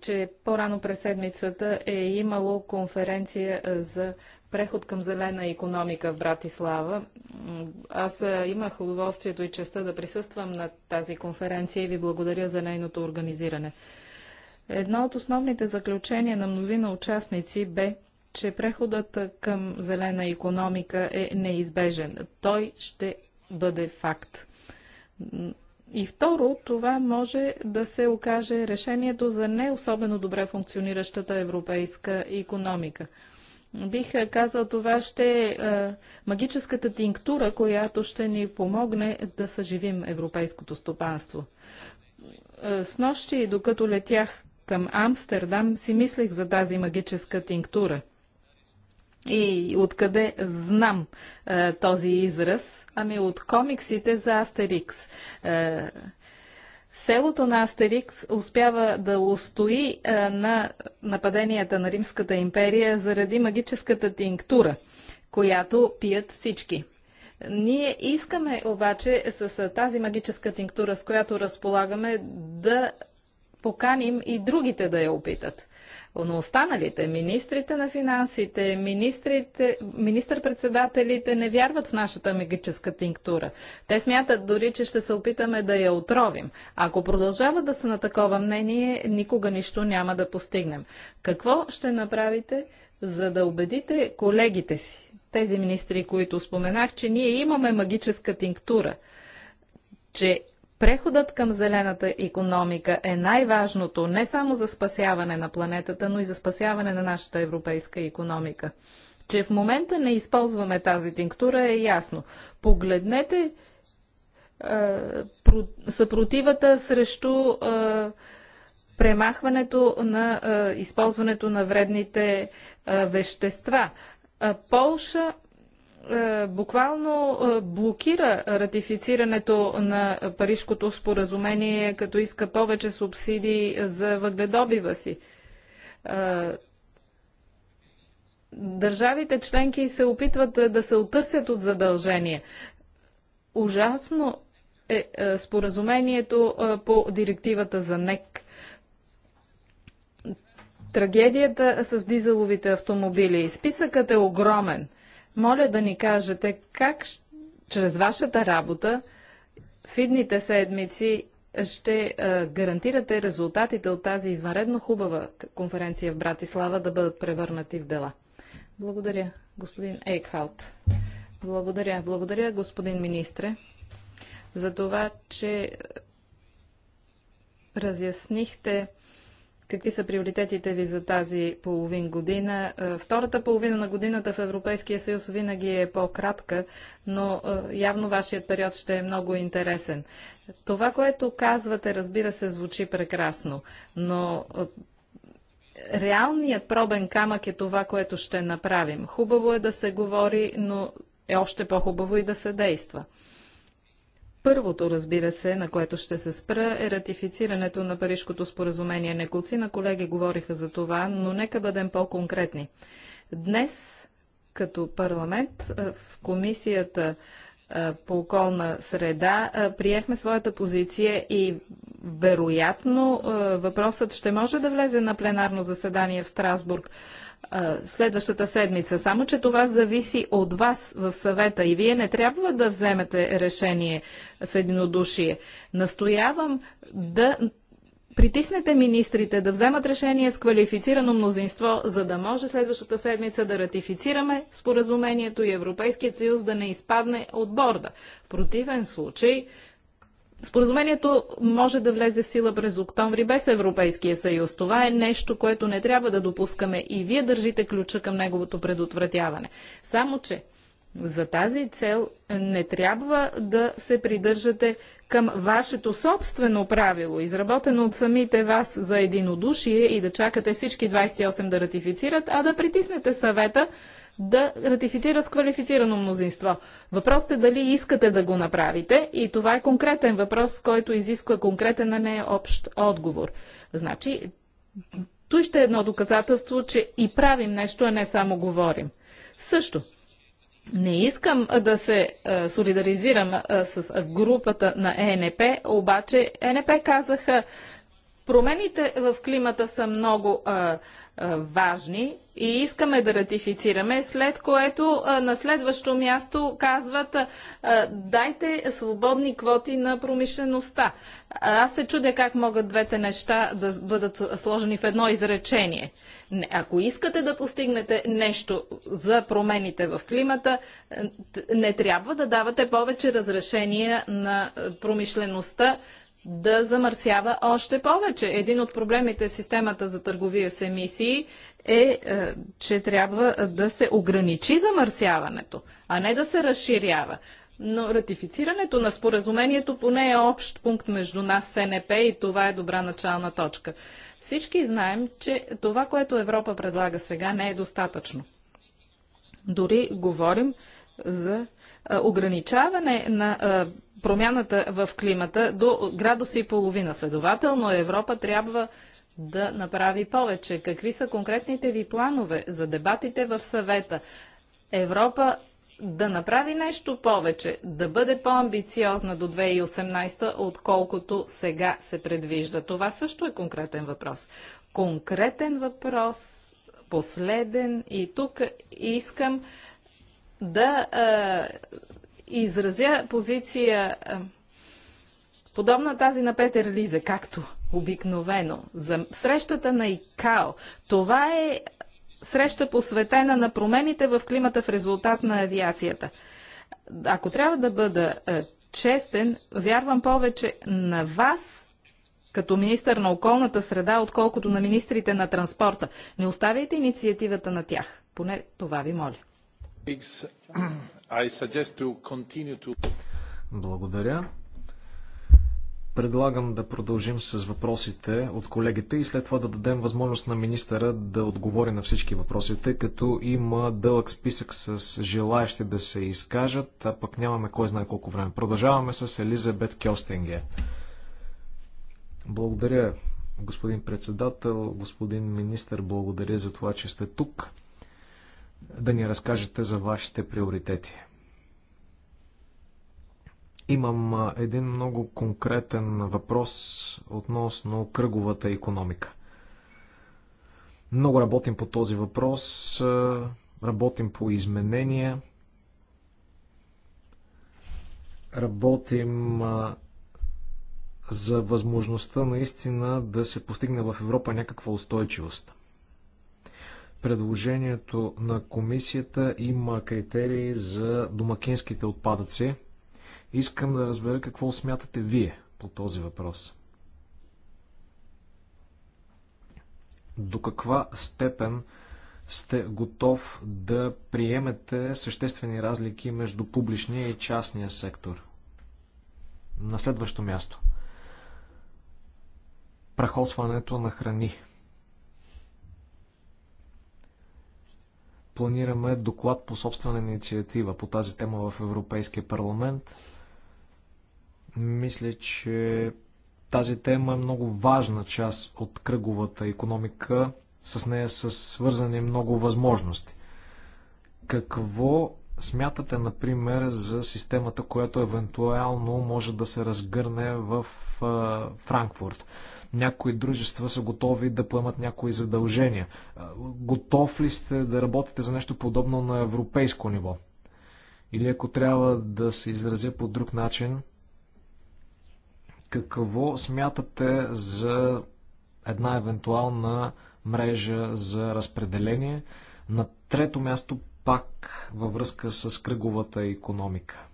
че по-рано през седмицата е имало конференция за преход към зелена економика в Братислава. Аз имах удоволствието и честа да присъствам на тази конференция и ви благодаря за нейното организиране. Едно от основните заключения на мнозина участници бе, че преходът към зелена економика е неизбежен. Той ще бъде факт. И второ, това може да се окаже решението за не особено добре функциониращата европейска економика. Бих е, казал, това ще е магическата тинктура, която ще ни помогне да съживим европейското стопанство. Е, с нощи, докато летях към Амстердам, си мислех за тази магическа тинктура. И откъде знам е, този израз? Ами от комиксите за Астерикс. Е, Селото на Астерикс успява да устои на нападенията на Римската империя заради магическата тинктура, която пият всички. Ние искаме обаче с тази магическа тинктура, с която разполагаме, да поканим и другите да я опитат. Но останалите, министрите на финансите, министрите, министр-председателите не вярват в нашата магическа тинктура. Те смятат дори, че ще се опитаме да я отровим. Ако продължават да са на такова мнение, никога нищо няма да постигнем. Какво ще направите, за да убедите колегите си, тези министри, които споменах, че ние имаме магическа тинктура, че Преходът към зелената економика е най-важното не само за спасяване на планетата, но и за спасяване на нашата европейска економика. Че в момента не използваме тази тинктура е ясно. Погледнете е, съпротивата срещу е, премахването на е, използването на вредните е, вещества. Е, Полша е, буквално е, блокира ратифицирането на Парижкото споразумение, като иска повече субсидии за въгледобива си. Е, държавите членки се опитват да се отърсят от задължения. Ужасно е споразумението по директивата за НЕК. Трагедията с дизеловите автомобили. Списъкът е огромен – моля да ни кажете как чрез вашата работа в идните седмици ще гарантирате резултатите от тази извънредно хубава конференция в Братислава да бъдат превърнати в дела. Благодаря, господин Ейкхаут. Благодаря, благодаря, господин министре, за това, че разяснихте Какви са приоритетите ви за тази половин година? Е, втората половина на годината в Европейския съюз винаги е по-кратка, но е, явно вашият период ще е много интересен. Това, което казвате, разбира се, звучи прекрасно, но е, реалният пробен камък е това, което ще направим. Хубаво е да се говори, но е още по-хубаво и да се действа. Първото, разбира се, на което ще се спра, е ратифицирането на Парижкото споразумение. Неколци на колеги говориха за това, но нека бъдем по-конкретни. Днес, като парламент, в комисията по околна среда, приехме своята позиция и вероятно въпросът ще може да влезе на пленарно заседание в Страсбург следващата седмица. Само, че това зависи от вас в съвета и вие не трябва да вземете решение с единодушие. Настоявам да притиснете министрите да вземат решение с квалифицирано мнозинство, за да може следващата седмица да ратифицираме споразумението и Европейският съюз да не изпадне от борда. В противен случай Споразумението може да влезе в сила през октомври без Европейския съюз. Това е нещо, което не трябва да допускаме и вие държите ключа към неговото предотвратяване. Само, че за тази цел не трябва да се придържате към вашето собствено правило, изработено от самите вас за единодушие и да чакате всички 28 да ратифицират, а да притиснете съвета да ратифицира с квалифицирано мнозинство. Въпросът е дали искате да го направите и това е конкретен въпрос, който изисква конкретен, а не общ отговор. Значи, той ще е едно доказателство, че и правим нещо, а не само говорим. Също, не искам да се солидаризирам с групата на ЕНП, обаче ЕНП казаха Промените в климата са много а, а, важни и искаме да ратифицираме, след което а, на следващо място казват а, дайте свободни квоти на промишлеността. Аз се чудя как могат двете неща да бъдат сложени в едно изречение. Не, ако искате да постигнете нещо за промените в климата, не трябва да давате повече разрешения на промишлеността да замърсява още повече. Един от проблемите в системата за търговия с емисии е, е, че трябва да се ограничи замърсяването, а не да се разширява. Но ратифицирането на споразумението поне е общ пункт между нас, СНП, и това е добра начална точка. Всички знаем, че това, което Европа предлага сега, не е достатъчно. Дори говорим за ограничаване на промяната в климата до градуса и половина. Следователно Европа трябва да направи повече. Какви са конкретните ви планове за дебатите в съвета? Европа да направи нещо повече, да бъде по-амбициозна до 2018, отколкото сега се предвижда. Това също е конкретен въпрос. Конкретен въпрос, последен и тук искам да изразя позиция подобна тази на Петър Лиза, както обикновено, за срещата на ИКАО. Това е среща посветена на промените в климата в резултат на авиацията. Ако трябва да бъда а, честен, вярвам повече на вас, като министър на околната среда, отколкото на министрите на транспорта. Не оставяйте инициативата на тях. Поне това ви моля. Благодаря. Предлагам да продължим с въпросите от колегите и след това да дадем възможност на министъра да отговори на всички въпроси, тъй като има дълъг списък с желаящи да се изкажат, а пък нямаме кой знае колко време. Продължаваме с Елизабет Кьостенге. Благодаря, господин председател, господин министър, благодаря за това, че сте тук да ни разкажете за вашите приоритети. Имам един много конкретен въпрос относно кръговата економика. Много работим по този въпрос, работим по изменения, работим за възможността наистина да се постигне в Европа някаква устойчивост предложението на комисията има критерии за домакинските отпадъци. Искам да разбера какво смятате вие по този въпрос. До каква степен сте готов да приемете съществени разлики между публичния и частния сектор? На следващо място. Прахосването на храни планираме доклад по собствена инициатива по тази тема в Европейския парламент. Мисля, че тази тема е много важна част от кръговата економика. С нея са свързани много възможности. Какво смятате, например, за системата, която евентуално може да се разгърне в Франкфурт? някои дружества са готови да поемат някои задължения. Готов ли сте да работите за нещо подобно на европейско ниво? Или ако трябва да се изразя по друг начин, какво смятате за една евентуална мрежа за разпределение? На трето място пак във връзка с кръговата економика.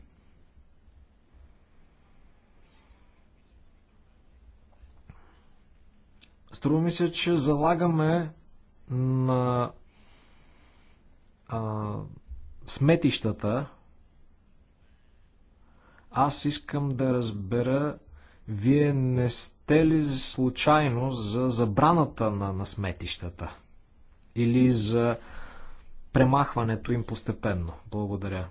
Струва ми се, че залагаме на а, сметищата. Аз искам да разбера, вие не сте ли случайно за забраната на, на сметищата? Или за премахването им постепенно? Благодаря.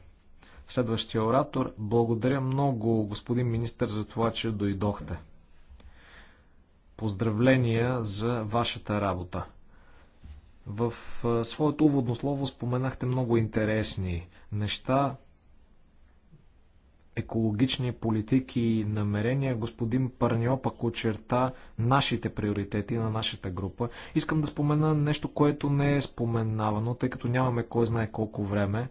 Следващия оратор. Благодаря много, господин министр, за това, че дойдохте. Поздравления за вашата работа. В своето уводно слово споменахте много интересни неща, екологични политики и намерения. Господин Парньо пък очерта нашите приоритети на нашата група. Искам да спомена нещо, което не е споменавано, тъй като нямаме кой знае колко време.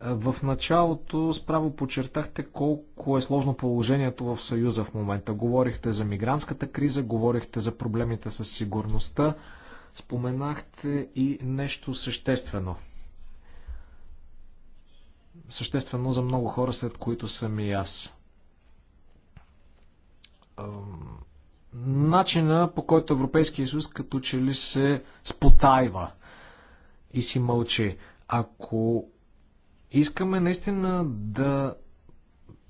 В началото справо почертахте колко е сложно положението в Съюза в момента. Говорихте за мигрантската криза, говорихте за проблемите с сигурността, споменахте и нещо съществено. Съществено за много хора, след които съм и аз. Начина по който Европейския съюз като че ли се спотайва и си мълчи. Ако Искаме наистина да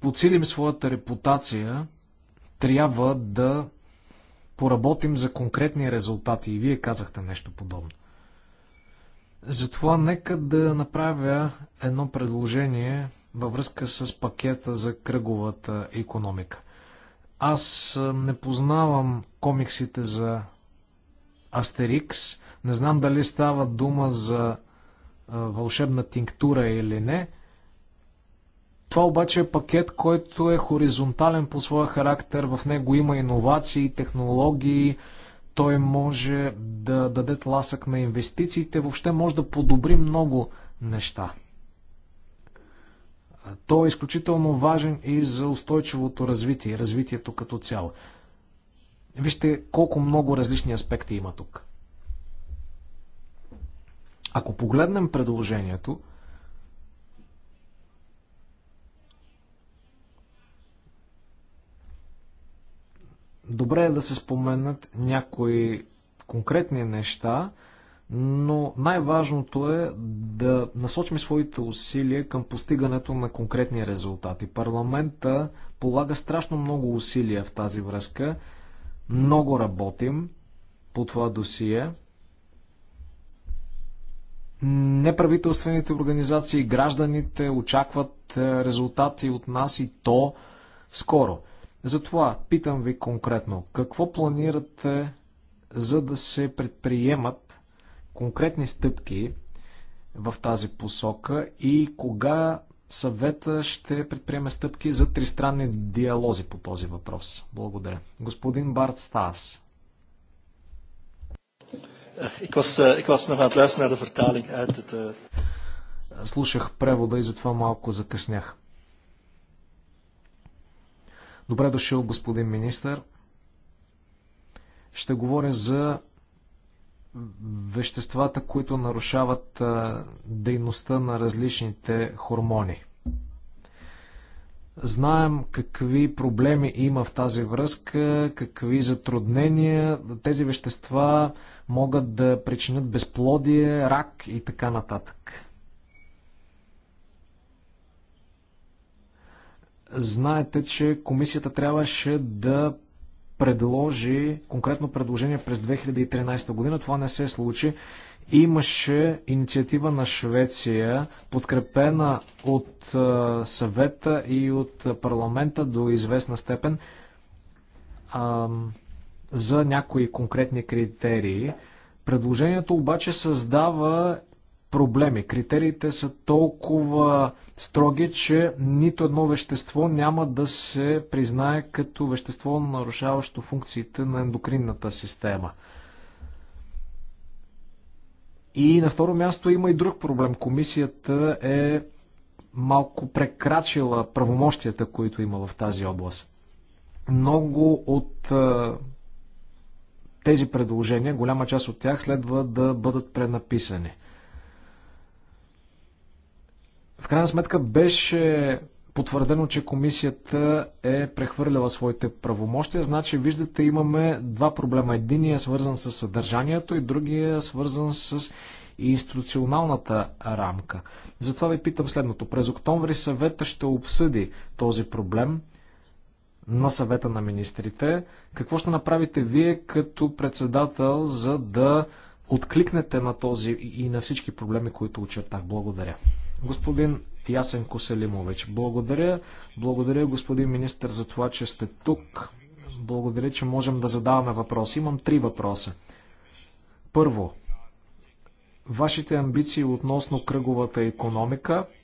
подсилим своята репутация, трябва да поработим за конкретни резултати. И вие казахте нещо подобно. Затова нека да направя едно предложение във връзка с пакета за кръговата економика. Аз не познавам комиксите за Астерикс. Не знам дали става дума за вълшебна тинктура или не. Това обаче е пакет, който е хоризонтален по своя характер. В него има иновации, технологии. Той може да даде тласък на инвестициите. Въобще може да подобри много неща. Той е изключително важен и за устойчивото развитие, развитието като цяло. Вижте колко много различни аспекти има тук. Ако погледнем предложението, добре е да се споменат някои конкретни неща, но най-важното е да насочим своите усилия към постигането на конкретни резултати. Парламента полага страшно много усилия в тази връзка. Много работим по това досие неправителствените организации, гражданите очакват е, резултати от нас и то скоро. Затова питам ви конкретно, какво планирате за да се предприемат конкретни стъпки в тази посока и кога съвета ще предприеме стъпки за тристранни диалози по този въпрос? Благодаря. Господин Барт Стас. Ik was, eh, ik was nog aan het luisteren naar de vertaling uit het... Eh, Слушах превода и затова малко закъснях. Добре дошъл, господин министър. Ще говоря за веществата, които нарушават е, дейността на различните хормони. Знаем какви проблеми има в тази връзка, какви затруднения. Тези вещества могат да причинят безплодие, рак и така нататък. Знаете, че комисията трябваше да предложи конкретно предложение през 2013 година. Това не се случи. Имаше инициатива на Швеция, подкрепена от съвета и от парламента до известна степен. Ам за някои конкретни критерии. Предложението обаче създава проблеми. Критериите са толкова строги, че нито едно вещество няма да се признае като вещество, нарушаващо функциите на ендокринната система. И на второ място има и друг проблем. Комисията е малко прекрачила правомощията, които има в тази област. Много от тези предложения, голяма част от тях следва да бъдат пренаписани. В крайна сметка беше потвърдено, че комисията е прехвърляла своите правомощия. Значи, виждате, имаме два проблема. Единият е свързан с съдържанието и другия е свързан с институционалната рамка. Затова ви питам следното. През октомври съвета ще обсъди този проблем – на съвета на министрите. Какво ще направите вие като председател, за да откликнете на този и на всички проблеми, които очертах? Благодаря. Господин Ясен Коселимович, благодаря. Благодаря, господин министр, за това, че сте тук. Благодаря, че можем да задаваме въпроси. Имам три въпроса. Първо, вашите амбиции относно кръговата економика –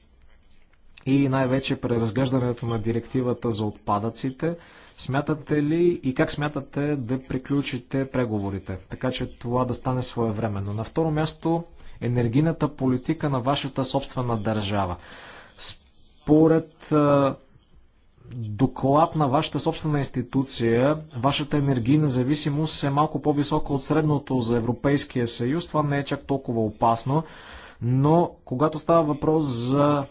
и най-вече преразглеждането на директивата за отпадъците. Смятате ли и как смятате да приключите преговорите, така че това да стане своевременно? На второ място, енергийната политика на вашата собствена държава. Според доклад на вашата собствена институция, вашата енергийна зависимост е малко по-висока от средното за Европейския съюз. Това не е чак толкова опасно, но когато става въпрос за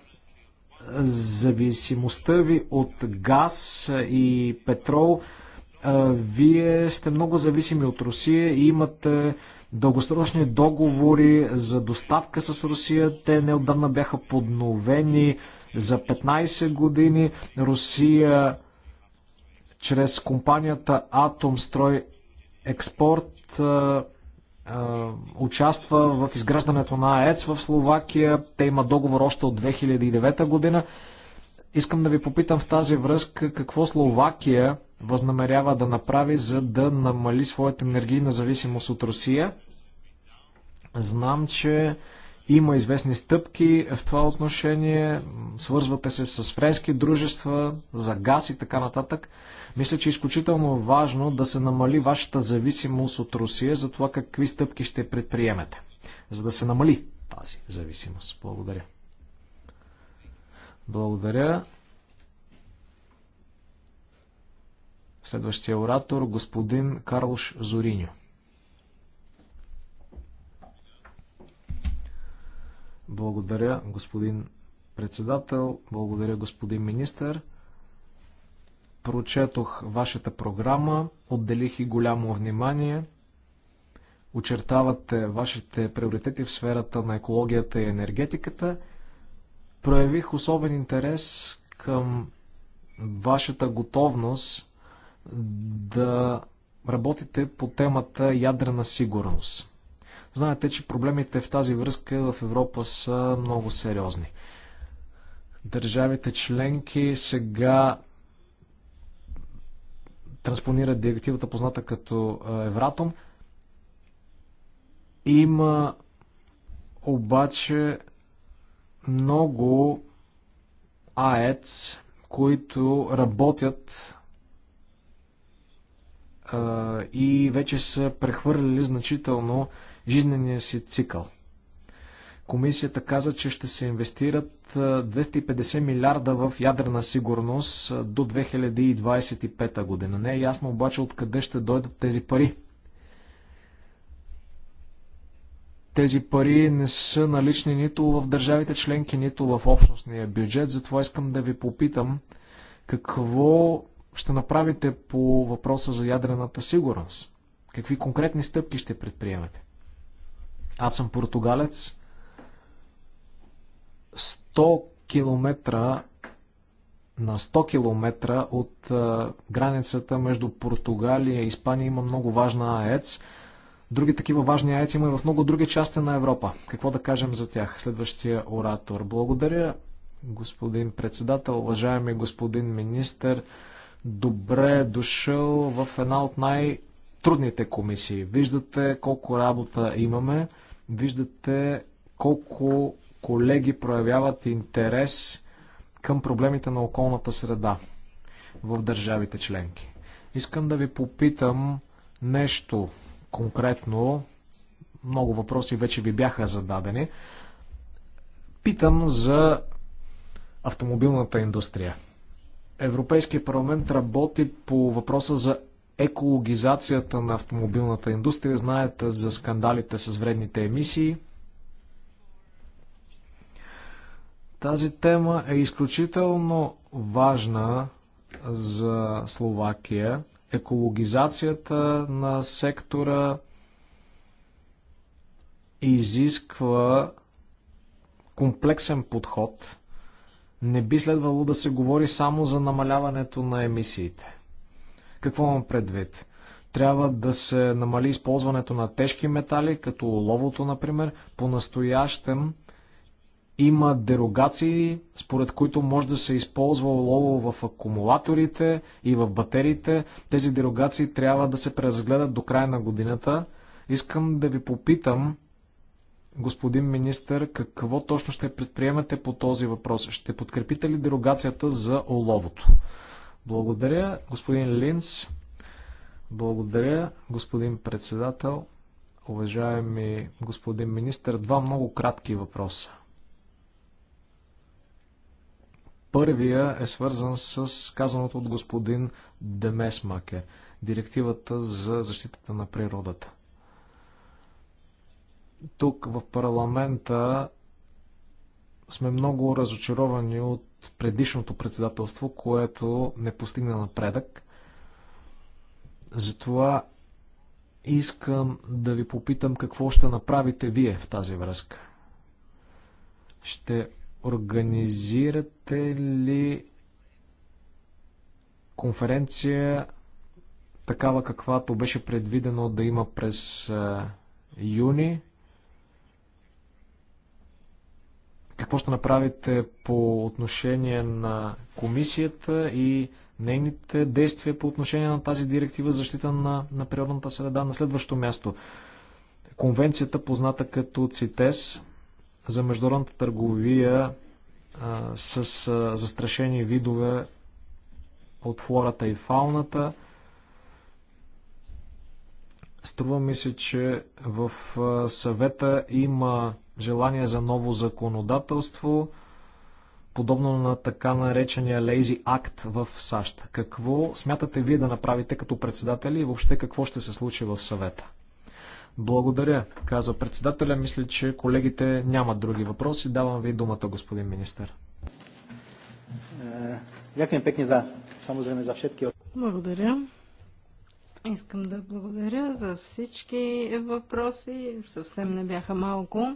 зависимостта ви от газ и петрол. Вие сте много зависими от Русия и имате дългосрочни договори за доставка с Русия. Те неотдавна бяха подновени за 15 години. Русия чрез компанията Атомстрой Експорт участва в изграждането на АЕЦ в Словакия. Те имат договор още от 2009 година. Искам да ви попитам в тази връзка какво Словакия възнамерява да направи, за да намали своята енергийна зависимост от Русия. Знам, че има известни стъпки в това отношение, свързвате се с френски дружества за газ и така нататък. Мисля, че е изключително важно да се намали вашата зависимост от Русия за това какви стъпки ще предприемете, за да се намали тази зависимост. Благодаря. Благодаря. Следващия оратор господин Карлош Зориньо. Благодаря, господин председател. Благодаря, господин министър. Прочетох вашата програма, отделих и голямо внимание. Очертавате вашите приоритети в сферата на екологията и енергетиката. Проявих особен интерес към вашата готовност да работите по темата ядрена сигурност. Знаете, че проблемите в тази връзка в Европа са много сериозни. Държавите членки сега транспонират директивата, позната като Евратом. Има обаче много АЕЦ, които работят и вече са прехвърлили значително жизнения си цикъл. Комисията каза, че ще се инвестират 250 милиарда в ядрена сигурност до 2025 година. Не е ясно обаче откъде ще дойдат тези пари. Тези пари не са налични нито в държавите членки, нито в общностния бюджет, затова искам да ви попитам какво ще направите по въпроса за ядрената сигурност. Какви конкретни стъпки ще предприемете? Аз съм португалец. 100 км на 100 км от границата между Португалия и Испания има много важна АЕЦ. Други такива важни АЕЦ има и в много други части на Европа. Какво да кажем за тях? Следващия оратор. Благодаря, господин председател, уважаеми господин министр. Добре е дошъл в една от най-трудните комисии. Виждате колко работа имаме. Виждате колко колеги проявяват интерес към проблемите на околната среда в държавите членки. Искам да ви попитам нещо конкретно. Много въпроси вече ви бяха зададени. Питам за автомобилната индустрия. Европейския парламент работи по въпроса за екологизацията на автомобилната индустрия. Знаете за скандалите с вредните емисии. Тази тема е изключително важна за Словакия. Екологизацията на сектора изисква комплексен подход. Не би следвало да се говори само за намаляването на емисиите. Какво имам предвид? Трябва да се намали използването на тежки метали, като ловото, например. По-настоящем има дерогации, според които може да се използва олово в акумулаторите и в батериите. Тези дерогации трябва да се преразгледат до края на годината. Искам да ви попитам, господин министър, какво точно ще предприемете по този въпрос? Ще подкрепите ли дерогацията за оловото? Благодаря, господин Линц. Благодаря, господин председател. Уважаеми господин министр, два много кратки въпроса. Първия е свързан с казаното от господин Демесмакер, директивата за защитата на природата. Тук в парламента сме много разочаровани от предишното председателство, което не постигна напредък. Затова искам да ви попитам какво ще направите вие в тази връзка. Ще организирате ли конференция такава каквато беше предвидено да има през е, юни какво ще направите по отношение на комисията и нейните действия по отношение на тази директива защита на, на природната среда. На следващо място, конвенцията, позната като ЦИТЕС за международната търговия а, с а, застрашени видове от флората и фауната. Струва ми се, че в съвета има желание за ново законодателство, подобно на така наречения Lazy Act в САЩ. Какво смятате вие да направите като председатели и въобще какво ще се случи в съвета? Благодаря, казва председателя. Мисля, че колегите нямат други въпроси. Давам ви думата, господин министър. Е, Дякувам пекни за само време за всички. Благодаря. Искам да благодаря за всички въпроси. Съвсем не бяха малко.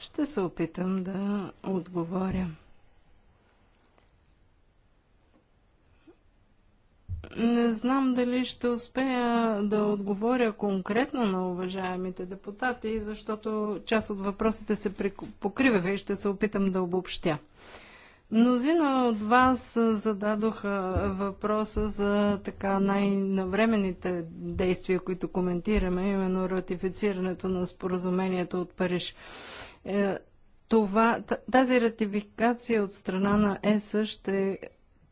Ще се опитам да отговоря. Не знам дали ще успея да отговоря конкретно на уважаемите депутати, защото част от въпросите се покриваха и ще се опитам да обобщя. Мнозина от вас зададоха въпроса за така най-навременните действия, които коментираме, именно ратифицирането на споразумението от Париж. Е, това, тази ратификация от страна на ЕС ще е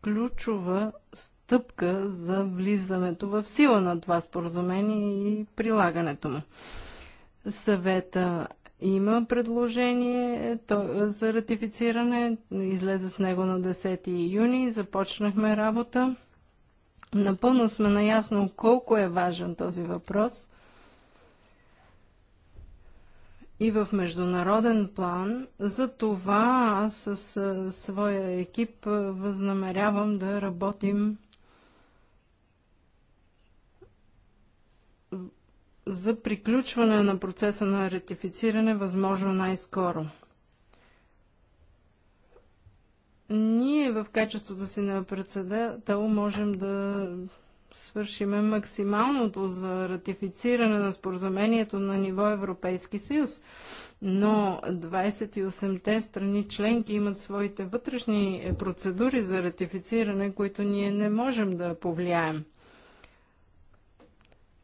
ключова стъпка за влизането в сила на това споразумение и прилагането му. Съвета има предложение е, е, за ратифициране. Излезе с него на 10 юни. Започнахме работа. Напълно сме наясно колко е важен този въпрос и в международен план. За това аз с своя екип възнамерявам да работим за приключване на процеса на ратифициране възможно най-скоро. Ние в качеството си на председател можем да свършиме максималното за ратифициране на споразумението на ниво Европейски съюз. Но 28-те страни членки имат своите вътрешни процедури за ратифициране, които ние не можем да повлияем.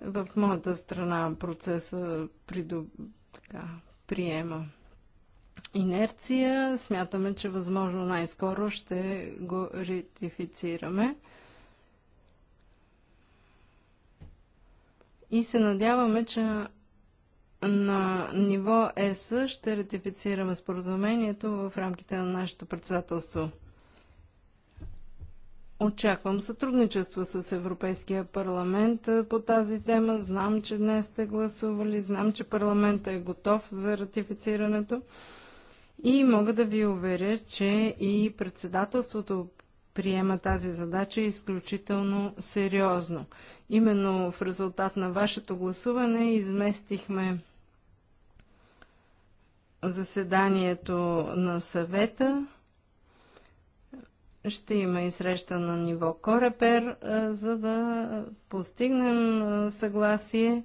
В моята страна процеса приду, така, приема инерция. Смятаме, че възможно най-скоро ще го ратифицираме. и се надяваме, че на ниво ЕС ще ратифицираме споразумението в рамките на нашето председателство. Очаквам сътрудничество с Европейския парламент по тази тема. Знам, че днес сте гласували, знам, че парламентът е готов за ратифицирането. И мога да ви уверя, че и председателството приема тази задача изключително сериозно. Именно в резултат на вашето гласуване изместихме заседанието на съвета. Ще има и среща на ниво Корепер, за да постигнем съгласие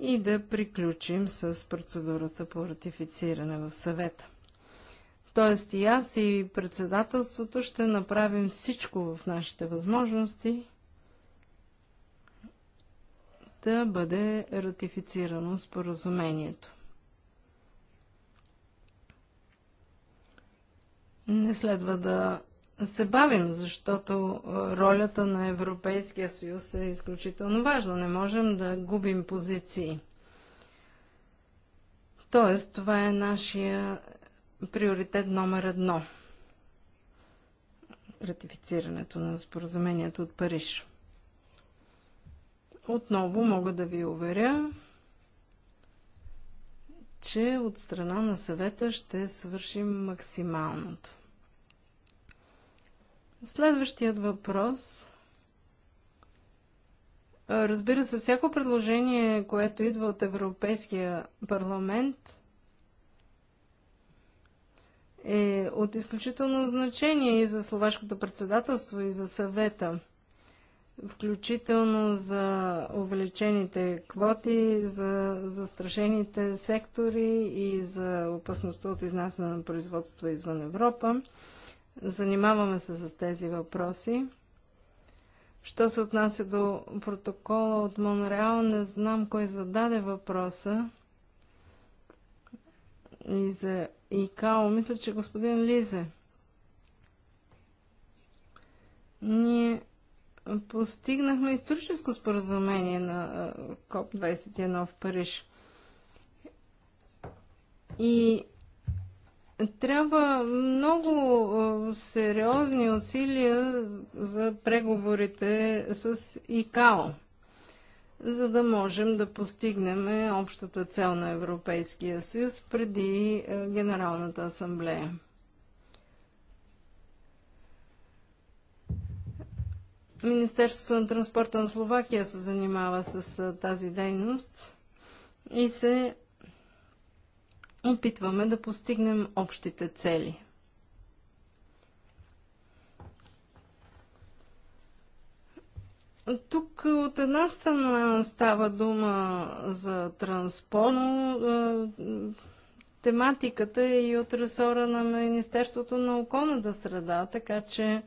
и да приключим с процедурата по ратифициране в съвета. Тоест и аз и председателството ще направим всичко в нашите възможности да бъде ратифицирано споразумението. Не следва да се бавим, защото е, ролята на Европейския съюз е изключително важна. Не можем да губим позиции. Тоест, това е нашия приоритет номер едно ратифицирането на споразумението от Париж. Отново мога да ви уверя, че от страна на съвета ще свършим максималното. Следващият въпрос. Разбира се, всяко предложение, което идва от Европейския парламент, е от изключително значение и за словашкото председателство, и за съвета, включително за увеличените квоти, за застрашените сектори и за опасността от изнасяне на производство извън Европа. Занимаваме се с тези въпроси. Що се отнася до протокола от Монреал, не знам кой зададе въпроса и за ИКАО, мисля, че господин Лизе, ние постигнахме историческо споразумение на КОП-21 в Париж. И трябва много сериозни усилия за преговорите с ИКАО за да можем да постигнем общата цел на Европейския съюз преди е, Генералната асамблея. Министерството на транспорта на Словакия се занимава с е, тази дейност и се опитваме да постигнем общите цели. Тук от една страна става дума за транспоно. Тематиката е и от ресора на Министерството на околната среда, така че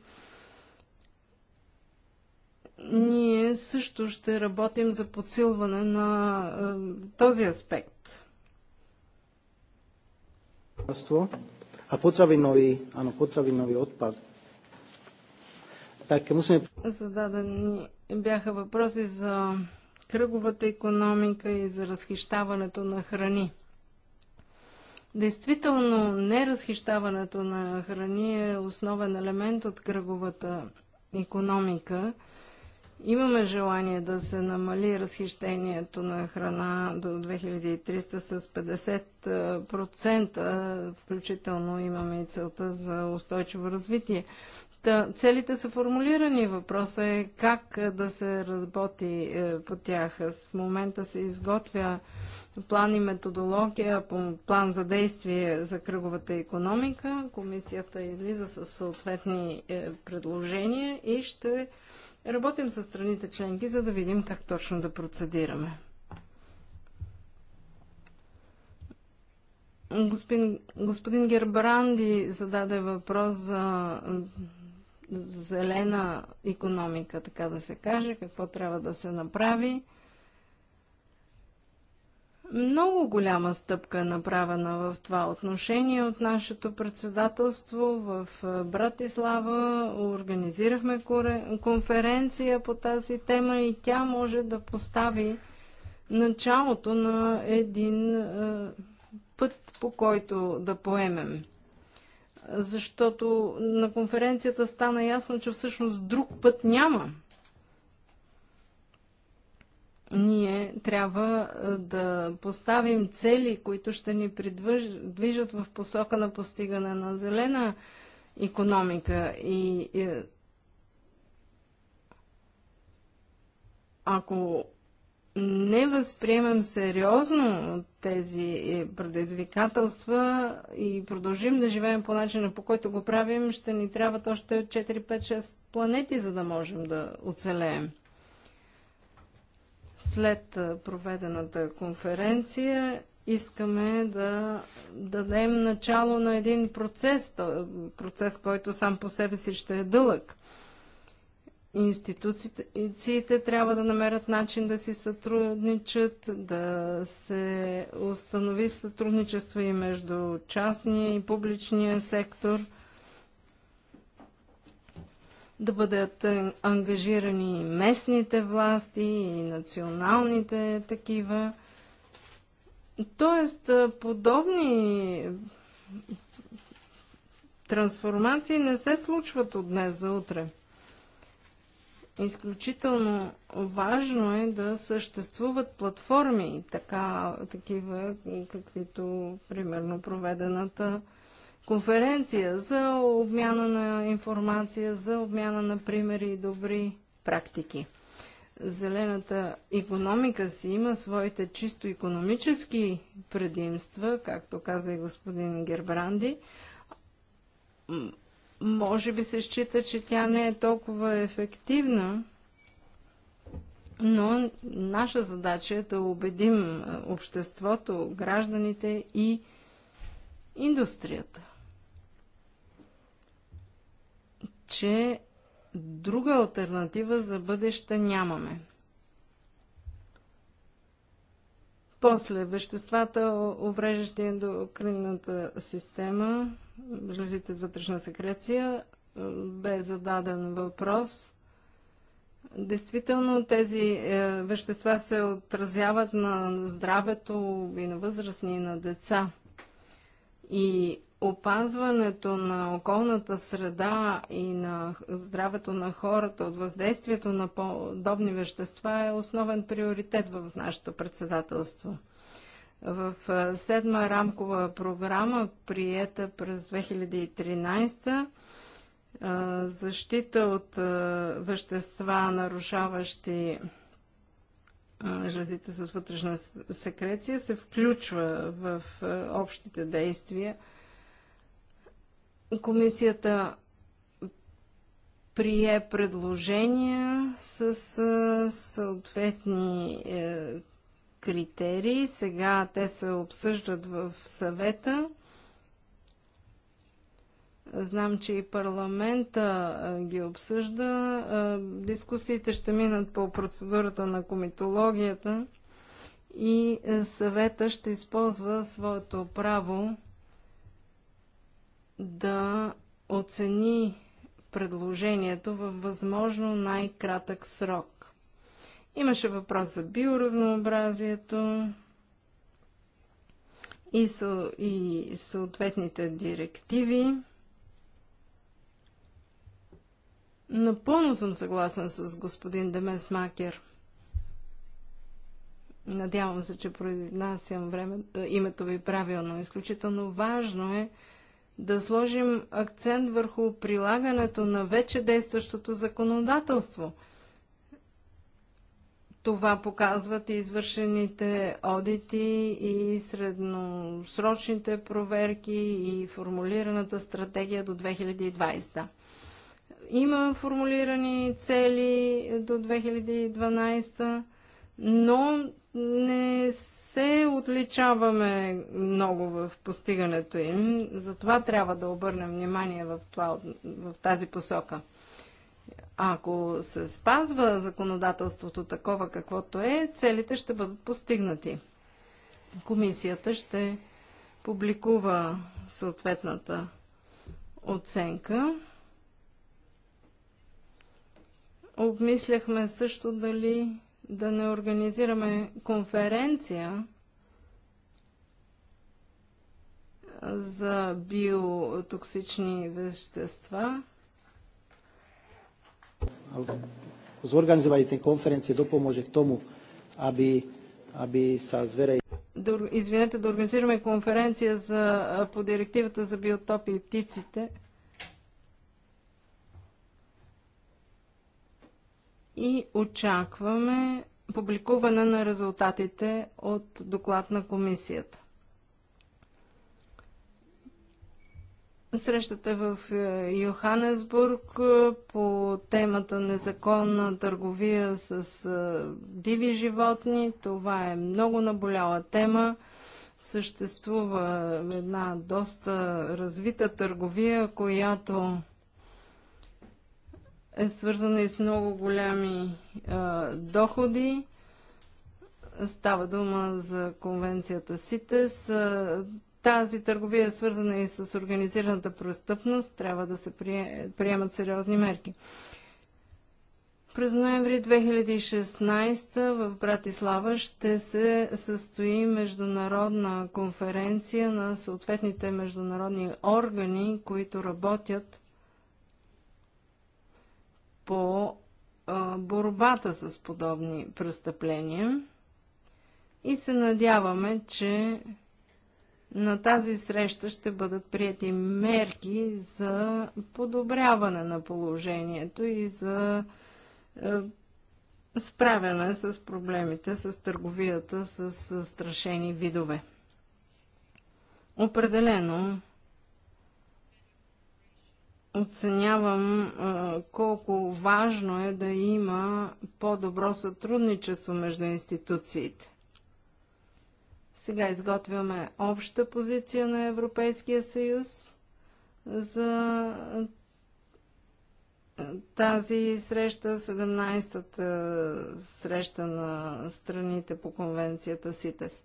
ние също ще работим за подсилване на този аспект. A potravinový, áno, нови отпад. Tak мусим... Зададени бяха въпроси за кръговата економика и за разхищаването на храни. Действително, неразхищаването на храни е основен елемент от кръговата економика. Имаме желание да се намали разхищението на храна до 2300 с 50%, включително имаме и целта за устойчиво развитие. Та, целите са формулирани. Въпросът е как да се работи е, по тях. В момента се изготвя план и методология, план за действие за кръговата економика. Комисията излиза с съответни е, предложения и ще работим с страните членки, за да видим как точно да процедираме. Господин, господин Гербранди зададе въпрос за зелена економика, така да се каже, какво трябва да се направи. Много голяма стъпка е направена в това отношение от нашето председателство в е, Братислава. Организирахме конференция по тази тема и тя може да постави началото на един е, път, по който да поемем защото на конференцията стана ясно, че всъщност друг път няма. Ние трябва да поставим цели, които ще ни придвижат в посока на постигане на зелена економика и ако не възприемем сериозно тези е, предизвикателства и продължим да живеем по начина, по който го правим, ще ни трябват още 4, 5, 6 планети, за да можем да оцелеем. След е, проведената конференция искаме да дадем начало на един процес, е, процес, който сам по себе си ще е дълъг – институциите трябва да намерят начин да си сътрудничат, да се установи сътрудничество и между частния и публичния сектор, да бъдат ангажирани местните власти и националните такива. Тоест, подобни трансформации не се случват от днес за утре. Изключително важно е да съществуват платформи, така, такива, каквито, примерно, проведената конференция за обмяна на информация, за обмяна на примери и добри практики. Зелената економика си има своите чисто економически предимства, както каза и господин Гербранди, може би се счита, че тя не е толкова ефективна, но наша задача е да убедим е, обществото, гражданите и индустрията, че друга альтернатива за бъдеща нямаме. После веществата, обрежащи ендокринната система, жлезите с вътрешна секреция, е, бе зададен въпрос. Действително тези е, вещества се отразяват на здравето и на възрастни, и на деца. И опазването на околната среда и на здравето на хората от въздействието на подобни вещества е основен приоритет в нашето председателство – в седма рамкова програма, приета през 2013 защита от вещества, нарушаващи жазите с вътрешна секреция, се включва в общите действия. Комисията прие предложения с съответни е, критерии. Сега те се обсъждат в съвета. Знам, че и парламента ги обсъжда. Дискусиите ще минат по процедурата на комитологията и съвета ще използва своето право да оцени предложението във възможно най-кратък срок. Имаше въпрос за биоразнообразието и, съ, и съответните директиви. Напълно съм съгласен с господин Демес Макер. Надявам се, че произнасям време, името ви правилно. Изключително важно е да сложим акцент върху прилагането на вече действащото законодателство – това показват и извършените одити и средносрочните проверки и формулираната стратегия до 2020. Има формулирани цели до 2012, но не се отличаваме много в постигането им. Затова трябва да обърнем внимание в, това, в тази посока – ако се спазва законодателството такова каквото е, целите ще бъдат постигнати. Комисията ще публикува съответната оценка. Обмисляхме също дали да не организираме конференция за биотоксични вещества zorganizovali te konferencije dopomože k tomu, aby, aby sa zverej... извинете, да организираме конференция за, по директивата за биотопи и птиците. И очакваме публикуване на резултатите от доклад на комисията. срещата в е, Йоханесбург е, по темата незаконна търговия с е, диви животни. Това е много наболяла тема. Съществува една доста развита търговия, която е свързана и с много голями доходи. Става дума за конвенцията СИТЕС тази търговия е свързана и с организираната престъпност, трябва да се приемат сериозни мерки. През ноември 2016 в Братислава ще се състои международна конференция на съответните международни органи, които работят по борбата с подобни престъпления. И се надяваме, че на тази среща ще бъдат прияти мерки за подобряване на положението и за е, справяне с проблемите с търговията с страшени видове. Определено оценявам е, колко важно е да има по-добро сътрудничество между институциите. Сега изготвяме обща позиция на Европейския съюз за тази среща, 17-та среща на страните по конвенцията СИТЕС.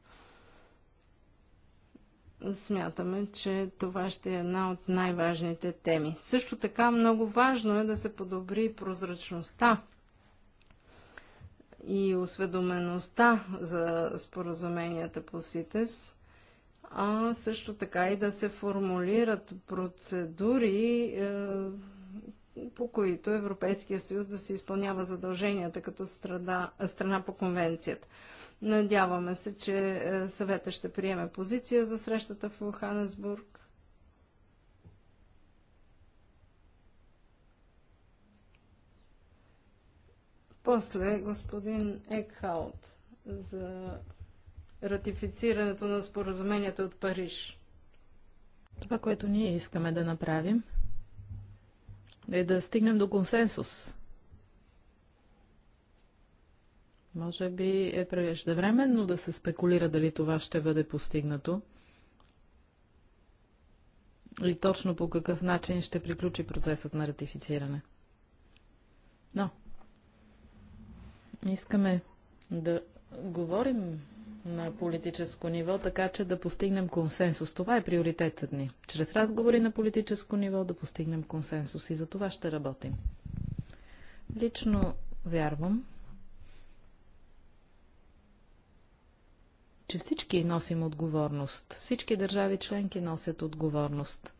Смятаме, че това ще е една от най-важните теми. Също така много важно е да се подобри прозрачността и осведомеността за споразуменията по СИТЕС, а също така и да се формулират процедури, е, по които Европейския съюз да се изпълнява задълженията като страна, страна по конвенцията. Надяваме се, че е, съвета ще приеме позиция за срещата в Йоханесбург После господин Екхалт за ратифицирането на споразумението от Париж. Това, което ние искаме да направим, е да стигнем до консенсус. Може би е преждевременно да се спекулира дали това ще бъде постигнато и точно по какъв начин ще приключи процесът на ратифициране. Но Искаме да говорим на политическо ниво, така че да постигнем консенсус. Това е приоритетът ни. Чрез разговори на политическо ниво да постигнем консенсус и за това ще работим. Лично вярвам, че всички носим отговорност. Всички държави членки носят отговорност.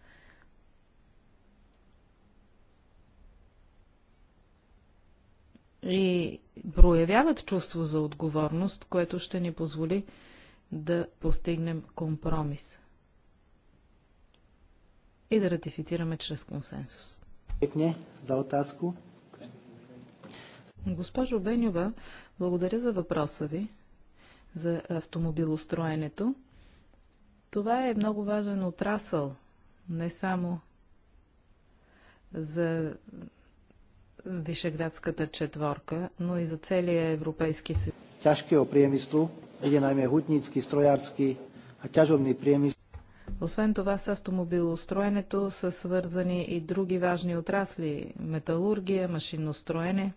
и проявяват чувство за отговорност, което ще ни позволи да постигнем компромис и да ратифицираме чрез консенсус. за Госпожо Бенюва, благодаря за въпроса ви за автомобилостроенето. Това е много важен отрасъл, не само за Вишеградската четворка, но и за целия Европейски съюз. Тяжкия приемисто, един най хутницки, строярски, а тяжобни приемисто. Освен това с автомобилостроенето са свързани и други важни отрасли – металургия, машиностроене.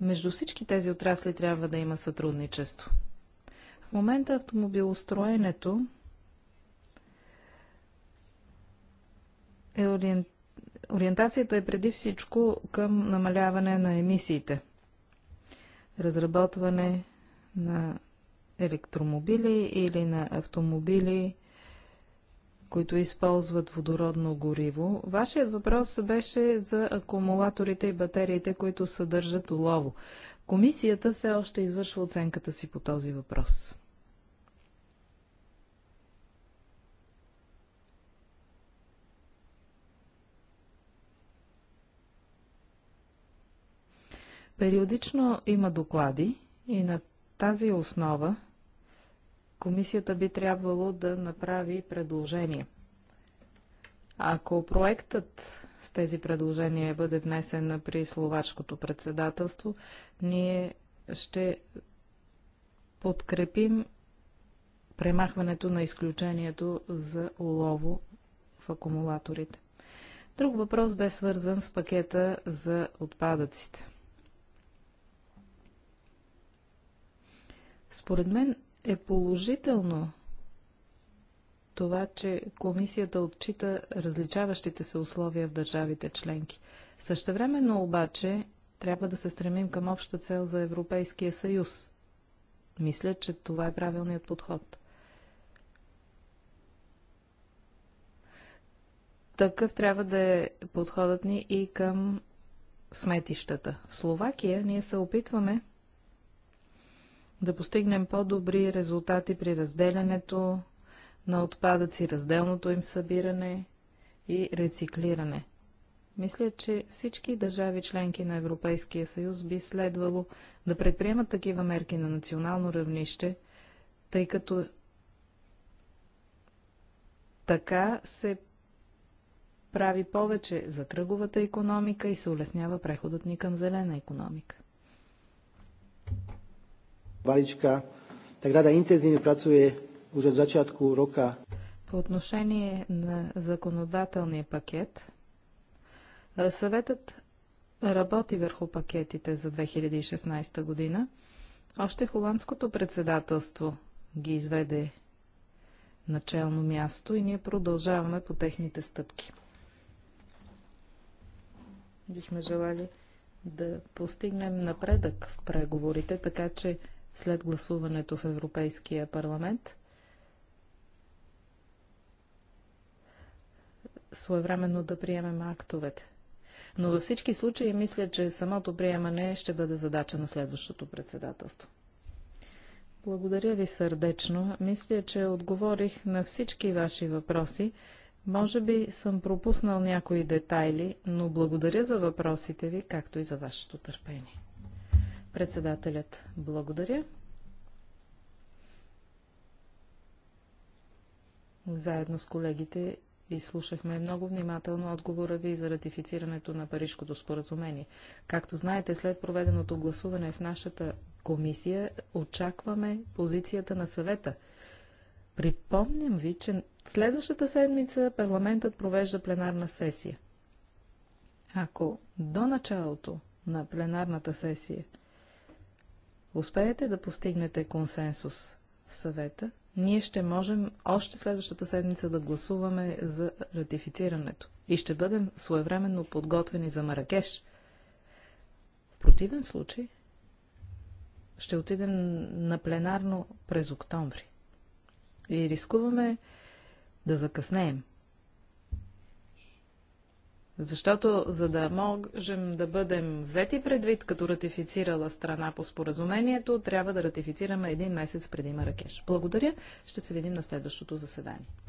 Между всички тези отрасли трябва да има сътрудничество. В момента автомобилостроенето е ориентирано Ориентацията е преди всичко към намаляване на емисиите, разработване на електромобили или на автомобили, които използват водородно гориво. Вашият въпрос беше за акумулаторите и батериите, които съдържат олово. Комисията все още извършва оценката си по този въпрос. Периодично има доклади и на тази основа комисията би трябвало да направи предложение. Ако проектът с тези предложения бъде внесен при словашкото председателство, ние ще подкрепим премахването на изключението за улово в акумулаторите. Друг въпрос бе свързан с пакета за отпадъците. Според мен е положително това, че комисията отчита различаващите се условия в държавите членки. Същевременно обаче трябва да се стремим към обща цел за Европейския съюз. Мисля, че това е правилният подход. Такъв трябва да е подходът ни и към сметищата. В Словакия ние се опитваме да постигнем по-добри резултати при разделянето на отпадъци, разделното им събиране и рециклиране. Мисля, че всички държави членки на Европейския съюз би следвало да предприемат такива мерки на национално равнище, тъй като така се прави повече за кръговата економика и се улеснява преходът ни към зелена економика. Валичка, tak rada intenzívne pracuje už od začiatku roka. По отношение на законодателния пакет, съветът работи върху пакетите за 2016 година. Още холандското председателство ги изведе начално място и ние продължаваме по техните стъпки. Бихме желали да постигнем напредък в преговорите, така че след гласуването в Европейския парламент. Своевременно да приемем актовете. Но във всички случаи мисля, че самото приемане ще бъде задача на следващото председателство. Благодаря ви сърдечно. Мисля, че отговорих на всички ваши въпроси. Може би съм пропуснал някои детайли, но благодаря за въпросите ви, както и за вашето търпение. Председателят, благодаря. Заедно с колегите изслушахме много внимателно отговора ви за ратифицирането на Парижското споразумение. Както знаете, след проведеното гласуване в нашата комисия очакваме позицията на съвета. Припомням ви, че следващата седмица парламентът провежда пленарна сесия. Ако до началото на пленарната сесия успеете да постигнете консенсус в съвета, ние ще можем още следващата седмица да гласуваме за ратифицирането и ще бъдем своевременно подготвени за Маракеш. В противен случай ще отидем на пленарно през октомври и рискуваме да закъснеем. Защото за да можем да бъдем взети предвид като ратифицирала страна по споразумението, трябва да ратифицираме един месец преди Маракеш. Благодаря. Ще се видим на следващото заседание.